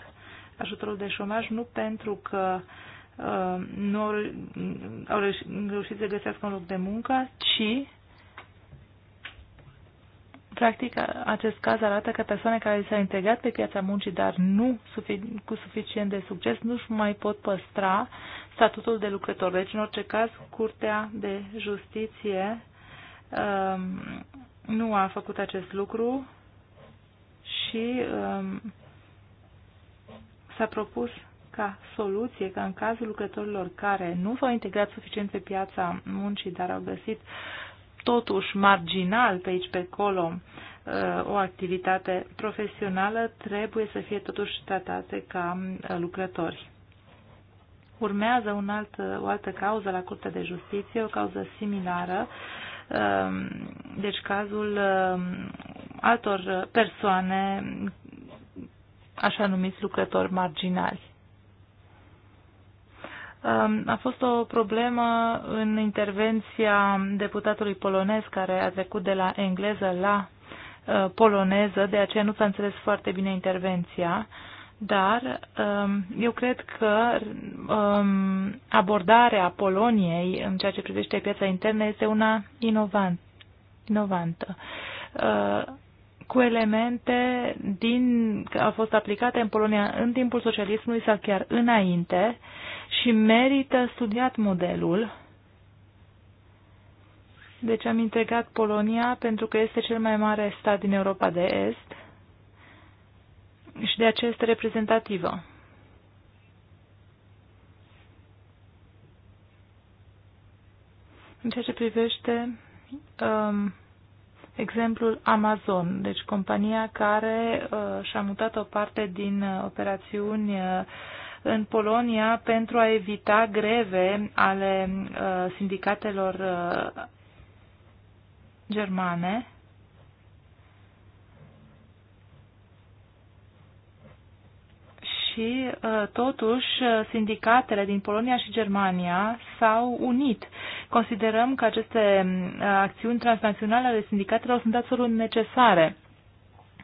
ajutorul de șomaj nu pentru că uh, nu au, au reușit să găsească un loc de muncă, ci Practic, acest caz arată că persoane care s-au integrat pe piața muncii, dar nu cu suficient de succes, nu își mai pot păstra statutul de lucrător. Deci, în orice caz, Curtea de Justiție um, nu a făcut acest lucru și um, s-a propus ca soluție ca în cazul lucrătorilor care nu s-au integrat suficient pe piața muncii, dar au găsit uh, totuși marginal pe aici, pe acolo, uh, o activitate profesională, trebuie să fie totuși tratate ca uh, lucrători. Urmează un alt, uh, o altă cauză la Curtea de Justiție, o cauză similară, um, deci cazul um, altor persoane, așa numiți lucrători marginali. Um, a fost o problemă în intervenția deputatului polonez care a trecut de la engleză la uh, poloneză, de aceea nu s-a înțeles foarte bine intervenția, dar um, eu cred că um, abordarea Poloniei în ceea ce privește piața internă este una inovantă uh, cu elemente din, au fost aplicate în Polonia în timpul socialismului sau chiar înainte și merită studiat modelul. Deci am integrat Polonia pentru că este cel mai mare stat din Europa de Est și de aceea este reprezentativă. În ceea ce privește um, exemplul Amazon, deci compania care uh, și-a mutat o parte din uh, operațiuni uh, în Polonia pentru a evita greve ale uh, sindicatelor uh, germane. și uh, totuși sindicatele din Polonia și Germania s-au unit. Considerăm că aceste acțiuni transnaționale ale sindicatelor sunt absolut necesare.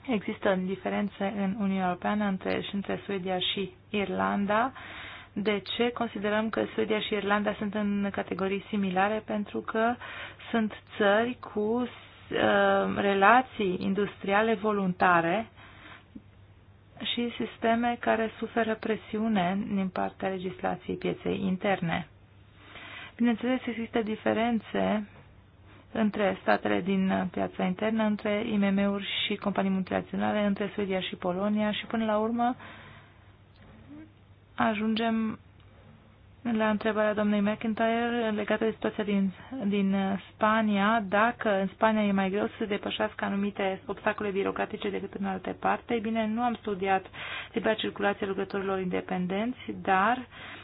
Există diferențe în Uniunea Europeană între, și între Suedia și Irlanda. De ce considerăm că Suedia și Irlanda sunt în categorii similare? Pentru că sunt țări cu uh, relații industriale voluntare și sisteme care suferă presiune din partea legislației pieței interne. Bineînțeles, există diferențe între statele din uh, piața internă, între IMM-uri și companii multinaționale, între Suedia și Polonia și până la urmă ajungem la întrebarea doamnei McIntyre legată de situația din, din uh, Spania, dacă în Spania e mai greu să se depășească anumite obstacole birocratice decât în alte parte, bine, nu am studiat libera circulație lucrătorilor independenți, dar uh,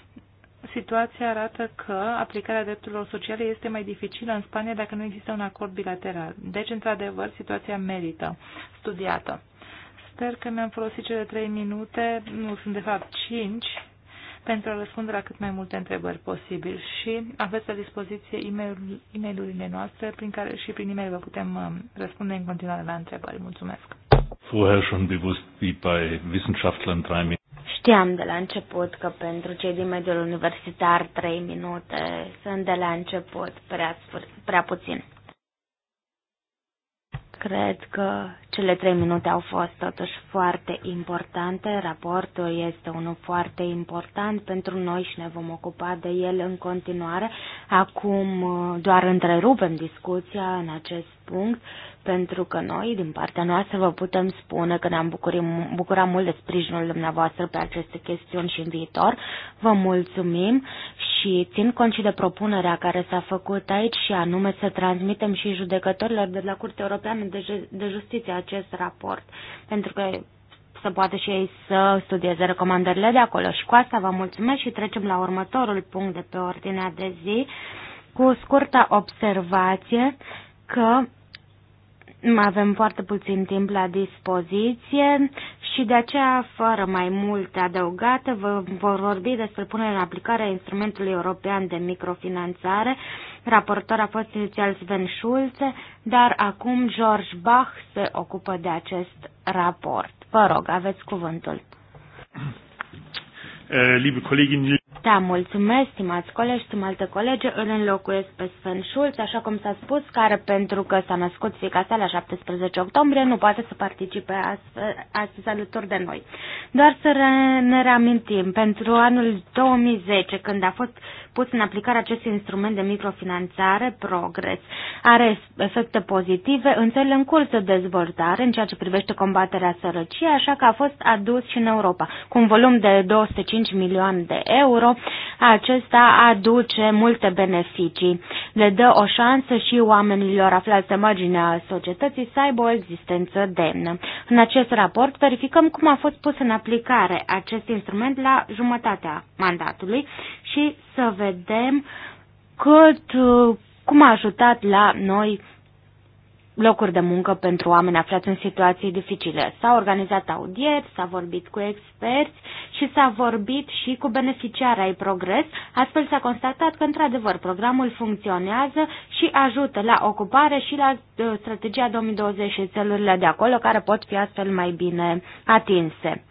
situația arată că aplicarea drepturilor sociale este mai dificilă în Spania dacă nu există un acord bilateral. Deci, într-adevăr, situația merită studiată. Sper că mi-am folosit cele trei minute, nu sunt de fapt cinci, pentru a răspunde la cât mai multe întrebări posibil și aveți la dispoziție e-mail-urile noastre prin care și prin e-mail vă putem um, răspunde în continuare la întrebări. Mulțumesc! Vorher schon bewusst, wie bei Wissenschaftlern drei Minuten. Știam de la început că pentru cei din mediul universitar trei minute sunt de la început prea, prea puțin. Cred că cele trei minute au fost totuși foarte importante. Raportul este unul foarte important pentru noi și ne vom ocupa de el în continuare. Acum uh, doar întrerupem discuția în acest punct pentru că noi, din partea noastră, vă putem spune că ne-am bucurat mult de sprijinul dumneavoastră pe aceste chestiuni și în viitor. Vă mulțumim și țin cont și de propunerea care s-a făcut aici și anume să transmitem și judecătorilor de la Curtea Europeană de Justiție acest raport, pentru că să poată și ei să studieze recomandările de acolo. Și cu asta vă mulțumesc și trecem la următorul punct de pe ordinea de zi cu scurta observație că avem foarte puțin timp la dispoziție și de aceea, fără mai multe adăugate, vă vor vorbi despre punerea în aplicare a instrumentului european de microfinanțare. Raportor a fost inițial Sven Schulze, dar acum George Bach se ocupă de acest raport. Vă rog, aveți cuvântul. Eh, liebe Kolleginnen da, mulțumesc, stimați colegi, stimate colege, îl înlocuiesc pe Sfânt Schulz, așa cum s-a spus, care pentru că s-a născut fica sa la 17 octombrie, nu poate să participe astăzi alături de noi. Doar să ne reamintim, pentru anul 2010, când a fost pus în aplicare acest instrument de microfinanțare, Progress. Are efecte pozitive în țările în curs de dezvoltare în ceea ce privește combaterea sărăciei, așa că a fost adus și în Europa. Cu un volum de 205 milioane de euro, acesta aduce multe beneficii. Le dă o șansă și oamenilor aflați în marginea societății să aibă o existență demnă. În acest raport verificăm cum a fost pus în aplicare acest instrument la jumătatea mandatului și să vedem cât, cum a ajutat la noi locuri de muncă pentru oameni aflați în situații dificile. s a organizat audieri, s-a vorbit cu experți și s-a vorbit și cu beneficiarii ai progres, astfel s-a constatat că, într-adevăr, programul funcționează și ajută la ocupare și la uh, strategia 2020 și țelurile de acolo, care pot fi astfel mai bine atinse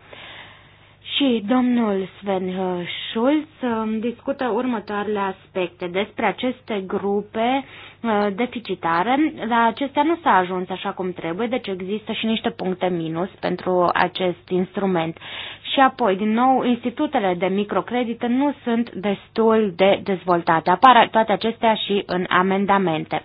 și domnul Sven uh, Schulz um, discută următoarele aspecte despre aceste grupe uh, deficitare. La acestea nu s-a ajuns așa cum trebuie, deci există și niște puncte minus pentru acest instrument. Și apoi, din nou, institutele de microcredite nu sunt destul de dezvoltate. Apar toate acestea și în amendamente.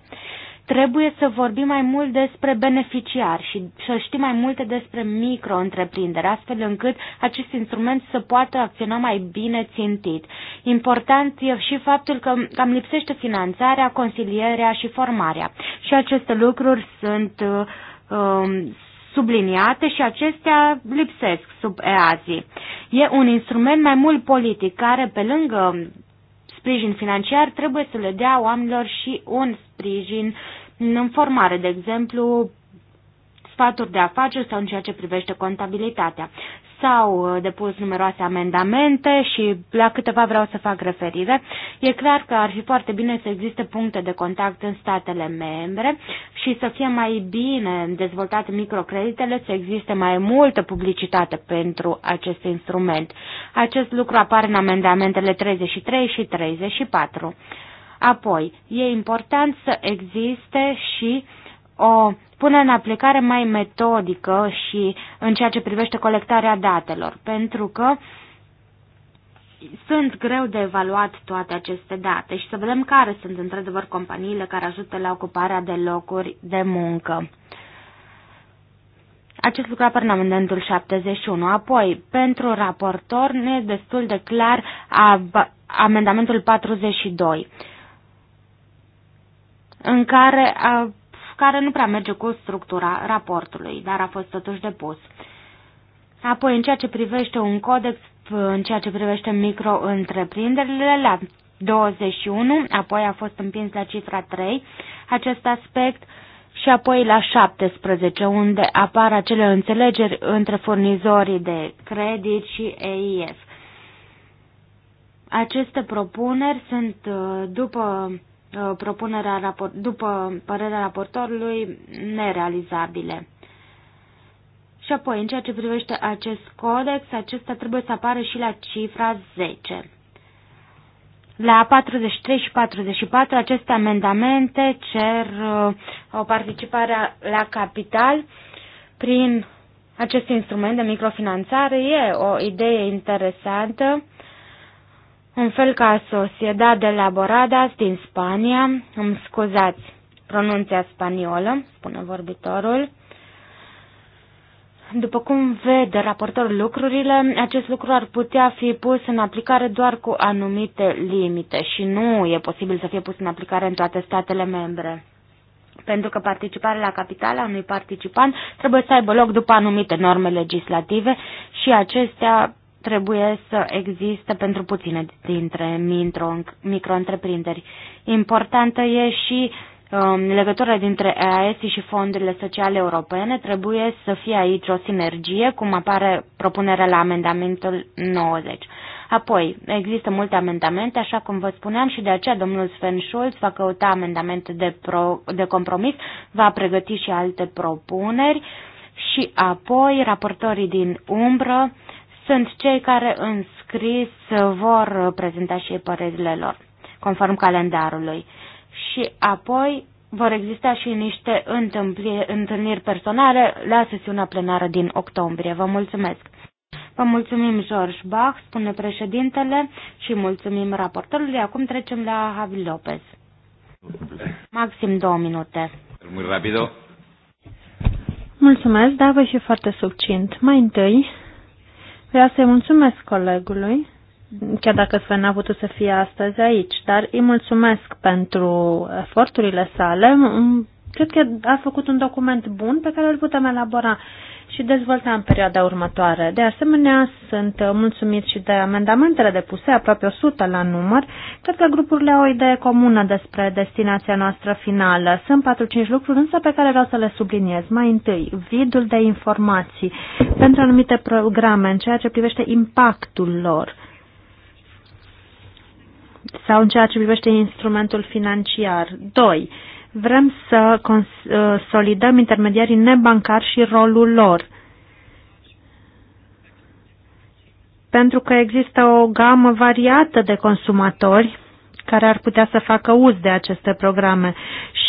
Trebuie să vorbim mai mult despre beneficiari și să știm mai multe despre micro-întreprinderi, astfel încât acest instrument să poată acționa mai bine țintit. Important e și faptul că cam lipsește finanțarea, consilierea și formarea. Și aceste lucruri sunt um, subliniate și acestea lipsesc sub EAZI. E un instrument mai mult politic care, pe lângă sprijin financiar, trebuie să le dea oamenilor și un sprijin în formare, de exemplu, sfaturi de afaceri sau în ceea ce privește contabilitatea. S-au uh, depus numeroase amendamente și la câteva vreau să fac referire. E clar că ar fi foarte bine să existe puncte de contact în statele membre și să fie mai bine dezvoltate microcreditele, să existe mai multă publicitate pentru acest instrument. Acest lucru apare în amendamentele 33 și 34. Apoi, e important să existe și o punere în aplicare mai metodică și în ceea ce privește colectarea datelor, pentru că sunt greu de evaluat toate aceste date și să vedem care sunt într-adevăr companiile care ajută la ocuparea de locuri de muncă. Acest lucru apare în amendamentul 71. Apoi, pentru raportor, ne e destul de clar amendamentul 42 în care, a, care nu prea merge cu structura raportului, dar a fost totuși depus. Apoi, în ceea ce privește un codex, în ceea ce privește micro-întreprinderile, la 21, apoi a fost împins la cifra 3 acest aspect și apoi la 17, unde apar acele înțelegeri între furnizorii de credit și EIF. Aceste propuneri sunt după Uh, propunerea, după părerea raportorului, nerealizabile. Și apoi, în ceea ce privește acest codex, acesta trebuie să apară și la cifra 10. La 43 și 44, aceste amendamente cer uh, o participare la capital prin acest instrument de microfinanțare. E o idee interesantă în fel ca Sociedad de Laboradas din Spania, îmi scuzați pronunția spaniolă, spune vorbitorul, după cum vede raportorul lucrurile, acest lucru ar putea fi pus în aplicare doar cu anumite limite și nu e posibil să fie pus în aplicare în toate statele membre. Pentru că participarea la capitala unui participant trebuie să aibă loc după anumite norme legislative și acestea trebuie să existe pentru puține dintre micro-întreprinderi. Importantă e și um, legătura dintre EAS și fondurile sociale europene. Trebuie să fie aici o sinergie, cum apare propunerea la amendamentul 90. Apoi, există multe amendamente, așa cum vă spuneam, și de aceea domnul Sven Schulz va căuta amendamente de, pro, de compromis, va pregăti și alte propuneri și apoi raportorii din umbră uh, sunt cei care înscris vor prezenta și ei părerile lor, conform calendarului. Și apoi vor exista și niște întâlniri personale la sesiunea plenară din octombrie. Vă mulțumesc! Vă mulțumim, George Bach, spune președintele, și mulțumim raportorului. Acum trecem la Javi Lopez. Maxim două minute. Mulțumesc, da, vă și foarte succint. Mai întâi, Vreau să-i mulțumesc colegului, chiar dacă Sven a putut să fie astăzi aici, dar îi mulțumesc pentru eforturile sale. Mm, cred că a făcut un document bun pe care îl putem elabora și dezvolta în perioada următoare. De asemenea, sunt mulțumit și de amendamentele depuse, aproape 100 la număr. Cred că grupurile au o idee comună despre destinația noastră finală. Sunt 4-5 lucruri însă pe care vreau să le subliniez. Mai întâi, vidul de informații pentru anumite programe în ceea ce privește impactul lor sau în ceea ce privește instrumentul financiar. doi. Vrem să consolidăm uh, intermediarii nebancari și rolul lor. Pentru că există o gamă variată de consumatori care ar putea să facă uz de aceste programe.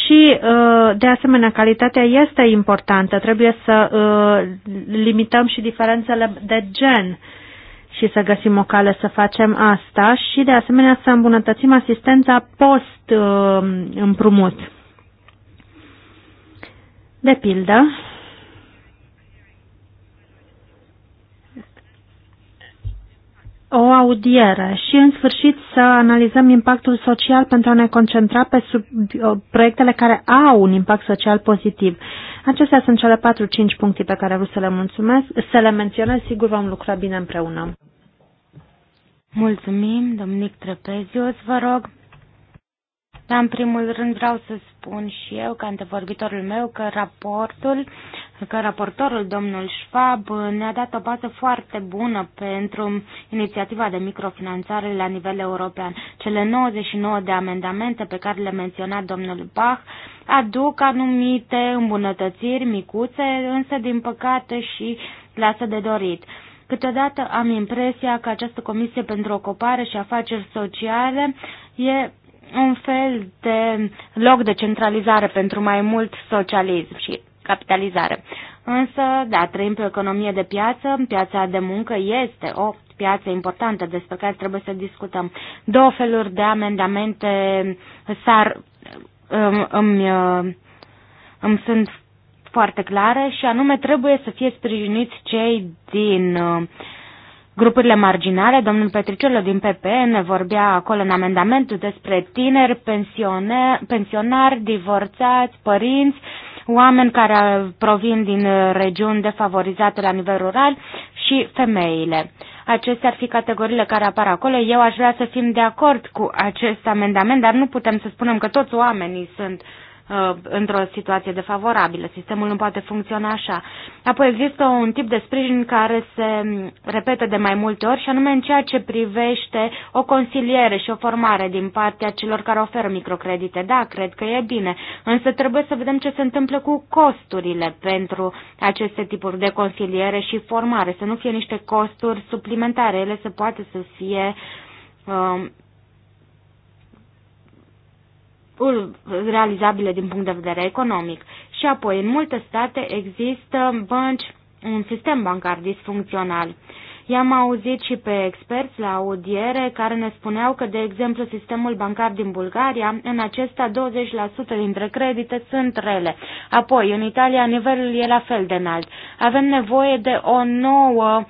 Și, uh, de asemenea, calitatea este importantă. Trebuie să uh, limităm și diferențele de gen și să găsim o cale să facem asta și, de asemenea, să îmbunătățim asistența post-împrumut. De pildă, o audiere și, în sfârșit, să analizăm impactul social pentru a ne concentra pe sub, proiectele care au un impact social pozitiv. Acestea sunt cele 4-5 puncte pe care vreau să le mulțumesc, să le menționez, sigur vom lucra bine împreună. Mulțumim, domnic Trepeziu, vă rog. Dar în primul rând vreau să spun și eu, ca antevorbitorul meu, că raportul, că raportorul domnul Schwab ne-a dat o bază foarte bună pentru inițiativa de microfinanțare la nivel european. Cele 99 de amendamente pe care le menționa domnul Bach aduc anumite îmbunătățiri micuțe, însă din păcate și lasă de dorit. Câteodată am impresia că această Comisie pentru Ocupare și Afaceri Sociale e un fel de loc de centralizare pentru mai mult socialism și capitalizare. Însă, da, trăim pe o economie de piață, piața de muncă este o piață importantă despre care trebuie să discutăm. Două feluri de amendamente s-ar, îmi, îmi, îmi sunt foarte clare și anume trebuie să fie sprijiniți cei din uh, grupurile marginale. Domnul Petriciolo din PPN vorbea acolo în amendamentul despre tineri, pensionari, divorțați, părinți, oameni care provin din uh, regiuni defavorizate la nivel rural și femeile. Acestea ar fi categoriile care apar acolo. Eu aș vrea să fim de acord cu acest amendament, dar nu putem să spunem că toți oamenii sunt uh, Uh, într-o situație defavorabilă. Sistemul nu poate funcționa așa. Apoi există un tip de sprijin care se repetă de mai multe ori și anume în ceea ce privește o consiliere și o formare din partea celor care oferă microcredite. Da, cred că e bine, însă trebuie să vedem ce se întâmplă cu costurile pentru aceste tipuri de consiliere și formare, să nu fie niște costuri suplimentare, ele se poate să fie uh, realizabile din punct de vedere economic. Și apoi, în multe state există bănci, un sistem bancar disfuncțional. I-am auzit și pe experți la audiere care ne spuneau că, de exemplu, sistemul bancar din Bulgaria, în acesta 20% dintre credite sunt rele. Apoi, în Italia, nivelul e la fel de înalt. Avem nevoie de o nouă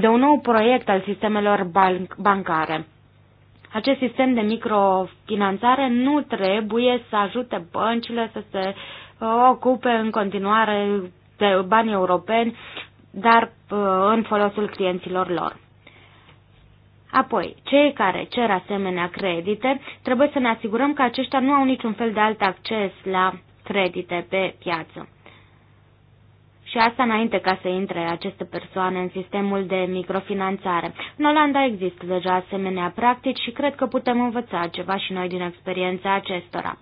de un nou proiect al sistemelor banc- bancare. Acest sistem de microfinanțare nu trebuie să ajute băncile să se uh, ocupe în continuare de bani europeni, dar uh, în folosul clienților lor. Apoi, cei care cer asemenea credite, trebuie să ne asigurăm că aceștia nu au niciun fel de alt acces la credite pe piață și asta înainte ca să intre aceste persoane în sistemul de microfinanțare. În Olanda există deja asemenea practici și cred că putem învăța ceva și noi din experiența acestora.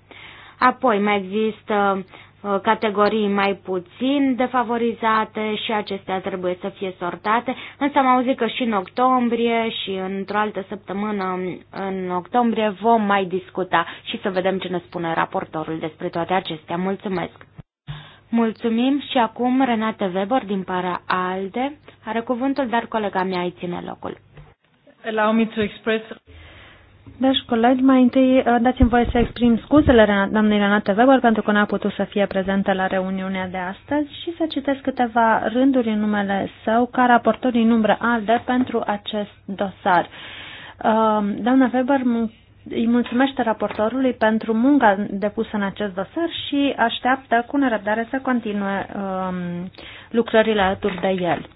Apoi mai există uh, categorii mai puțin defavorizate și acestea trebuie să fie sortate, însă am auzit că și în octombrie și într-o altă săptămână um, în octombrie vom mai discuta și să vedem ce ne spune raportorul despre toate acestea. Mulțumesc! Mulțumim și acum Renate Weber din para ALDE are cuvântul, dar colega mea îi ține locul. Allow me to express... Deci, colegi, mai întâi uh, dați-mi voie să exprim scuzele doamnei Renate Weber pentru că n-a putut să fie prezentă la reuniunea de astăzi și să citesc câteva rânduri în numele său ca raportor din umbră ALDE pentru acest dosar. Uh, doamna Weber îi mulțumește raportorului pentru munca depusă în acest dosar și așteaptă cu nerăbdare să continue um, lucrările alături de el.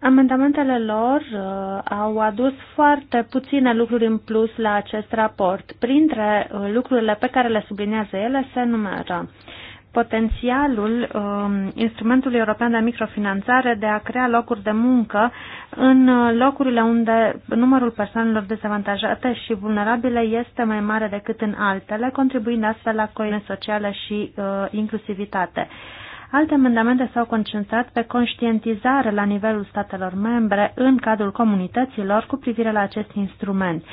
Amendamentele lor uh, au adus foarte puține lucruri în plus la acest raport. Printre uh, lucrurile pe care le sublinează ele se numără uh, potențialul um, instrumentului european de microfinanțare de a crea locuri de muncă în locurile unde numărul persoanelor dezavantajate și vulnerabile este mai mare decât în altele, contribuind astfel la coine socială și uh, inclusivitate. Uh, Alte amendamente s-au concentrat pe conștientizare la nivelul statelor membre în cadrul comunităților cu privire la acest instrument,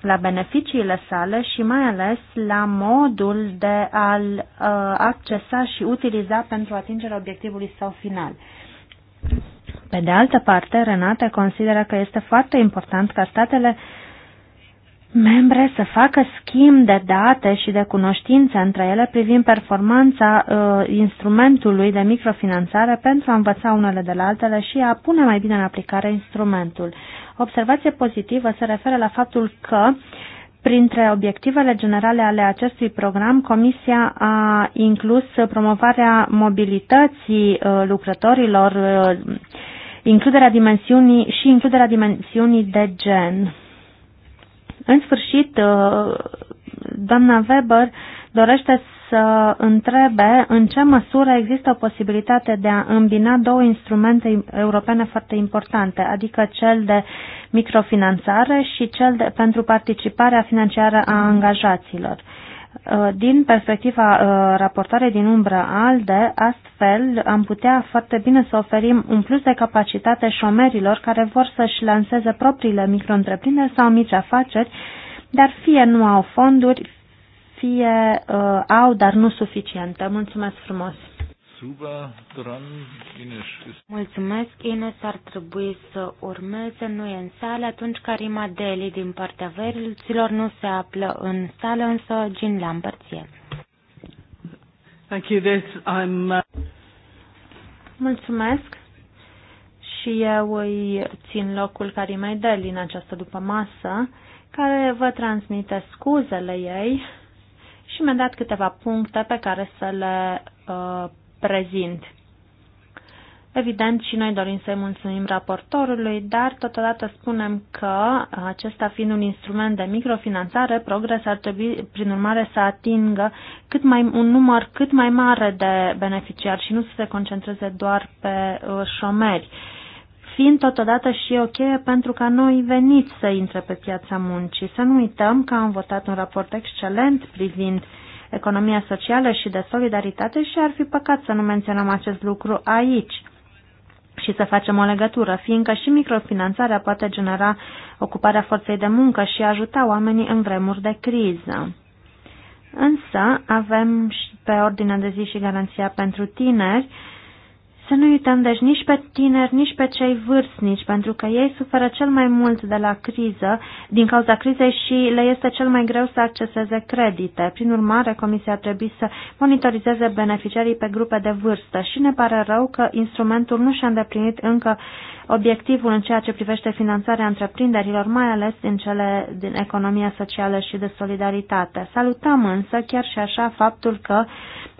la beneficiile sale și mai ales la modul de a-l uh, accesa și utiliza pentru atingerea obiectivului său final. Pe de altă parte, Renate consideră că este foarte important ca statele uh, membre să facă schimb de date și de cunoștințe între ele privind performanța uh, instrumentului de microfinanțare pentru a învăța unele de la altele și a pune mai bine în aplicare instrumentul. Observație pozitivă se referă la faptul că Printre obiectivele generale ale acestui program, Comisia a inclus promovarea mobilității uh, lucrătorilor, uh, includerea dimensiunii și includerea dimensiunii de gen. În sfârșit, uh, doamna Weber dorește să întrebe în ce măsură există o posibilitate de a îmbina două instrumente europene foarte importante, adică cel de microfinanțare și cel de, pentru participarea financiară a angajaților. Uh, din perspectiva uh, raportare din umbră ALDE, astfel am putea foarte bine să oferim un plus de capacitate șomerilor care vor să-și lanseze propriile micro sau mici afaceri, dar fie nu au fonduri, fie uh, au, dar nu suficiente. Mulțumesc frumos! Suba dran. Ines. Mulțumesc, Ines ar trebui să urmeze, nu e în sală, atunci rima Deli din partea verilor nu se află în sală, însă Gin Lambert e. Thank you, this I'm, uh, Mulțumesc și eu îi țin locul Karimei Deli în această după masă, care vă transmite scuzele ei și mi-a dat câteva puncte pe care să le uh, prezint. Evident, și noi dorim să-i mulțumim raportorului, dar totodată spunem că acesta fiind un instrument de microfinanțare, progres ar trebui, prin urmare, să atingă cât mai, un număr cât mai mare de beneficiari și nu să se concentreze doar pe uh, șomeri, fiind totodată și o cheie pentru ca noi veniți să intre pe piața muncii. Să nu uităm că am votat un raport excelent privind uh, economia socială și de solidaritate și ar fi păcat să nu menționăm acest lucru aici și să facem o legătură, fiindcă și microfinanțarea poate genera ocuparea forței de muncă și ajuta oamenii în vremuri de criză. Însă avem și pe ordinea de zi și garanția pentru tineri, să nu uităm deci nici pe tineri, nici pe cei vârstnici, pentru că ei suferă cel mai mult de la criză, din cauza crizei și le este cel mai greu să acceseze credite. Prin urmare, Comisia trebuie să monitorizeze beneficiarii pe grupe de vârstă și ne pare rău că instrumentul nu și-a îndeplinit încă obiectivul în ceea ce privește finanțarea întreprinderilor, mai ales din cele din economia socială și de solidaritate. Salutăm însă chiar și așa faptul că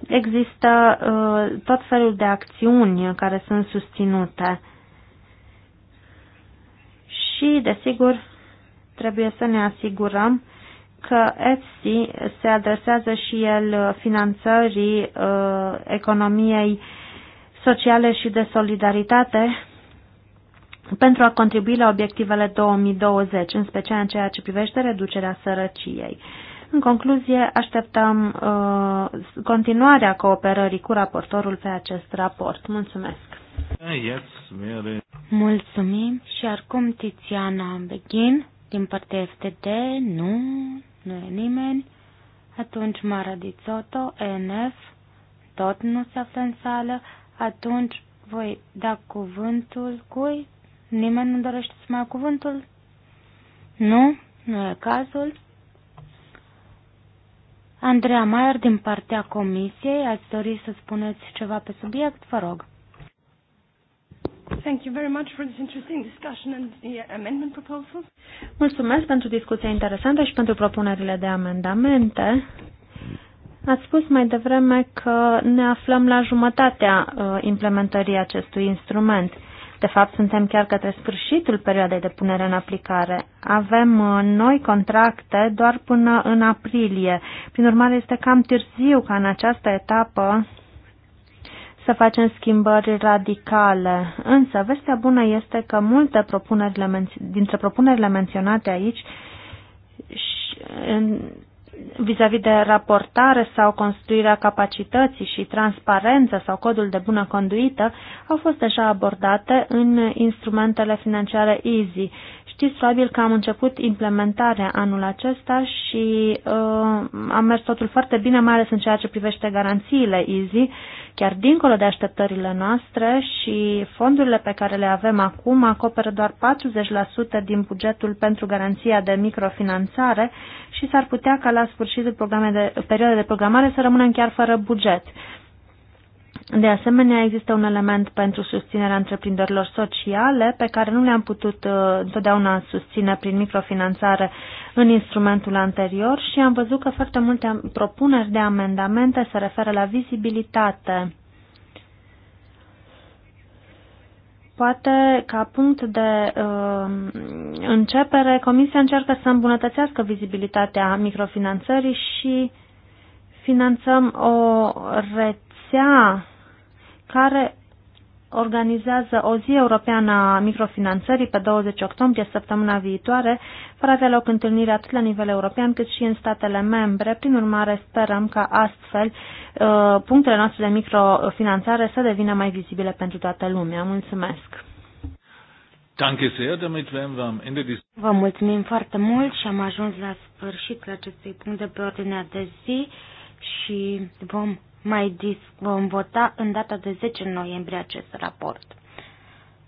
Există uh, tot felul de acțiuni care sunt susținute. Și, desigur, trebuie să ne asigurăm că EFSI se adresează și el finanțării uh, economiei sociale și de solidaritate pentru a contribui la obiectivele 2020, în special în ceea ce privește reducerea sărăciei. Uh, în concluzie, așteptăm uh, continuarea cooperării cu raportorul pe acest raport. Mulțumesc! Mulțumim și acum Tiziana Beghin din partea FTD, nu, nu e nimeni. Atunci Mara Dizotto, ENF, tot nu se află în sală. Atunci voi da cuvântul cui? Nimeni nu dorește să mai cuvântul? Nu? Nu e cazul? Andreea Maier, din partea Comisiei, ați dori să spuneți ceva pe subiect? Vă rog. Thank you very much for this interesting discussion and the amendment proposals. Mulțumesc pentru discuția interesantă și pentru propunerile de amendamente. Ați spus mai devreme că ne aflăm la jumătatea uh, implementării acestui instrument. De fapt, suntem chiar către sfârșitul perioadei de punere în aplicare. Avem uh, noi contracte doar până în aprilie. Prin urmare, este cam târziu ca în această etapă să facem schimbări radicale. Însă, vestea bună este că multe propunerile dintre propunerile menționate aici vis-a-vis -vis de raportare sau construirea capacității și transparență sau codul de bună conduită au fost deja abordate în instrumentele financiare EASY Știți probabil că am început implementarea anul acesta și uh, am mers totul foarte bine, mai ales în ceea ce privește garanțiile EASY, chiar dincolo de așteptările noastre și fondurile pe care le avem acum acoperă doar 40% din bugetul pentru garanția de microfinanțare și s-ar putea ca la sfârșitul de, perioadei de programare să rămânem chiar fără buget. Uh, de asemenea, există un element pentru susținerea întreprinderilor sociale pe care nu le-am putut uh, întotdeauna susține prin microfinanțare în instrumentul anterior și am văzut că foarte multe propuneri de amendamente se referă la vizibilitate. Poate ca punct de uh, începere, Comisia încearcă să îmbunătățească vizibilitatea microfinanțării și finanțăm o rețea care organizează o zi europeană a microfinanțării pe 20 octombrie, săptămâna viitoare, va avea loc întâlnire atât la nivel european cât și în statele membre. Prin urmare, sperăm ca astfel uh, punctele noastre de microfinanțare să devină mai vizibile pentru toată lumea. Mulțumesc! Vă mulțumim foarte mult și am ajuns la sfârșitul acestui punct de pe ordinea de zi și vom mai dis- vom vota în data de 10 noiembrie acest raport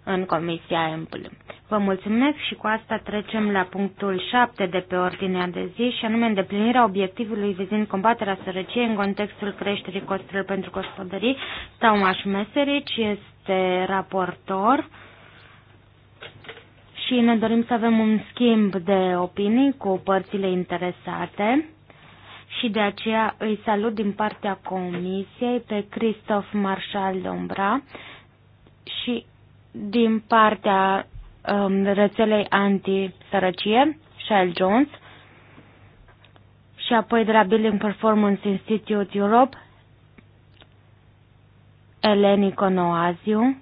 în Comisia EMPL. Vă mulțumesc și cu asta trecem la punctul 7 de pe ordinea de zi și anume îndeplinirea obiectivului vizând combaterea sărăciei în contextul creșterii costurilor pentru gospodării. Taumaș Meserici este raportor și ne dorim să avem un schimb de opinii cu părțile interesate și de aceea îi salut din partea Comisiei pe Christoph Marshall Dombra și din partea um, rețelei anti-sărăcie, Shell Jones, și apoi de la Building Performance Institute Europe, Eleni Conoaziu,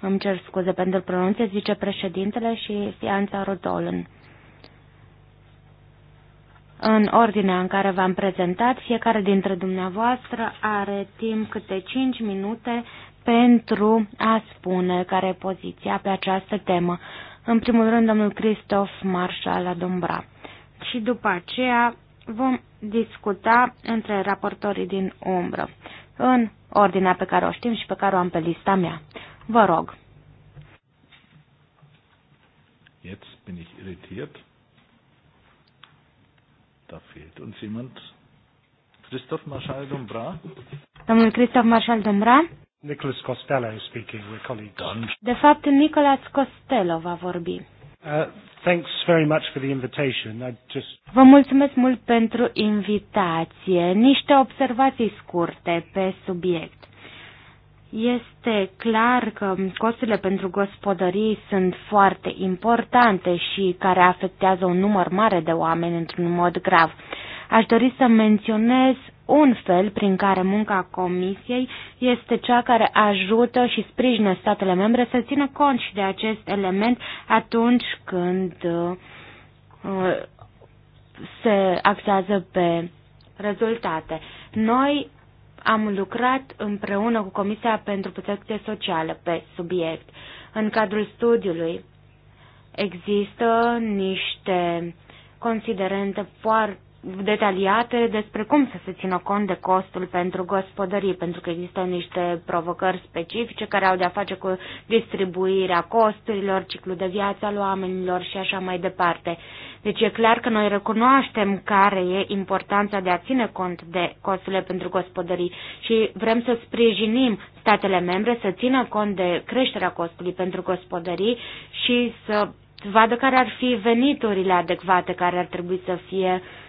îmi cer scuze pentru pronunție, zice președintele și Sianța Rodolin. În ordinea în care v-am prezentat, fiecare dintre dumneavoastră are timp câte 5 minute pentru a spune care e poziția pe această temă. În primul rând, domnul Cristof Marșal Dombra. Și după aceea vom discuta între raportorii din umbră, în ordinea pe care o știm și pe care o am pe lista mea. Vă rog. Jetzt bin ich irritiert. Da fehlt uns jemand. Christoph Marschall Dombra. Domnul Christoph Marschall Dombra. Nicholas Costello is speaking, we're colleagues. Done. De fapt, Nicolas Costello va vorbi. Uh, thanks very much for the invitation. I just... Vă mulțumesc mult pentru invitație. Niște observații scurte pe subiect. Este clar că costurile pentru gospodării sunt foarte importante și care afectează un număr mare de oameni într-un mod grav. Aș dori să menționez un fel prin care munca Comisiei este cea care ajută și sprijină statele membre să țină cont și de acest element atunci când uh, se axează pe rezultate. Noi am lucrat împreună cu Comisia pentru Protecție Socială pe subiect. În cadrul studiului există niște considerente foarte detaliate despre cum să se țină cont de costul pentru gospodării, pentru că există niște provocări specifice care au de-a face cu distribuirea costurilor, ciclul de viață al oamenilor și așa mai departe. Deci e clar că noi recunoaștem care e importanța de a ține cont de costurile pentru gospodării și vrem să sprijinim statele membre să țină cont de creșterea costului pentru gospodării și să vadă care ar fi veniturile adecvate care ar trebui să fie uh,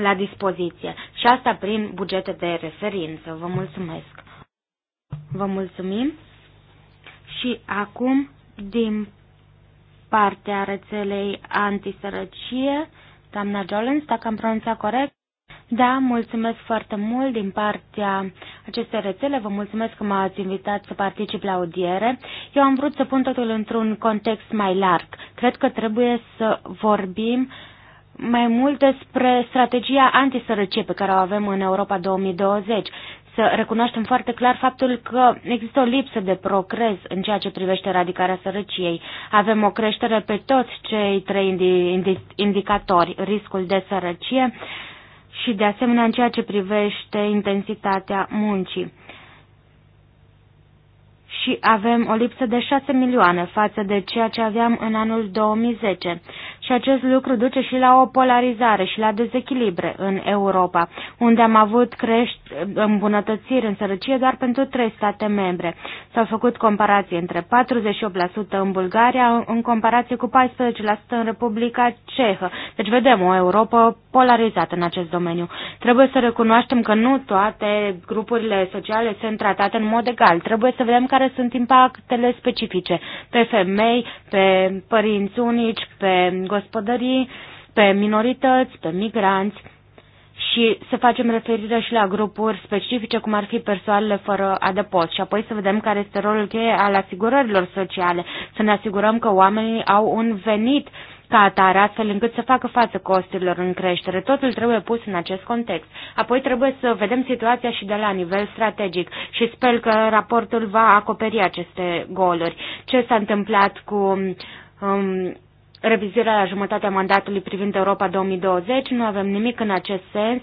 la dispoziție și asta prin bugete de referință. Vă mulțumesc! Vă mulțumim! Și acum, din partea rețelei antisărăcie, doamna Jolens, dacă am pronunțat corect, da, mulțumesc foarte mult din partea acestei rețele. Vă mulțumesc că m-ați invitat să particip la audiere. Eu am vrut să pun totul într-un context mai larg. Cred că trebuie să vorbim uh, mai mult despre strategia antisărăcie pe care o avem în Europa 2020. Să recunoaștem foarte clar faptul că există o lipsă de progres în ceea ce privește eradicarea sărăciei. Avem o creștere pe toți cei trei indi, indi, indicatori, riscul de sărăcie și de asemenea în ceea ce privește intensitatea muncii și avem o lipsă de 6 milioane față de ceea ce aveam în anul 2010. Și acest lucru duce și la o polarizare și la dezechilibre în Europa, unde am avut crești, îmbunătățiri în sărăcie doar pentru trei state membre. S-au făcut comparații între 48% în Bulgaria în comparație cu 14% în Republica Cehă. Deci vedem o Europa polarizată în acest domeniu. Trebuie să recunoaștem că nu toate grupurile sociale sunt tratate în mod egal. Trebuie să vedem care sunt impactele specifice pe femei, pe părinți unici, pe gospodării, pe minorități, pe migranți și să facem referire și la grupuri specifice, cum ar fi persoanele fără adăpost și apoi să vedem care este rolul cheie al asigurărilor sociale, să ne asigurăm că oamenii au un venit ca atare, astfel încât să facă față costurilor în creștere. Totul trebuie pus în acest context. Apoi trebuie să vedem situația și de la nivel strategic și sper că raportul va acoperi aceste goluri. Ce s-a întâmplat cu um, revizuirea la jumătatea mandatului privind Europa 2020, nu avem nimic în acest sens.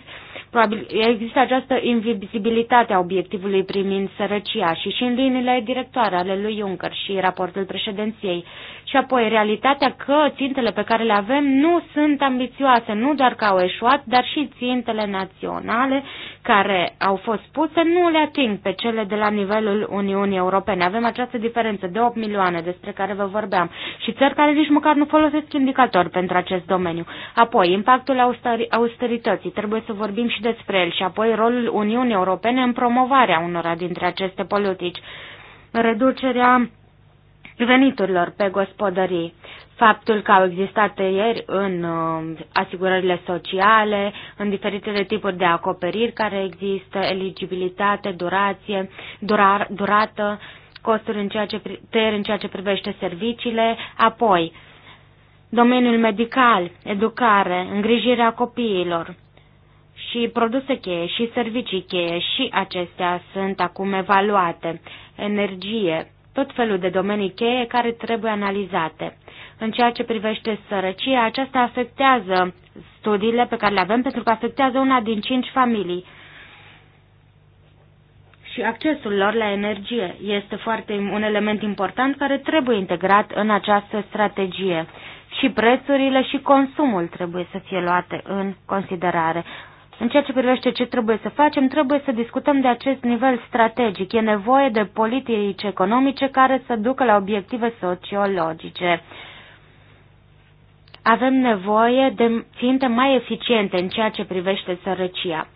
Probabil există această invizibilitate a obiectivului primind sărăcia și și în liniile directoare ale lui Juncker și raportul președinției și apoi realitatea că țintele pe care le avem nu sunt ambițioase, nu doar că au eșuat, dar și țintele naționale care au fost puse nu le ating pe cele de la nivelul Uniunii Europene. Avem această diferență de 8 milioane despre care vă vorbeam și țări care nici măcar nu folosesc indicatori pentru acest domeniu. Apoi, impactul austerității, trebuie să vorbim și despre el și apoi rolul Uniunii Europene în promovarea unora dintre aceste politici. Reducerea veniturilor pe gospodării. Faptul că au existat tăieri în um, asigurările sociale, în diferitele tipuri de acoperiri care există, eligibilitate, durație, durar, durată, costuri în ceea ce, tăieri în ceea ce privește serviciile, apoi domeniul medical, educare, îngrijirea copiilor și produse cheie și servicii cheie și acestea sunt acum evaluate. Energie, tot felul de domenii cheie care trebuie analizate. În ceea ce privește sărăcia, aceasta afectează studiile pe care le avem pentru că afectează una din cinci familii. Și accesul lor la energie este foarte un element important care trebuie integrat în această strategie. Și prețurile și consumul trebuie să fie luate în considerare. În ceea ce privește ce trebuie să facem, trebuie să discutăm de acest nivel strategic. E nevoie de politici economice care să ducă la obiective sociologice. Avem nevoie de ținte mai eficiente în ceea ce privește sărăcia.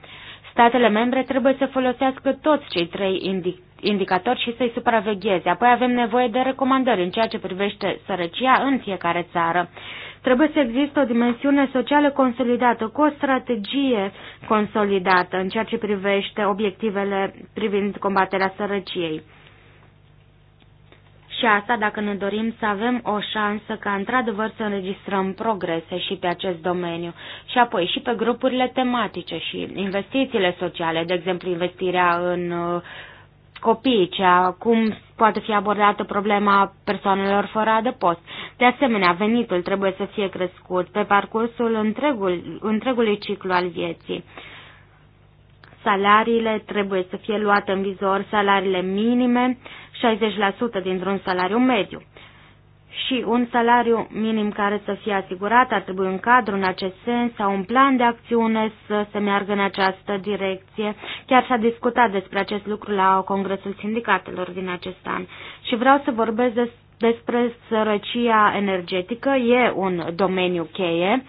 Statele membre trebuie să folosească toți cei trei indicatori indicatori și să-i supravegheze. Apoi avem nevoie de recomandări în ceea ce privește sărăcia în fiecare țară. Trebuie să existe o dimensiune socială consolidată, cu o strategie consolidată în ceea ce privește obiectivele privind combaterea sărăciei. Și asta dacă ne dorim să avem o șansă ca într-adevăr să înregistrăm progrese și pe acest domeniu. Și apoi și pe grupurile tematice și investițiile sociale, de exemplu investirea în uh, copiii, cea cum poate fi abordată problema persoanelor fără adăpost. De asemenea, venitul trebuie să fie crescut pe parcursul întregul, întregului ciclu al vieții. Salariile trebuie să fie luate în vizor salariile minime, 60% dintr-un salariu mediu și un salariu minim care să fie asigurat, ar trebui un cadru în acest sens sau un plan de acțiune să se meargă în această direcție. Chiar s-a discutat despre acest lucru la Congresul Sindicatelor din acest an. Și vreau să vorbesc despre sărăcia energetică, e un domeniu cheie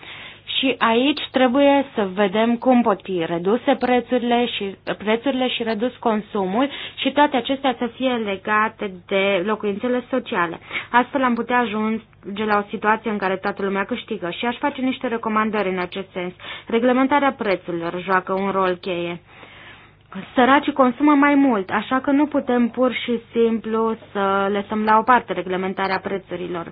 și aici trebuie să vedem cum pot fi reduse prețurile și, prețurile și redus consumul și toate acestea să fie legate de locuințele sociale. Astfel am putea ajunge la o situație în care toată lumea câștigă și aș face niște recomandări în acest sens. Reglementarea prețurilor joacă un rol cheie săracii consumă mai mult, așa că nu putem pur și simplu să lăsăm la o parte reglementarea prețurilor.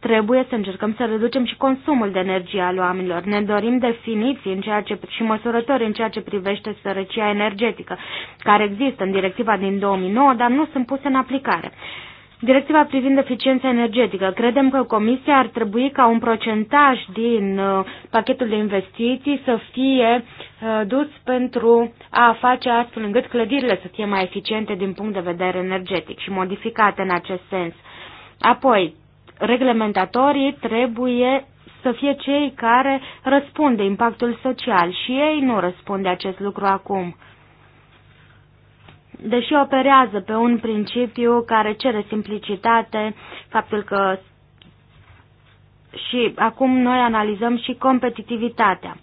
Trebuie să încercăm să reducem și consumul de energie al oamenilor. Ne dorim definiții în ceea ce, și măsurători în ceea ce privește sărăcia energetică, care există în directiva din 2009, dar nu sunt puse în aplicare. Directiva privind eficiența energetică. Credem că Comisia ar trebui ca un procentaj din uh, pachetul de investiții să fie uh, dus pentru a face astfel încât clădirile să fie mai eficiente din punct de vedere energetic și modificate în acest sens. Apoi, reglementatorii trebuie să fie cei care răspund impactul social și ei nu răspund de acest lucru acum deși operează pe un principiu care cere simplicitate, faptul că și acum noi analizăm și competitivitatea.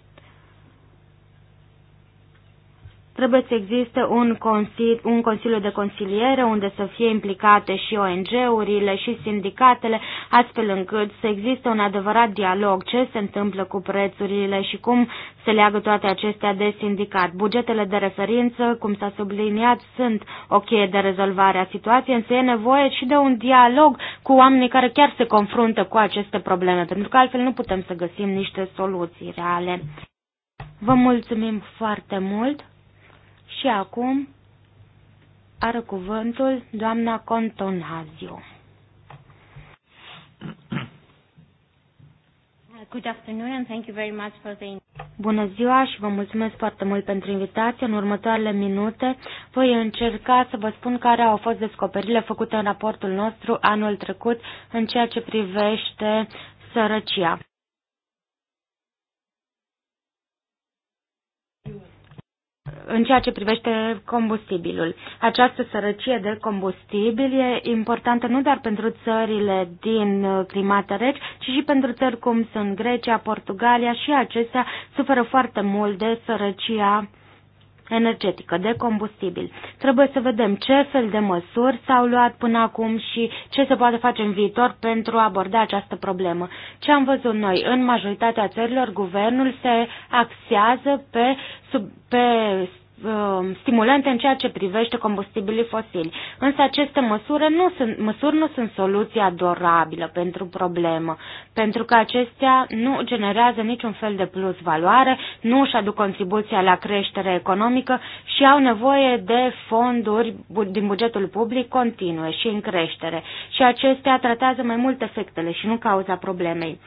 Trebuie să existe un, consil, un consiliu de consiliere unde să fie implicate și ONG-urile și sindicatele, astfel încât să existe un adevărat dialog ce se întâmplă cu prețurile și cum se leagă toate acestea de sindicat. Bugetele de referință, cum s-a subliniat, sunt o cheie de rezolvare a situației, însă e nevoie și de un dialog cu oamenii care chiar se confruntă cu aceste probleme, pentru că altfel nu putem să găsim niște soluții reale. Vă mulțumim foarte mult! Și acum are cuvântul doamna Contonhazio. Good afternoon and thank you very much for the Bună ziua și vă mulțumesc foarte mult pentru invitație. În următoarele minute voi încerca să vă spun care au fost descoperirile făcute în raportul nostru anul trecut în ceea ce privește sărăcia. în ceea ce privește combustibilul. Această sărăcie de combustibil e importantă nu doar pentru țările din climate reci, ci și pentru țări cum sunt Grecia, Portugalia și acestea suferă foarte mult de sărăcia energetică, de combustibil. Trebuie să vedem ce fel de măsuri s-au luat până acum și ce se poate face în viitor pentru a aborda această problemă. Ce am văzut noi? În majoritatea țărilor, guvernul se axează pe, sub, pe Um, stimulente în ceea ce privește combustibilii fosili. Însă aceste măsuri nu sunt, măsuri nu sunt soluția dorabilă pentru problemă, pentru că acestea nu generează niciun fel de plus valoare, nu își aduc contribuția la creștere economică și au nevoie de fonduri din bugetul public continue și în creștere. Și acestea tratează mai mult efectele și nu cauza problemei.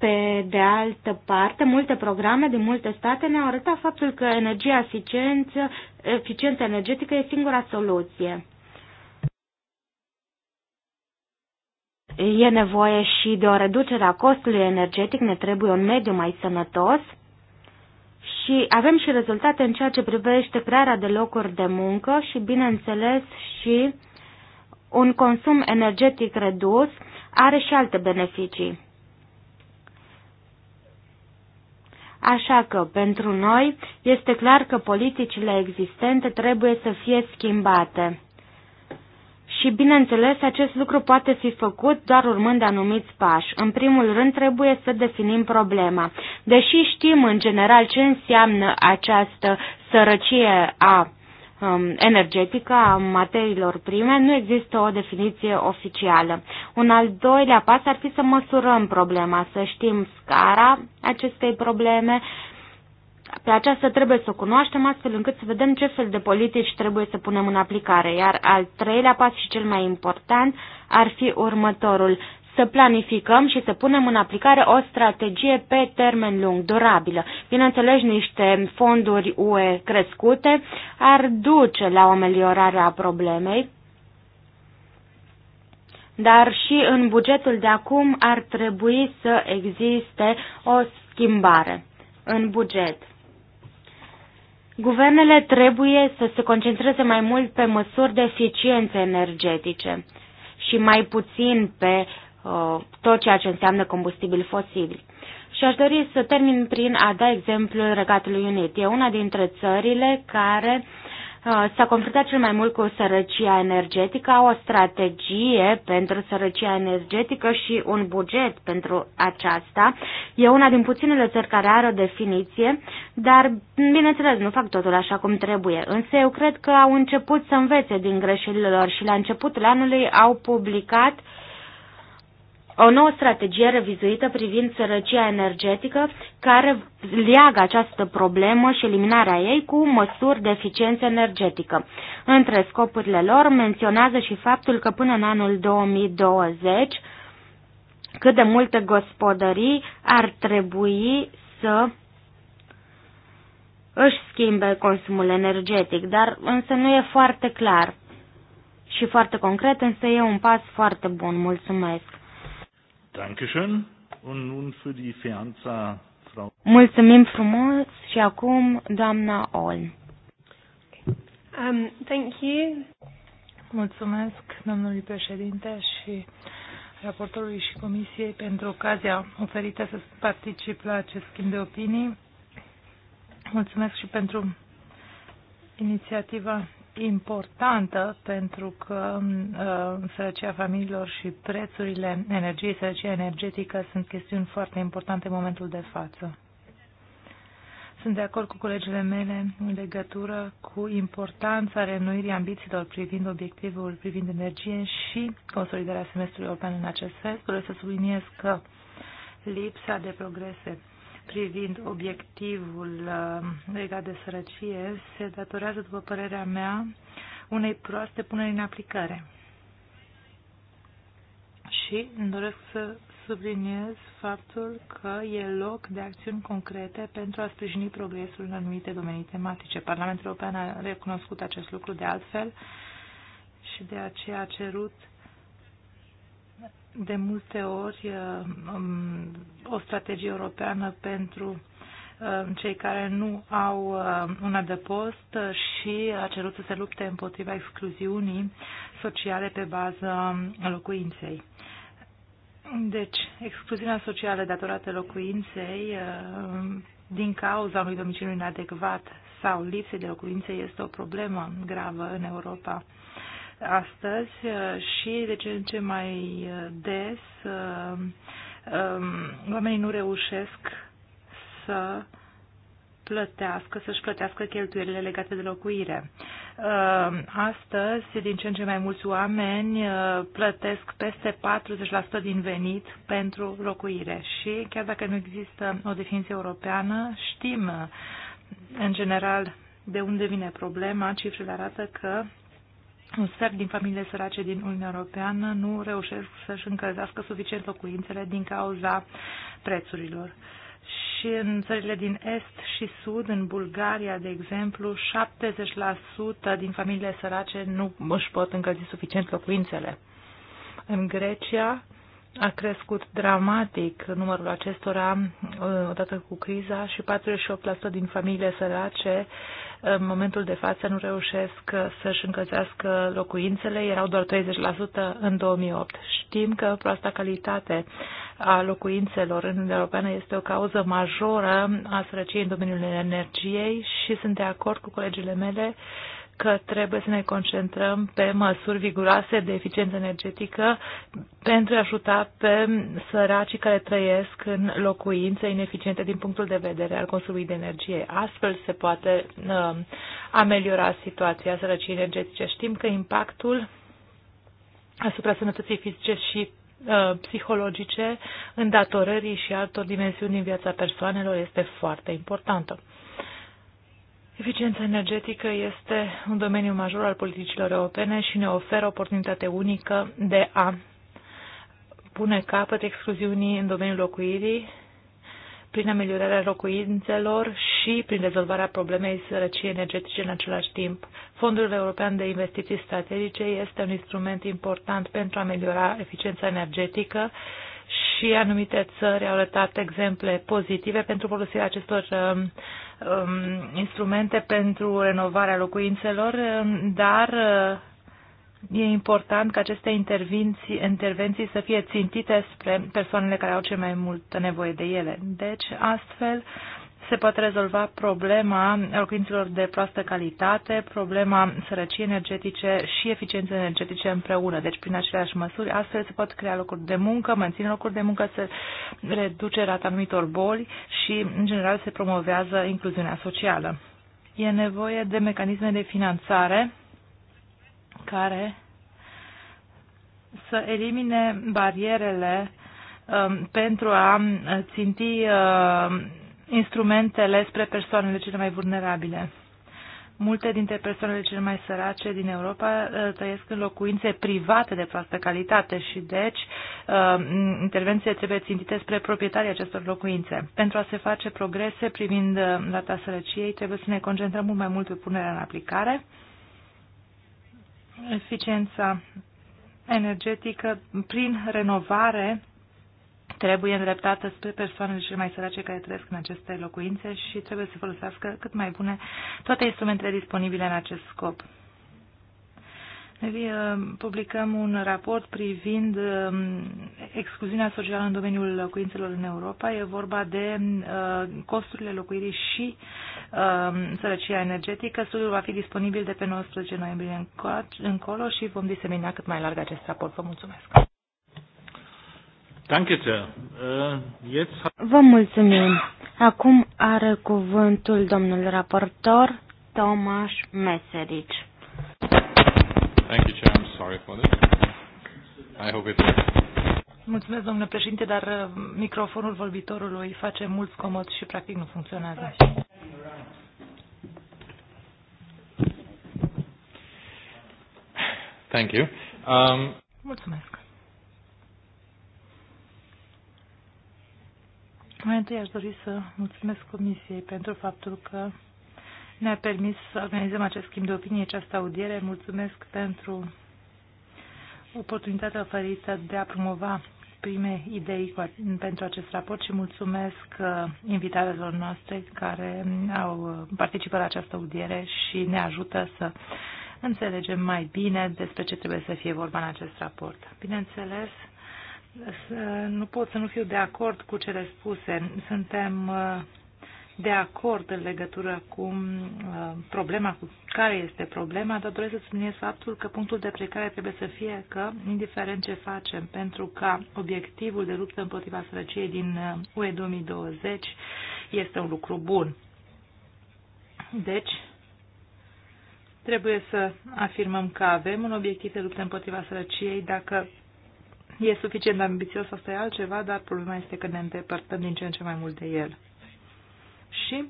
Pe de altă parte, multe programe din multe state ne-au arătat faptul că energia eficiență, eficiență energetică e singura soluție. E nevoie și de o reducere a costului energetic, ne trebuie un mediu mai sănătos și avem și rezultate în ceea ce privește crearea de locuri de muncă și, bineînțeles, și un consum energetic redus are și alte beneficii. Așa că, pentru noi, este clar că politicile existente trebuie să fie schimbate. Și, bineînțeles, acest lucru poate fi făcut doar urmând anumiți pași. În primul rând, trebuie să definim problema. Deși știm în general ce înseamnă această sărăcie a Um, energetică a materiilor prime, nu există o definiție oficială. Un al doilea pas ar fi să măsurăm problema, să știm scara acestei probleme. Pe aceasta trebuie să o cunoaștem astfel încât să vedem ce fel de politici trebuie să punem în aplicare. Iar al treilea pas și cel mai important ar fi următorul să planificăm și să punem în aplicare o strategie pe termen lung, durabilă. Bineînțeles, niște fonduri UE crescute ar duce la o ameliorare a problemei, dar și în bugetul de acum ar trebui să existe o schimbare în buget. Guvernele trebuie să se concentreze mai mult pe măsuri de eficiență energetice și mai puțin pe Uh, tot ceea ce înseamnă combustibil fosil. Și aș dori să termin prin a da exemplul Regatului Unit. E una dintre țările care uh, s-a confruntat cel mai mult cu sărăcia energetică, o strategie pentru sărăcia energetică și un buget pentru aceasta. E una din puținele țări care are o definiție, dar, bineînțeles, nu fac totul așa cum trebuie. Însă eu cred că au început să învețe din greșelile lor și la începutul anului au publicat uh, o nouă strategie revizuită privind sărăcia energetică care leagă această problemă și eliminarea ei cu măsuri de eficiență energetică. Între scopurile lor menționează și faptul că până în anul 2020 cât de multe gospodării ar trebui să își schimbe consumul energetic, dar însă nu e foarte clar și foarte concret, însă e un pas foarte bun. Mulțumesc! Dankeschön. Und nun für die Fianza, Frau. Mulțumim frumos și acum doamna Olm. Um, thank you. Mulțumesc domnului președinte și raportorului și comisiei pentru ocazia oferită să particip la acest schimb de opinii. Mulțumesc și pentru inițiativa importantă pentru că uh, sărăcia familiilor și prețurile energiei, sărăcia energetică sunt chestiuni foarte importante în momentul de față. Sunt de acord cu colegele mele în legătură cu importanța renuirii ambițiilor privind obiectivul privind energie și consolidarea semestrului european în acest sens. Vreau să subliniez că lipsa de progrese privind obiectivul uh, legat de sărăcie se datorează, după părerea mea, unei proaste puneri în aplicare. Și îmi doresc să subliniez faptul că e loc de acțiuni concrete pentru a sprijini progresul în anumite domenii tematice. Parlamentul European a recunoscut acest lucru de altfel și de aceea a cerut de multe ori uh, um, o strategie europeană pentru uh, cei care nu au uh, un adăpost și a cerut să se lupte împotriva excluziunii sociale pe bază locuinței. Deci, excluziunea socială datorată locuinței din cauza unui domiciliu inadecvat sau lipsei de locuințe este o problemă gravă în Europa astăzi uh, și de ce în ce mai uh, des uh, um, oamenii nu reușesc să plătească, să-și plătească cheltuielile legate de locuire. Astăzi, din ce în ce mai mulți oameni plătesc peste 40% din venit pentru locuire și chiar dacă nu există o definiție europeană, știm în general de unde vine problema, cifrele arată că un sfert din familiile sărace din Uniunea Europeană nu reușesc să-și încălzească suficient locuințele din cauza prețurilor. Și în țările din Est și Sud, în Bulgaria, de exemplu, 70% din familiile sărace nu își pot încălzi suficient locuințele. În Grecia a crescut dramatic numărul acestora uh, odată cu criza și 48% din familiile sărace uh, în momentul de față nu reușesc uh, să-și încălzească locuințele, erau doar 30% în 2008. Știm că proasta calitate a locuințelor în Uniunea Europeană este o cauză majoră a sărăciei în domeniul energiei și sunt de acord cu colegile mele uh, că trebuie să ne concentrăm pe măsuri viguroase de eficiență energetică pentru a ajuta pe săracii care trăiesc în locuințe ineficiente din punctul de vedere al consumului de energie. Astfel se poate uh, ameliora situația sărăciei energetice. Știm că impactul asupra sănătății fizice și uh, psihologice, îndatorării și altor dimensiuni din viața persoanelor este foarte importantă. Eficiența energetică este un domeniu major al politicilor europene și ne oferă oportunitate unică de a pune capăt excluziunii în domeniul locuirii prin ameliorarea locuințelor și prin rezolvarea problemei sărăciei energetice în același timp. Fondul European de Investiții Strategice este un instrument important pentru a ameliora eficiența energetică și anumite țări au arătat exemple pozitive pentru folosirea acestor um, um instrumente pentru renovarea locuințelor, um, dar uh, e important ca aceste intervenții, intervenții să fie țintite spre persoanele care au cel mai mult nevoie de ele. Deci, astfel, se poate rezolva problema locuințelor de proastă calitate, problema sărăciei energetice și eficienței energetice împreună. Deci, prin aceleași măsuri, astfel se pot crea locuri de muncă, menține locuri de muncă, se reduce rata anumitor boli și, în general, se promovează incluziunea socială. E nevoie de mecanisme de finanțare care să elimine barierele um, pentru a ținti um, instrumentele spre persoanele cele mai vulnerabile. Multe dintre persoanele cele mai sărace din Europa uh, trăiesc în locuințe private de proastă calitate și deci uh, intervențiile trebuie țintite spre proprietarii acestor locuințe. Pentru a se face progrese privind uh, rata sărăciei trebuie să ne concentrăm mult mai mult pe punerea în aplicare, eficiența energetică prin renovare trebuie îndreptată spre persoanele cele mai sărace care trăiesc în aceste locuințe și trebuie să folosească cât mai bune toate instrumentele disponibile în acest scop. Uh, publicăm un raport privind um, excluziunea socială în domeniul locuințelor în Europa. E vorba de uh, costurile locuirii și um, sărăcia energetică. Studiul va fi disponibil de pe 19 noiembrie încolo și vom disemina cât mai larg acest raport. Vă mulțumesc! Äh, Vă mulțumim. Acum are cuvântul domnul raportor Tomas Meseric. Thank you, Chair. I'm sorry for this. I hope it works. Mulțumesc, domnule președinte, dar uh, microfonul vorbitorului face mult scomod și practic nu funcționează. Thank you. Um, Mulțumesc. întâi aș dori să mulțumesc Comisiei pentru faptul că ne-a permis să organizăm acest schimb de opinie, această audiere. Mulțumesc pentru oportunitatea oferită de a promova prime idei pentru acest raport și mulțumesc uh, invitatelor noastre care au uh, participat la această audiere și ne ajută să înțelegem mai bine despre ce trebuie să fie vorba în acest raport. Bineînțeles, nu pot să nu fiu de acord cu cele spuse. Suntem uh, de acord în legătură cu uh, problema, cu care este problema, dar doresc să subliniez faptul că punctul de plecare trebuie să fie că, indiferent ce facem, pentru ca obiectivul de luptă împotriva sărăciei din uh, UE 2020 este un lucru bun. Deci, trebuie să afirmăm că avem un obiectiv de luptă împotriva sărăciei dacă e suficient de ambițios, asta e altceva, dar problema este că ne îndepărtăm din ce în ce mai mult de el. Și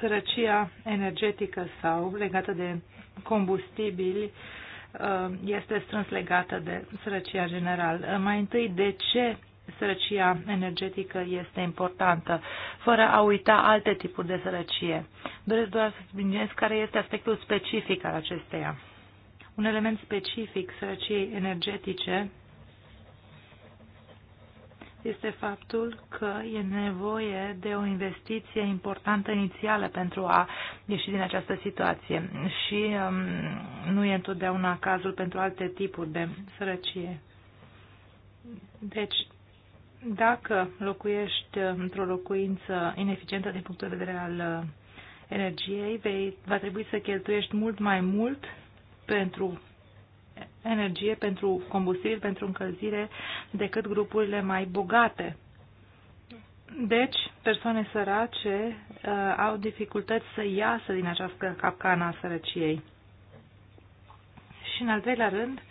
sărăcia energetică sau legată de combustibili uh, este strâns legată de sărăcia general. Uh, mai întâi, de ce sărăcia energetică este importantă, fără a uita alte tipuri de sărăcie. Doresc doar să subliniez care este aspectul specific al acesteia un element specific sărăciei energetice este faptul că e nevoie de o investiție importantă inițială pentru a ieși din această situație și um, nu e întotdeauna cazul pentru alte tipuri de sărăcie. Deci, dacă locuiești într-o locuință ineficientă din punct de vedere al uh, energiei, vei, va trebui să cheltuiești mult mai mult pentru energie, pentru combustibil, pentru încălzire decât grupurile mai bogate. Deci, persoane sărace uh, au dificultăți să iasă din această capcană a sărăciei. Și în al treilea rând,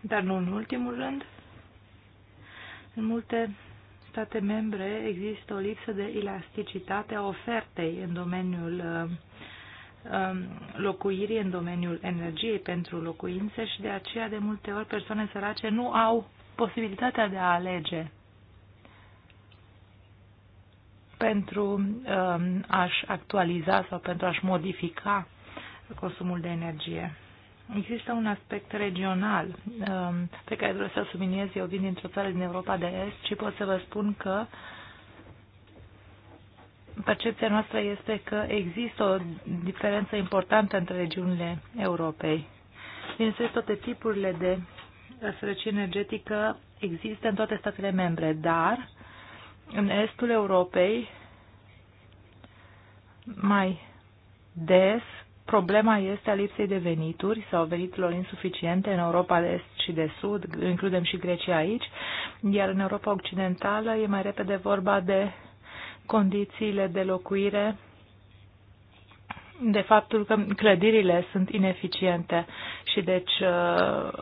dar nu în ultimul rând, în multe state membre există o lipsă de elasticitate a ofertei în domeniul uh, Um, locuirii în domeniul energiei pentru locuințe și de aceea de multe ori persoane sărace nu au posibilitatea de a alege pentru um, a-și actualiza sau pentru a-și modifica consumul de energie. Există un aspect regional um, pe care vreau să subliniez. Eu vin dintr-o țară din Europa de Est și pot să vă spun că uh, percepția noastră este că există o diferență importantă între regiunile Europei. Bineînțeles, toate tipurile de sărăcie energetică există în toate statele membre, dar în estul Europei mai des problema este a lipsei de venituri sau veniturilor insuficiente în Europa de Est și de Sud, includem și Grecia aici, iar în Europa Occidentală e mai repede vorba de condițiile de locuire, de faptul că clădirile sunt ineficiente și deci uh,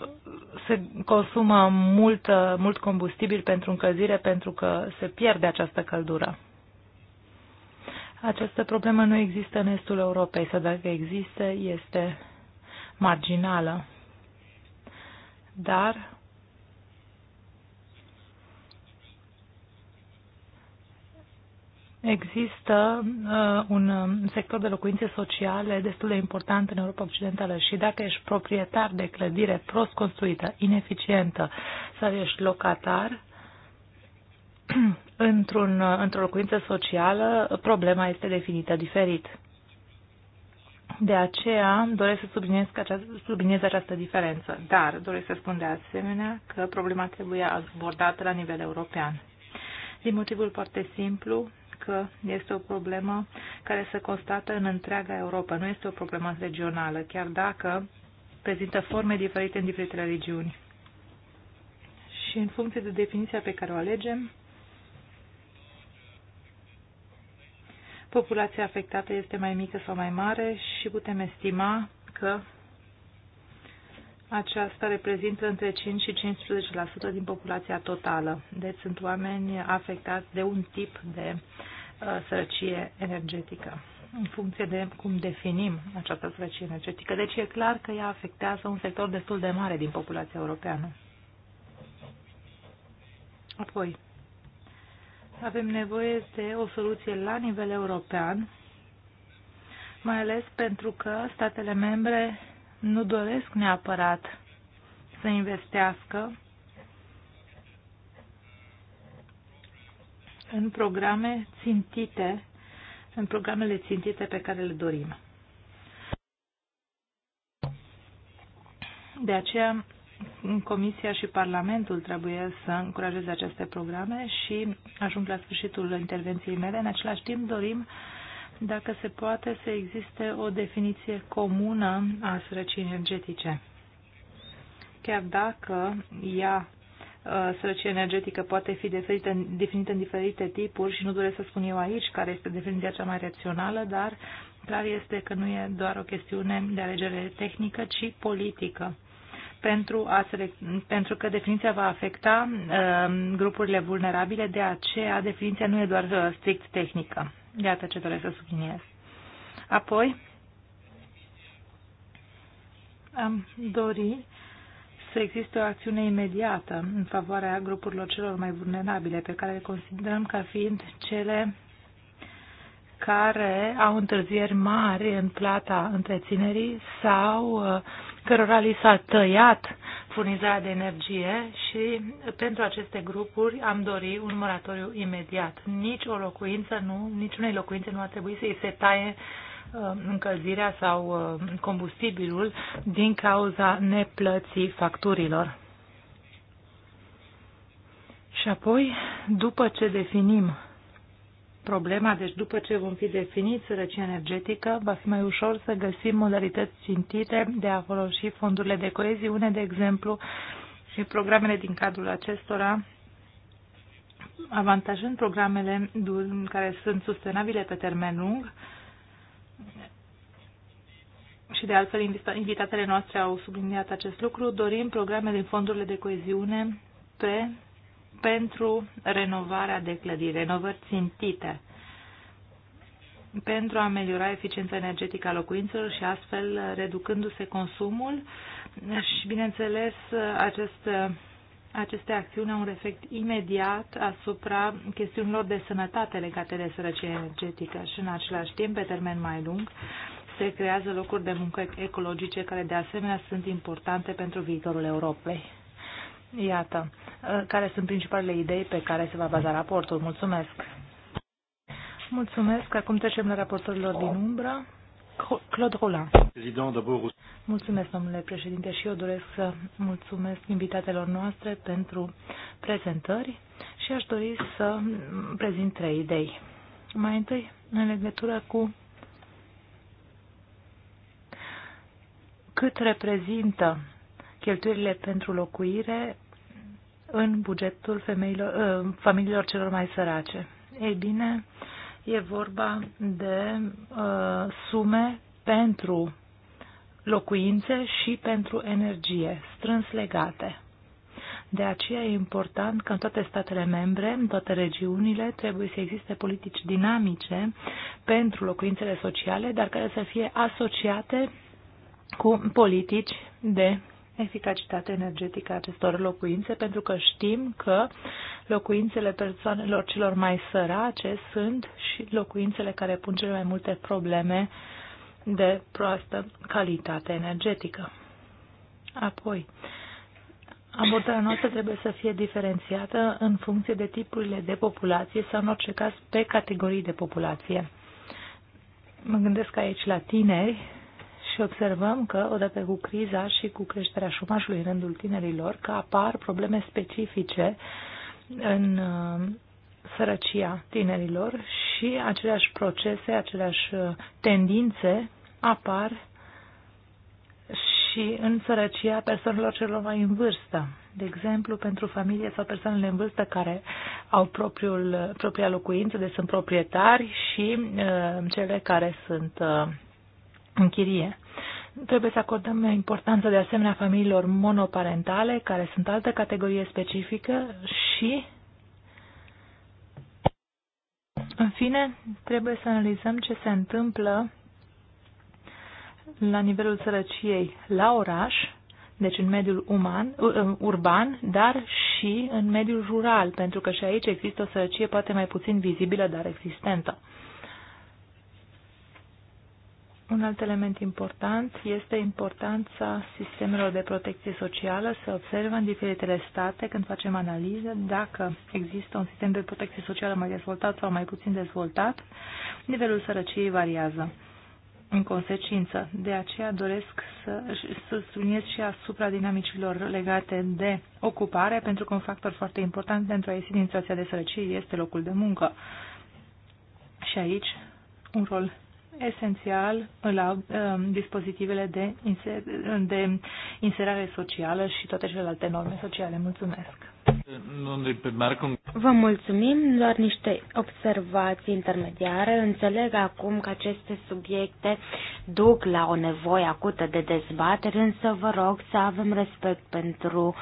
se consumă mult, mult combustibil pentru încălzire pentru că se pierde această căldură. Această problemă nu există în estul Europei sau dacă există, este marginală. Dar Există uh, un um, sector de locuințe sociale destul de important în Europa Occidentală și dacă ești proprietar de clădire prost construită, ineficientă sau ești locatar într-un, uh, într-o locuință socială, problema este definită diferit. De aceea doresc să subliniez, această, subliniez această diferență, dar doresc să spun de asemenea că problema trebuie abordată la nivel european. Din motivul foarte simplu că este o problemă care se constată în întreaga Europa, nu este o problemă regională, chiar dacă prezintă forme diferite în diferitele regiuni. Și în funcție de definiția pe care o alegem, populația afectată este mai mică sau mai mare și putem estima că aceasta reprezintă între 5 și 15% din populația totală. Deci sunt oameni afectați de un tip de uh, sărăcie energetică în funcție de cum definim această sărăcie energetică. Deci e clar că ea afectează un sector destul de mare din populația europeană. Apoi, avem nevoie de o soluție la nivel european, mai ales pentru că statele membre nu doresc neapărat să investească în programe țintite, în programele țintite pe care le dorim. De aceea, Comisia și Parlamentul trebuie să încurajeze aceste programe și ajung la sfârșitul intervenției mele. În același timp, dorim dacă se poate să existe o definiție comună a sărăciei energetice. Chiar dacă ea, ă, sărăcie energetică, poate fi definită, definită în diferite tipuri și nu doresc să spun eu aici care este definiția cea mai rațională, dar clar este că nu e doar o chestiune de alegere tehnică, ci politică. Pentru, a pentru că definiția va afecta uh, grupurile vulnerabile, de aceea definiția nu e doar ă, strict tehnică. Iată ce doresc să subliniez. Apoi, am dori să existe o acțiune imediată în favoarea grupurilor celor mai vulnerabile, pe care le considerăm ca fiind cele care au întârzieri mari în plata întreținerii sau uh, cărora li s-a tăiat furnizarea de energie și pentru aceste grupuri am dori un moratoriu imediat. Nici o locuință nu, unei locuințe nu ar trebui să i se taie uh, încălzirea sau uh, combustibilul din cauza neplății facturilor. Și apoi, după ce definim problema, deci după ce vom fi definit sărăcie energetică, va fi mai ușor să găsim modalități țintite de a folosi fondurile de coeziune, de exemplu, și programele din cadrul acestora, avantajând programele care sunt sustenabile pe termen lung, și de altfel invitatele noastre au subliniat acest lucru, dorim programe din fondurile de coeziune pe pentru renovarea de clădiri, renovări țintite pentru a ameliora eficiența energetică a locuințelor și astfel reducându-se consumul și, bineînțeles, acest, aceste acțiuni au un efect imediat asupra chestiunilor de sănătate legate de sărăcie energetică și, în același timp, pe termen mai lung, se creează locuri de muncă ecologice care, de asemenea, sunt importante pentru viitorul Europei. Iată, ă, care sunt principalele idei pe care se va baza raportul. Mulțumesc! Mulțumesc. Acum trecem la raportorilor din umbră. Claude Roland. Mulțumesc, domnule președinte, și eu doresc să mulțumesc invitatelor noastre pentru prezentări și aș dori să prezint trei idei. Mai întâi, în legătură cu cât reprezintă cheltuielile pentru locuire în bugetul femeilor, ă, familiilor celor mai sărace. Ei bine, e vorba de uh, sume pentru locuințe și pentru energie, strâns legate. De aceea e important că în toate statele membre, în toate regiunile, trebuie să existe politici dinamice pentru locuințele sociale, dar care să fie asociate cu politici de eficacitatea energetică a acestor locuințe, pentru că știm că locuințele persoanelor celor mai sărace sunt și locuințele care pun cele mai multe probleme de proastă calitate energetică. Apoi, abordarea noastră trebuie să fie diferențiată în funcție de tipurile de populație sau, în orice caz, pe categorii de populație. Mă gândesc aici la tineri, și observăm că, odată cu criza și cu creșterea șumajului în rândul tinerilor, că apar probleme specifice în uh, sărăcia tinerilor și aceleași procese, aceleași uh, tendințe apar și în sărăcia persoanelor celor mai în vârstă. De exemplu, pentru familie sau persoanele în vârstă care au propriul, propria locuință, deci sunt proprietari și uh, cele care sunt uh, în chirie. Trebuie să acordăm importanță de asemenea familiilor monoparentale, care sunt altă categorie specifică și, în fine, trebuie să analizăm ce se întâmplă la nivelul sărăciei la oraș, deci în mediul uman, uh, urban, dar și în mediul rural, pentru că și aici există o sărăcie poate mai puțin vizibilă, dar existentă. Un alt element important este importanța sistemelor de protecție socială. Să observăm în diferitele state, când facem analize, dacă există un sistem de protecție socială mai dezvoltat sau mai puțin dezvoltat, nivelul sărăciei variază. În consecință, de aceea doresc să, să subliniez și asupra dinamicilor legate de ocupare, pentru că un factor foarte important pentru a ieși din situația de sărăcie este locul de muncă. Și aici un rol esențial la um, dispozitivele de, inser de inserare socială și toate celelalte norme sociale. Mulțumesc! Vă mulțumim, doar niște observații intermediare. Înțeleg acum că aceste subiecte duc la o nevoie acută de dezbateri, însă vă rog să avem respect pentru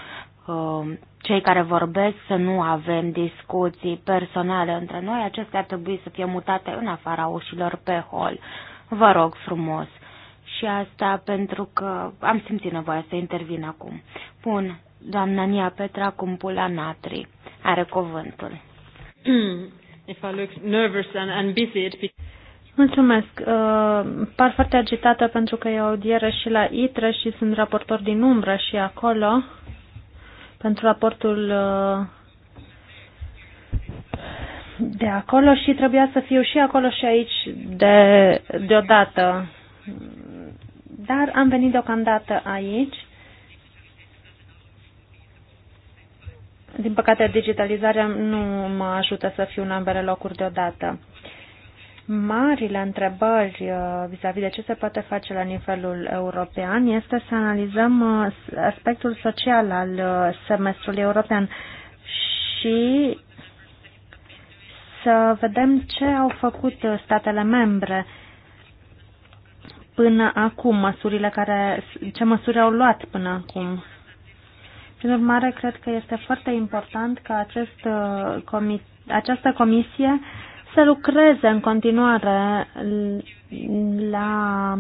Um, cei care vorbesc să nu avem discuții personale între noi, acestea ar trebui să fie mutate în afara ușilor pe hol. Vă rog frumos. Și asta pentru că am simțit nevoia să intervin acum. Bun, doamna Nia Petra Cumpula Natri are cuvântul. If I look nervous and, and busy, it Mulțumesc. Uh, par foarte agitată pentru că e audieră și la ITRE și sunt raportor din umbră și acolo. Uh, pentru raportul uh, de acolo și trebuia să fiu și acolo și aici de, deodată. Dar am venit deocamdată aici. Din păcate, digitalizarea nu mă ajută să fiu în ambele locuri deodată marile întrebări uh, vis-a-vis -vis de ce se poate face la nivelul european este să analizăm uh, aspectul social al uh, semestrului european și să vedem ce au făcut statele membre până acum, măsurile care, ce măsuri au luat până acum. Prin urmare, cred că este foarte important ca acest, această comisie să lucreze în continuare la,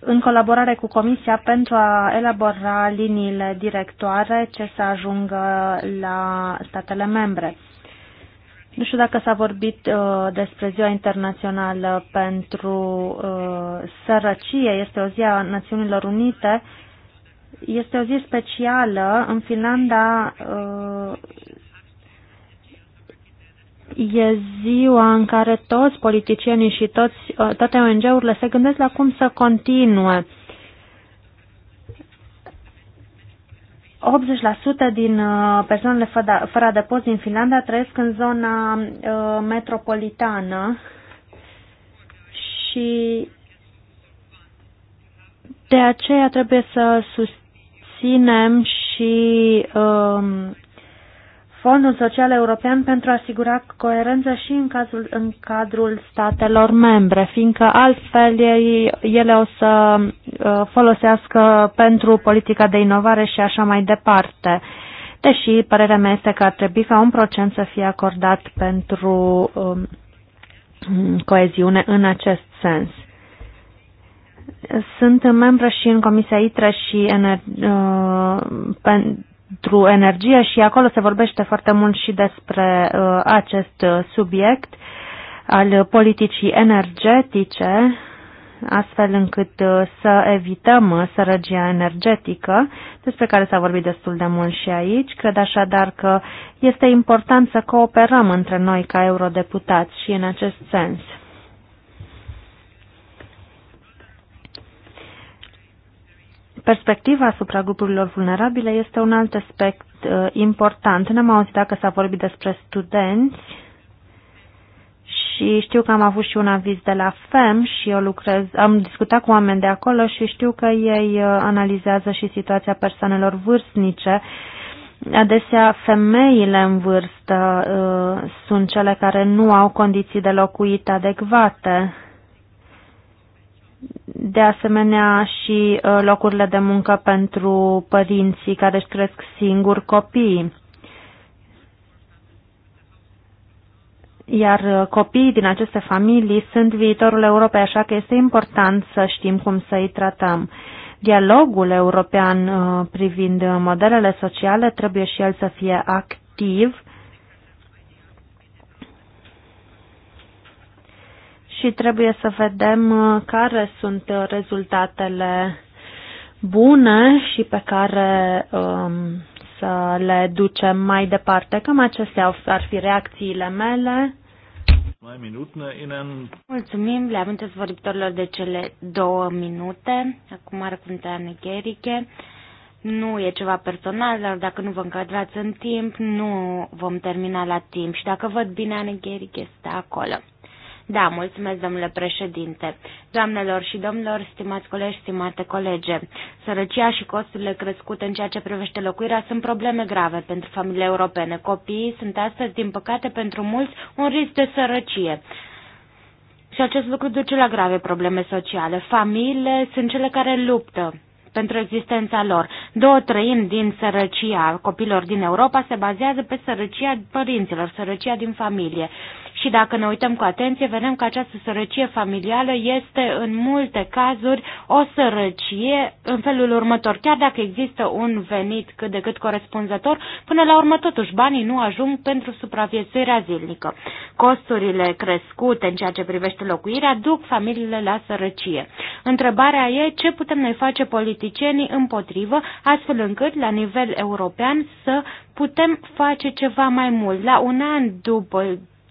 în colaborare cu Comisia pentru a elabora liniile directoare ce să ajungă la statele membre. Nu știu dacă s-a vorbit uh, despre Ziua Internațională pentru uh, Sărăcie, este o zi a Națiunilor Unite, este o zi specială. În Finlanda uh, e ziua în care toți politicienii și toți, uh, toate ONG-urile se gândesc la cum să continue. 80% din uh, persoanele fără adăpost din Finlanda trăiesc în zona uh, metropolitană și de aceea trebuie să susținem și um, Fondul Social European pentru a asigura coerență și în, cazul, în cadrul statelor membre, fiindcă altfel ei, ele o să uh, folosească pentru politica de inovare și așa mai departe. Deși părerea mea este că ar trebui ca un procent să fie acordat pentru um, coeziune în acest sens. Sunt membră și în Comisia ITRE și în uh, pen- pentru energie și acolo se vorbește foarte mult și despre uh, acest uh, subiect al politicii energetice, astfel încât uh, să evităm sărăgia energetică, despre care s-a vorbit destul de mult și aici. Cred așadar că este important să cooperăm între noi ca eurodeputați și în acest sens. Perspectiva asupra grupurilor vulnerabile este un alt aspect uh, important. N-am auzit dacă s-a vorbit despre studenți și știu că am avut și un aviz de la FEM și eu lucrez, am discutat cu oameni de acolo și știu că ei uh, analizează și situația persoanelor vârstnice. Adesea femeile în vârstă uh, sunt cele care nu au condiții de locuit adecvate de asemenea și uh, locurile de muncă pentru părinții care își cresc singuri copiii. Iar uh, copiii din aceste familii sunt viitorul Europei, așa că este important să știm cum să îi tratăm. Dialogul european uh, privind modelele sociale trebuie și el să fie activ și trebuie să vedem uh, care sunt uh, rezultatele bune și pe care um, să le ducem mai departe. Cam acestea ar fi reacțiile mele. Mulțumim, le amintesc vorbitorilor de cele două minute. Acum ar cuvântul Nicheriche. Nu e ceva personal, dar dacă nu vă încadrați în timp, nu vom termina la timp. Și dacă văd bine, Anegheric este acolo. Da, mulțumesc, domnule președinte. Doamnelor și domnilor, stimați colegi, stimate colege, sărăcia și costurile crescute în ceea ce privește locuirea sunt probleme grave pentru familiile europene. Copiii sunt astăzi, din păcate, pentru mulți, un risc de sărăcie. Și acest lucru duce la grave probleme sociale. Familiile sunt cele care luptă pentru existența lor. Două treimi din sărăcia copilor din Europa se bazează pe sărăcia părinților, sărăcia din familie. Și dacă ne uităm cu atenție, vedem că această sărăcie familială este în multe cazuri o sărăcie în felul următor. Chiar dacă există un venit cât de cât corespunzător, până la urmă totuși banii nu ajung pentru supraviețuirea zilnică. Costurile crescute în ceea ce privește locuirea duc familiile la sărăcie. Întrebarea e ce putem noi face politicienii împotrivă, astfel încât la nivel european să putem face ceva mai mult. La un an după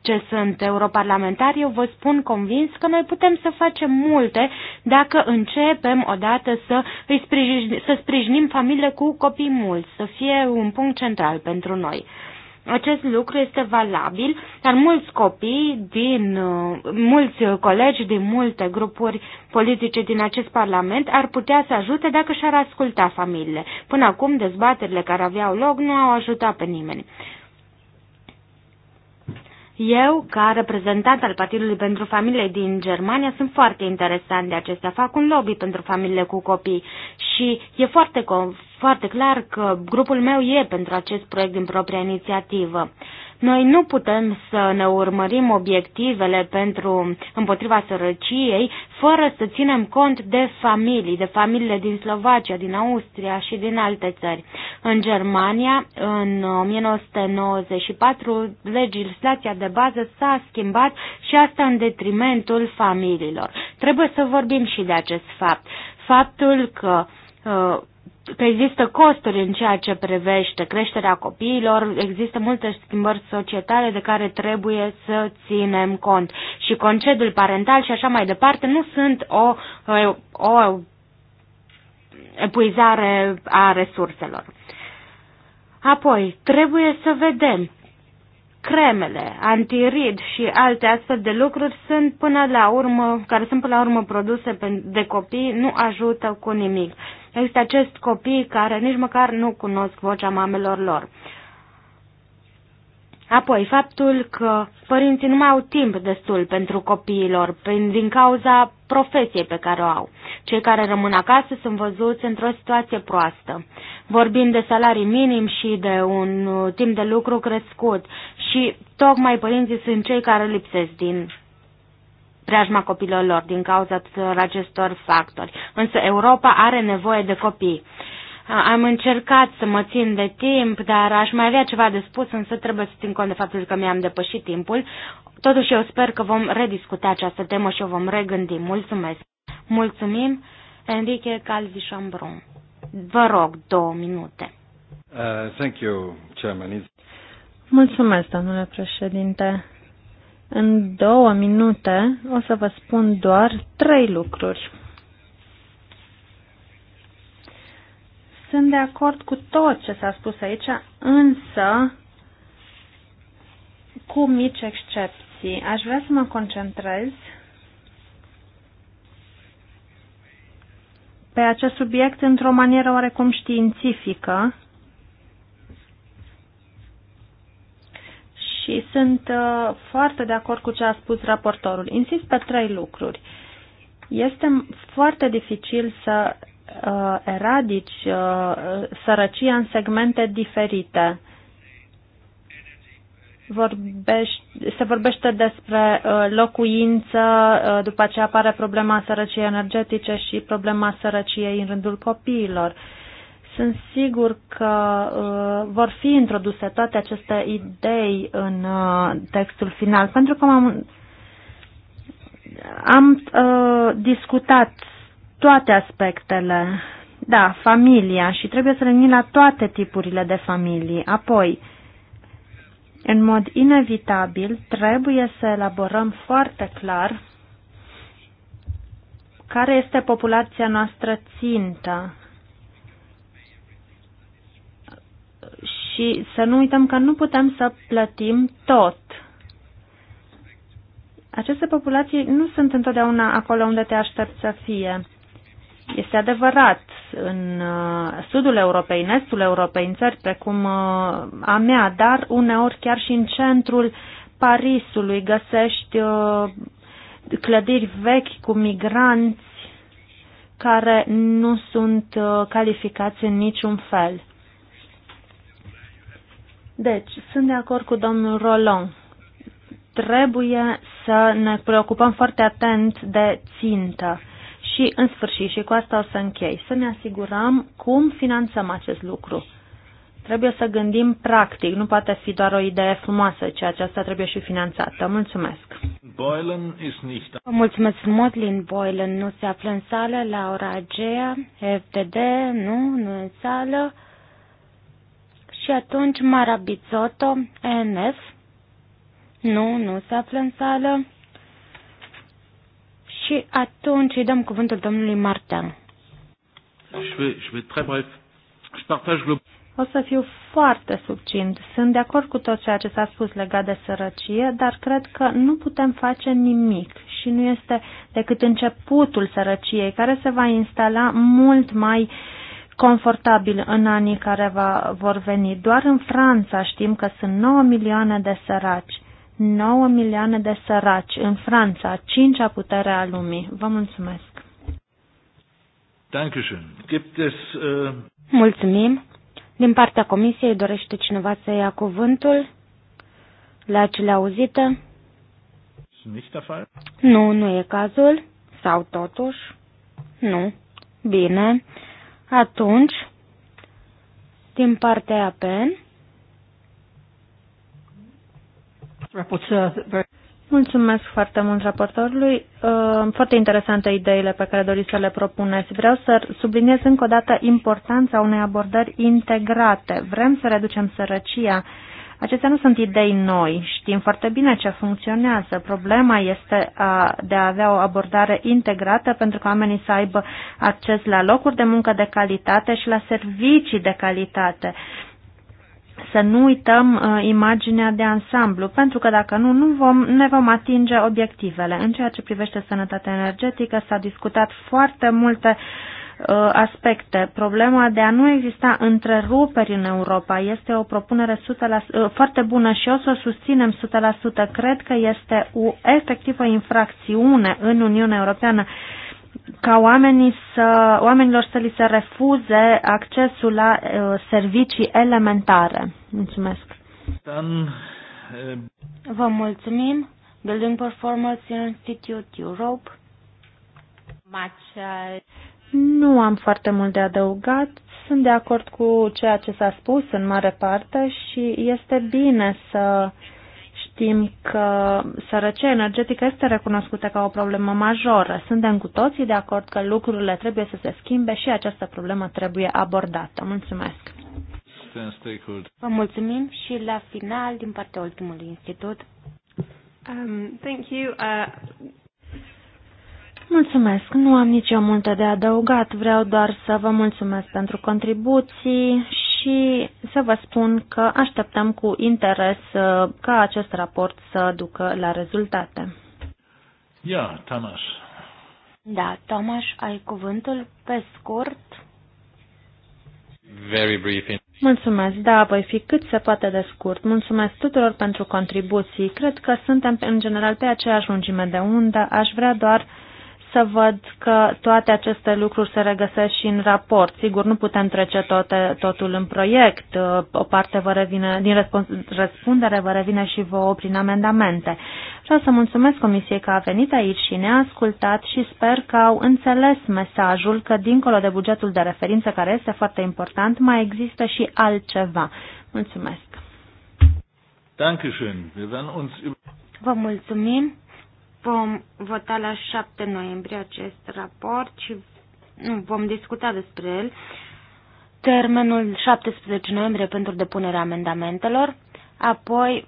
ce sunt europarlamentari, eu vă spun convins că noi putem să facem multe dacă începem odată să, îi sprijin, să sprijinim familiile cu copii mulți, să fie un punct central pentru noi. Acest lucru este valabil, dar mulți copii din, uh, mulți colegi din multe grupuri politice din acest parlament ar putea să ajute dacă și-ar asculta familiile. Până acum, dezbaterile care aveau loc nu au ajutat pe nimeni. Eu, ca reprezentant al Partidului pentru Familie din Germania, sunt foarte interesant de acestea. Fac un lobby pentru familiile cu copii și e foarte, foarte clar că grupul meu e pentru acest proiect din propria inițiativă. Noi nu putem să ne urmărim obiectivele pentru împotriva sărăciei fără să ținem cont de familii, de familiile din Slovacia, din Austria și din alte țări. În Germania, în 1994, legislația de bază s-a schimbat și asta în detrimentul familiilor. Trebuie să vorbim și de acest fapt. Faptul că uh, că există costuri în ceea ce privește creșterea copiilor, există multe schimbări societale de care trebuie să ținem cont. Și concediul parental și așa mai departe nu sunt o, o, o epuizare a resurselor. Apoi, trebuie să vedem. Cremele, antirid și alte astfel de lucruri sunt până la urmă, care sunt până la urmă produse de copii, nu ajută cu nimic este acest copii care nici măcar nu cunosc vocea mamelor lor. Apoi, faptul că părinții nu mai au timp destul pentru copiilor din cauza profesiei pe care o au. Cei care rămân acasă sunt văzuți într-o situație proastă. Vorbim de salarii minim și de un uh, timp de lucru crescut și tocmai părinții sunt cei care lipsesc din preajma copilor lor din cauza tuturor acestor factori. Însă Europa are nevoie de copii. Am încercat să mă țin de timp, dar aș mai avea ceva de spus, însă trebuie să țin cont de faptul că mi-am depășit timpul. Totuși eu sper că vom rediscuta această temă și o vom regândi. Mulțumesc! Mulțumim, Enrique Calvi-Chambron. Vă rog, două minute. Uh, thank you, Chairman. Mulțumesc, domnule președinte. În două minute o să vă spun doar trei lucruri. Sunt de acord cu tot ce s-a spus aici, însă cu mici excepții. Aș vrea să mă concentrez pe acest subiect într-o manieră oarecum științifică, și sunt uh, foarte de acord cu ce a spus raportorul. Insist pe trei lucruri. Este foarte dificil să uh, eradici uh, sărăcia în segmente diferite. Vorbești, se vorbește despre uh, locuință, uh, după ce apare problema sărăciei energetice și problema sărăciei în rândul copiilor. Uh, sunt sigur că uh, vor fi introduse toate aceste idei în uh, textul final, pentru că am, am uh, discutat toate aspectele. Da, familia și trebuie să revenim la toate tipurile de familii. Apoi, în mod inevitabil, trebuie să elaborăm foarte clar care este populația noastră țintă și să nu uităm că nu putem să plătim tot. Aceste populații nu sunt întotdeauna acolo unde te aștepți să fie. Este adevărat, în uh, sudul Europei, în estul Europei, în țări precum uh, a mea, dar uneori chiar și în centrul Parisului găsești uh, clădiri vechi cu migranți care nu sunt calificați în niciun fel. Deci, sunt de acord cu domnul Rolon. Trebuie să ne preocupăm foarte atent de țintă. Și, în sfârșit, și cu asta o să închei, să ne asigurăm cum finanțăm acest lucru. Trebuie să gândim practic, nu poate fi doar o idee frumoasă, ci aceasta trebuie și finanțată. Mulțumesc! Vă Mulțumesc frumos, Lynn Boylan. Nu se află în sală la ora aceea. FTD, nu, nu în sală. Și atunci Marabizotto, NF, nu, nu se află în sală. Și atunci îi dăm cuvântul domnului Martin. O să fiu foarte subțint. Sunt de acord cu tot ceea ce s-a spus legat de sărăcie, dar cred că nu putem face nimic și nu este decât începutul sărăciei, care se va instala mult mai uh, confortabil în anii care va, vor veni. Doar în Franța știm că sunt 9 milioane de săraci. 9 milioane de săraci în Franța, cincea putere a lumii. Vă mulțumesc. Uh, Mulțumim. Din partea comisiei dorește cineva să ia cuvântul la cele auzite? Nu, nu e cazul. Sau totuși? Nu. Bine. Atunci, din partea pen, Mulțumesc foarte mult raportorului. Uh, foarte interesante ideile pe care doriți să le propuneți. Vreau să subliniez încă o dată importanța unei abordări integrate. Vrem să reducem sărăcia Acestea nu sunt idei noi, știm foarte bine ce funcționează. Problema este a, de a avea o abordare integrată pentru că oamenii să aibă acces la locuri de muncă de calitate și la servicii de calitate. Să nu uităm uh, imaginea de ansamblu, pentru că dacă nu, nu vom, ne vom atinge obiectivele. În ceea ce privește sănătatea energetică s-a discutat foarte multe uh, Uh, aspecte. Problema de a nu exista întreruperi în Europa este o propunere 100%, uh, foarte bună și o să o susținem 100%. Cred că este o efectivă infracțiune în Uniunea Europeană ca oamenii să, oamenilor să li se refuze accesul la uh, servicii elementare. Mulțumesc. Uh, Vă mulțumim. Building Performance Institute Europe. Much, uh... Nu am foarte mult de adăugat. Sunt de acord cu ceea ce s-a spus în mare parte și este bine să știm că sărăcia energetică este recunoscută ca o problemă majoră. Suntem cu toții de acord că lucrurile trebuie să se schimbe și această problemă trebuie abordată. Mulțumesc! Vă mulțumim și la final din partea ultimului institut. Um, thank you. Uh, Mulțumesc, nu am nicio multe de adăugat, vreau doar să vă mulțumesc pentru contribuții și să vă spun că așteptăm cu interes uh, ca acest raport să ducă la rezultate. Ia, Tamaș. Da, Tamaș, ai cuvântul pe scurt. Very brief. Mulțumesc, da, voi fi cât se poate de scurt. Mulțumesc tuturor pentru contribuții. Cred că suntem în general pe aceeași lungime de undă. Aș vrea doar uh, să văd că toate aceste lucruri se regăsesc și în raport. Sigur, nu putem trece toate, totul în proiect. O parte vă revine, din răspundere vă revine și vouă prin amendamente. Vreau să mulțumesc Comisiei că a venit aici și ne-a ascultat și sper că au înțeles mesajul că, dincolo de bugetul de referință, care este foarte important, mai există și altceva. Mulțumesc! Vă mulțumim. Vom vota la 7 noiembrie acest raport și vom discuta despre el. Termenul 17 noiembrie pentru depunerea amendamentelor, apoi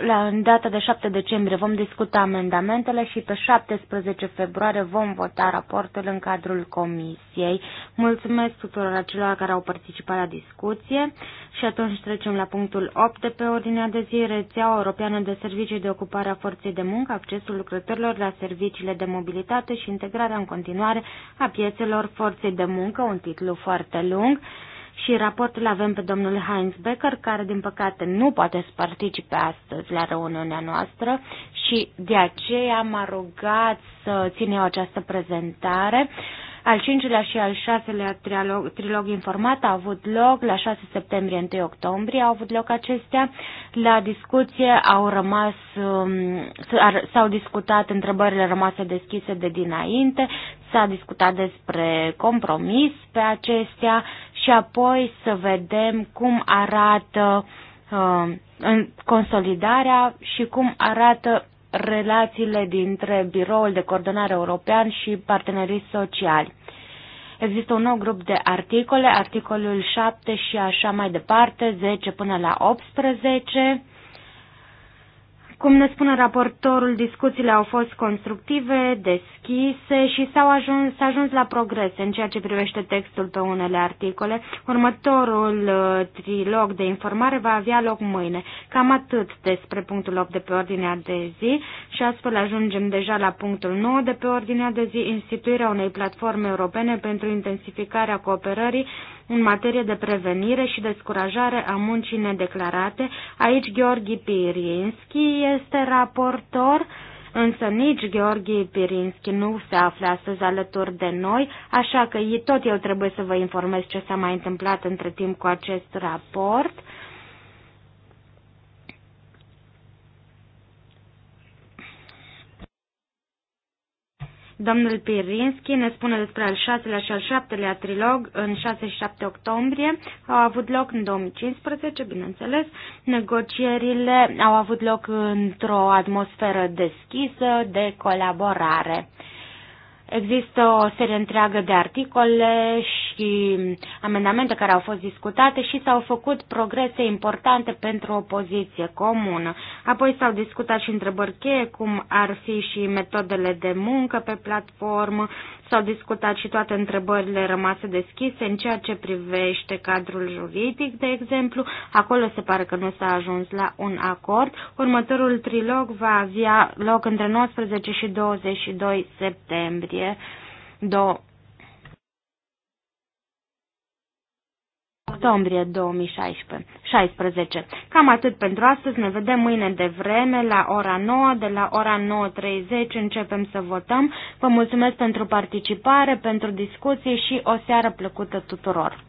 la, în data de 7 decembrie vom discuta amendamentele și pe 17 februarie vom vota raportul în cadrul comisiei. Mulțumesc tuturor acelor care au participat la discuție și atunci trecem la punctul 8 de pe ordinea de zi, rețeaua europeană de servicii de ocupare a forței de muncă, accesul lucrătorilor la serviciile de mobilitate și integrarea în continuare a piețelor forței de muncă, un titlu foarte lung și raportul avem pe domnul Heinz Becker, care din păcate nu poate să participe astăzi la reuniunea noastră și de aceea m-a rugat să țin eu această prezentare. Al cincilea și al șaselea trilog, trilog informat a avut loc la 6 septembrie, 1 octombrie au avut loc acestea. La discuție au rămas, um, s-au discutat întrebările rămase deschise de dinainte, s-a discutat despre compromis pe acestea și apoi să vedem cum arată uh, în consolidarea și cum arată relațiile dintre Biroul de Coordonare European și partenerii sociali. Există un nou grup de articole, articolul 7 și așa mai departe, 10 până la 18 cum ne spune raportorul, discuțiile au fost constructive, deschise și s-au ajuns, ajuns la progrese în ceea ce privește textul pe unele articole. Următorul uh, trilog de informare va avea loc mâine. Cam atât despre punctul 8 de pe ordinea de zi și astfel ajungem deja la punctul 9 de pe ordinea de zi, instituirea unei platforme europene pentru intensificarea cooperării în materie de prevenire și descurajare a muncii nedeclarate. Aici Gheorghi Pirinski este raportor, însă nici Gheorghi Pirinski nu se află astăzi alături de noi, așa că tot eu trebuie să vă informez ce s-a mai întâmplat între timp cu acest raport. Domnul Pirinski ne spune despre al șaselea și al șaptelea trilog în 6 și 7 octombrie. Au avut loc în 2015, bineînțeles. Negocierile au avut loc într-o atmosferă deschisă de colaborare. Există o serie întreagă de articole și amendamente care au fost discutate și s-au făcut progrese importante pentru o poziție comună. Apoi s-au discutat și întrebări cheie, cum ar fi și metodele de muncă pe platformă, S-au discutat și toate întrebările rămase deschise în ceea ce privește cadrul juridic, de exemplu. Acolo se pare că nu s-a ajuns la un acord. Următorul trilog va avea loc între 19 și 22 septembrie octombrie 2016. Cam atât pentru astăzi. Ne vedem mâine de vreme la ora 9. De la ora 9.30 începem să votăm. Vă mulțumesc pentru participare, pentru discuții și o seară plăcută tuturor.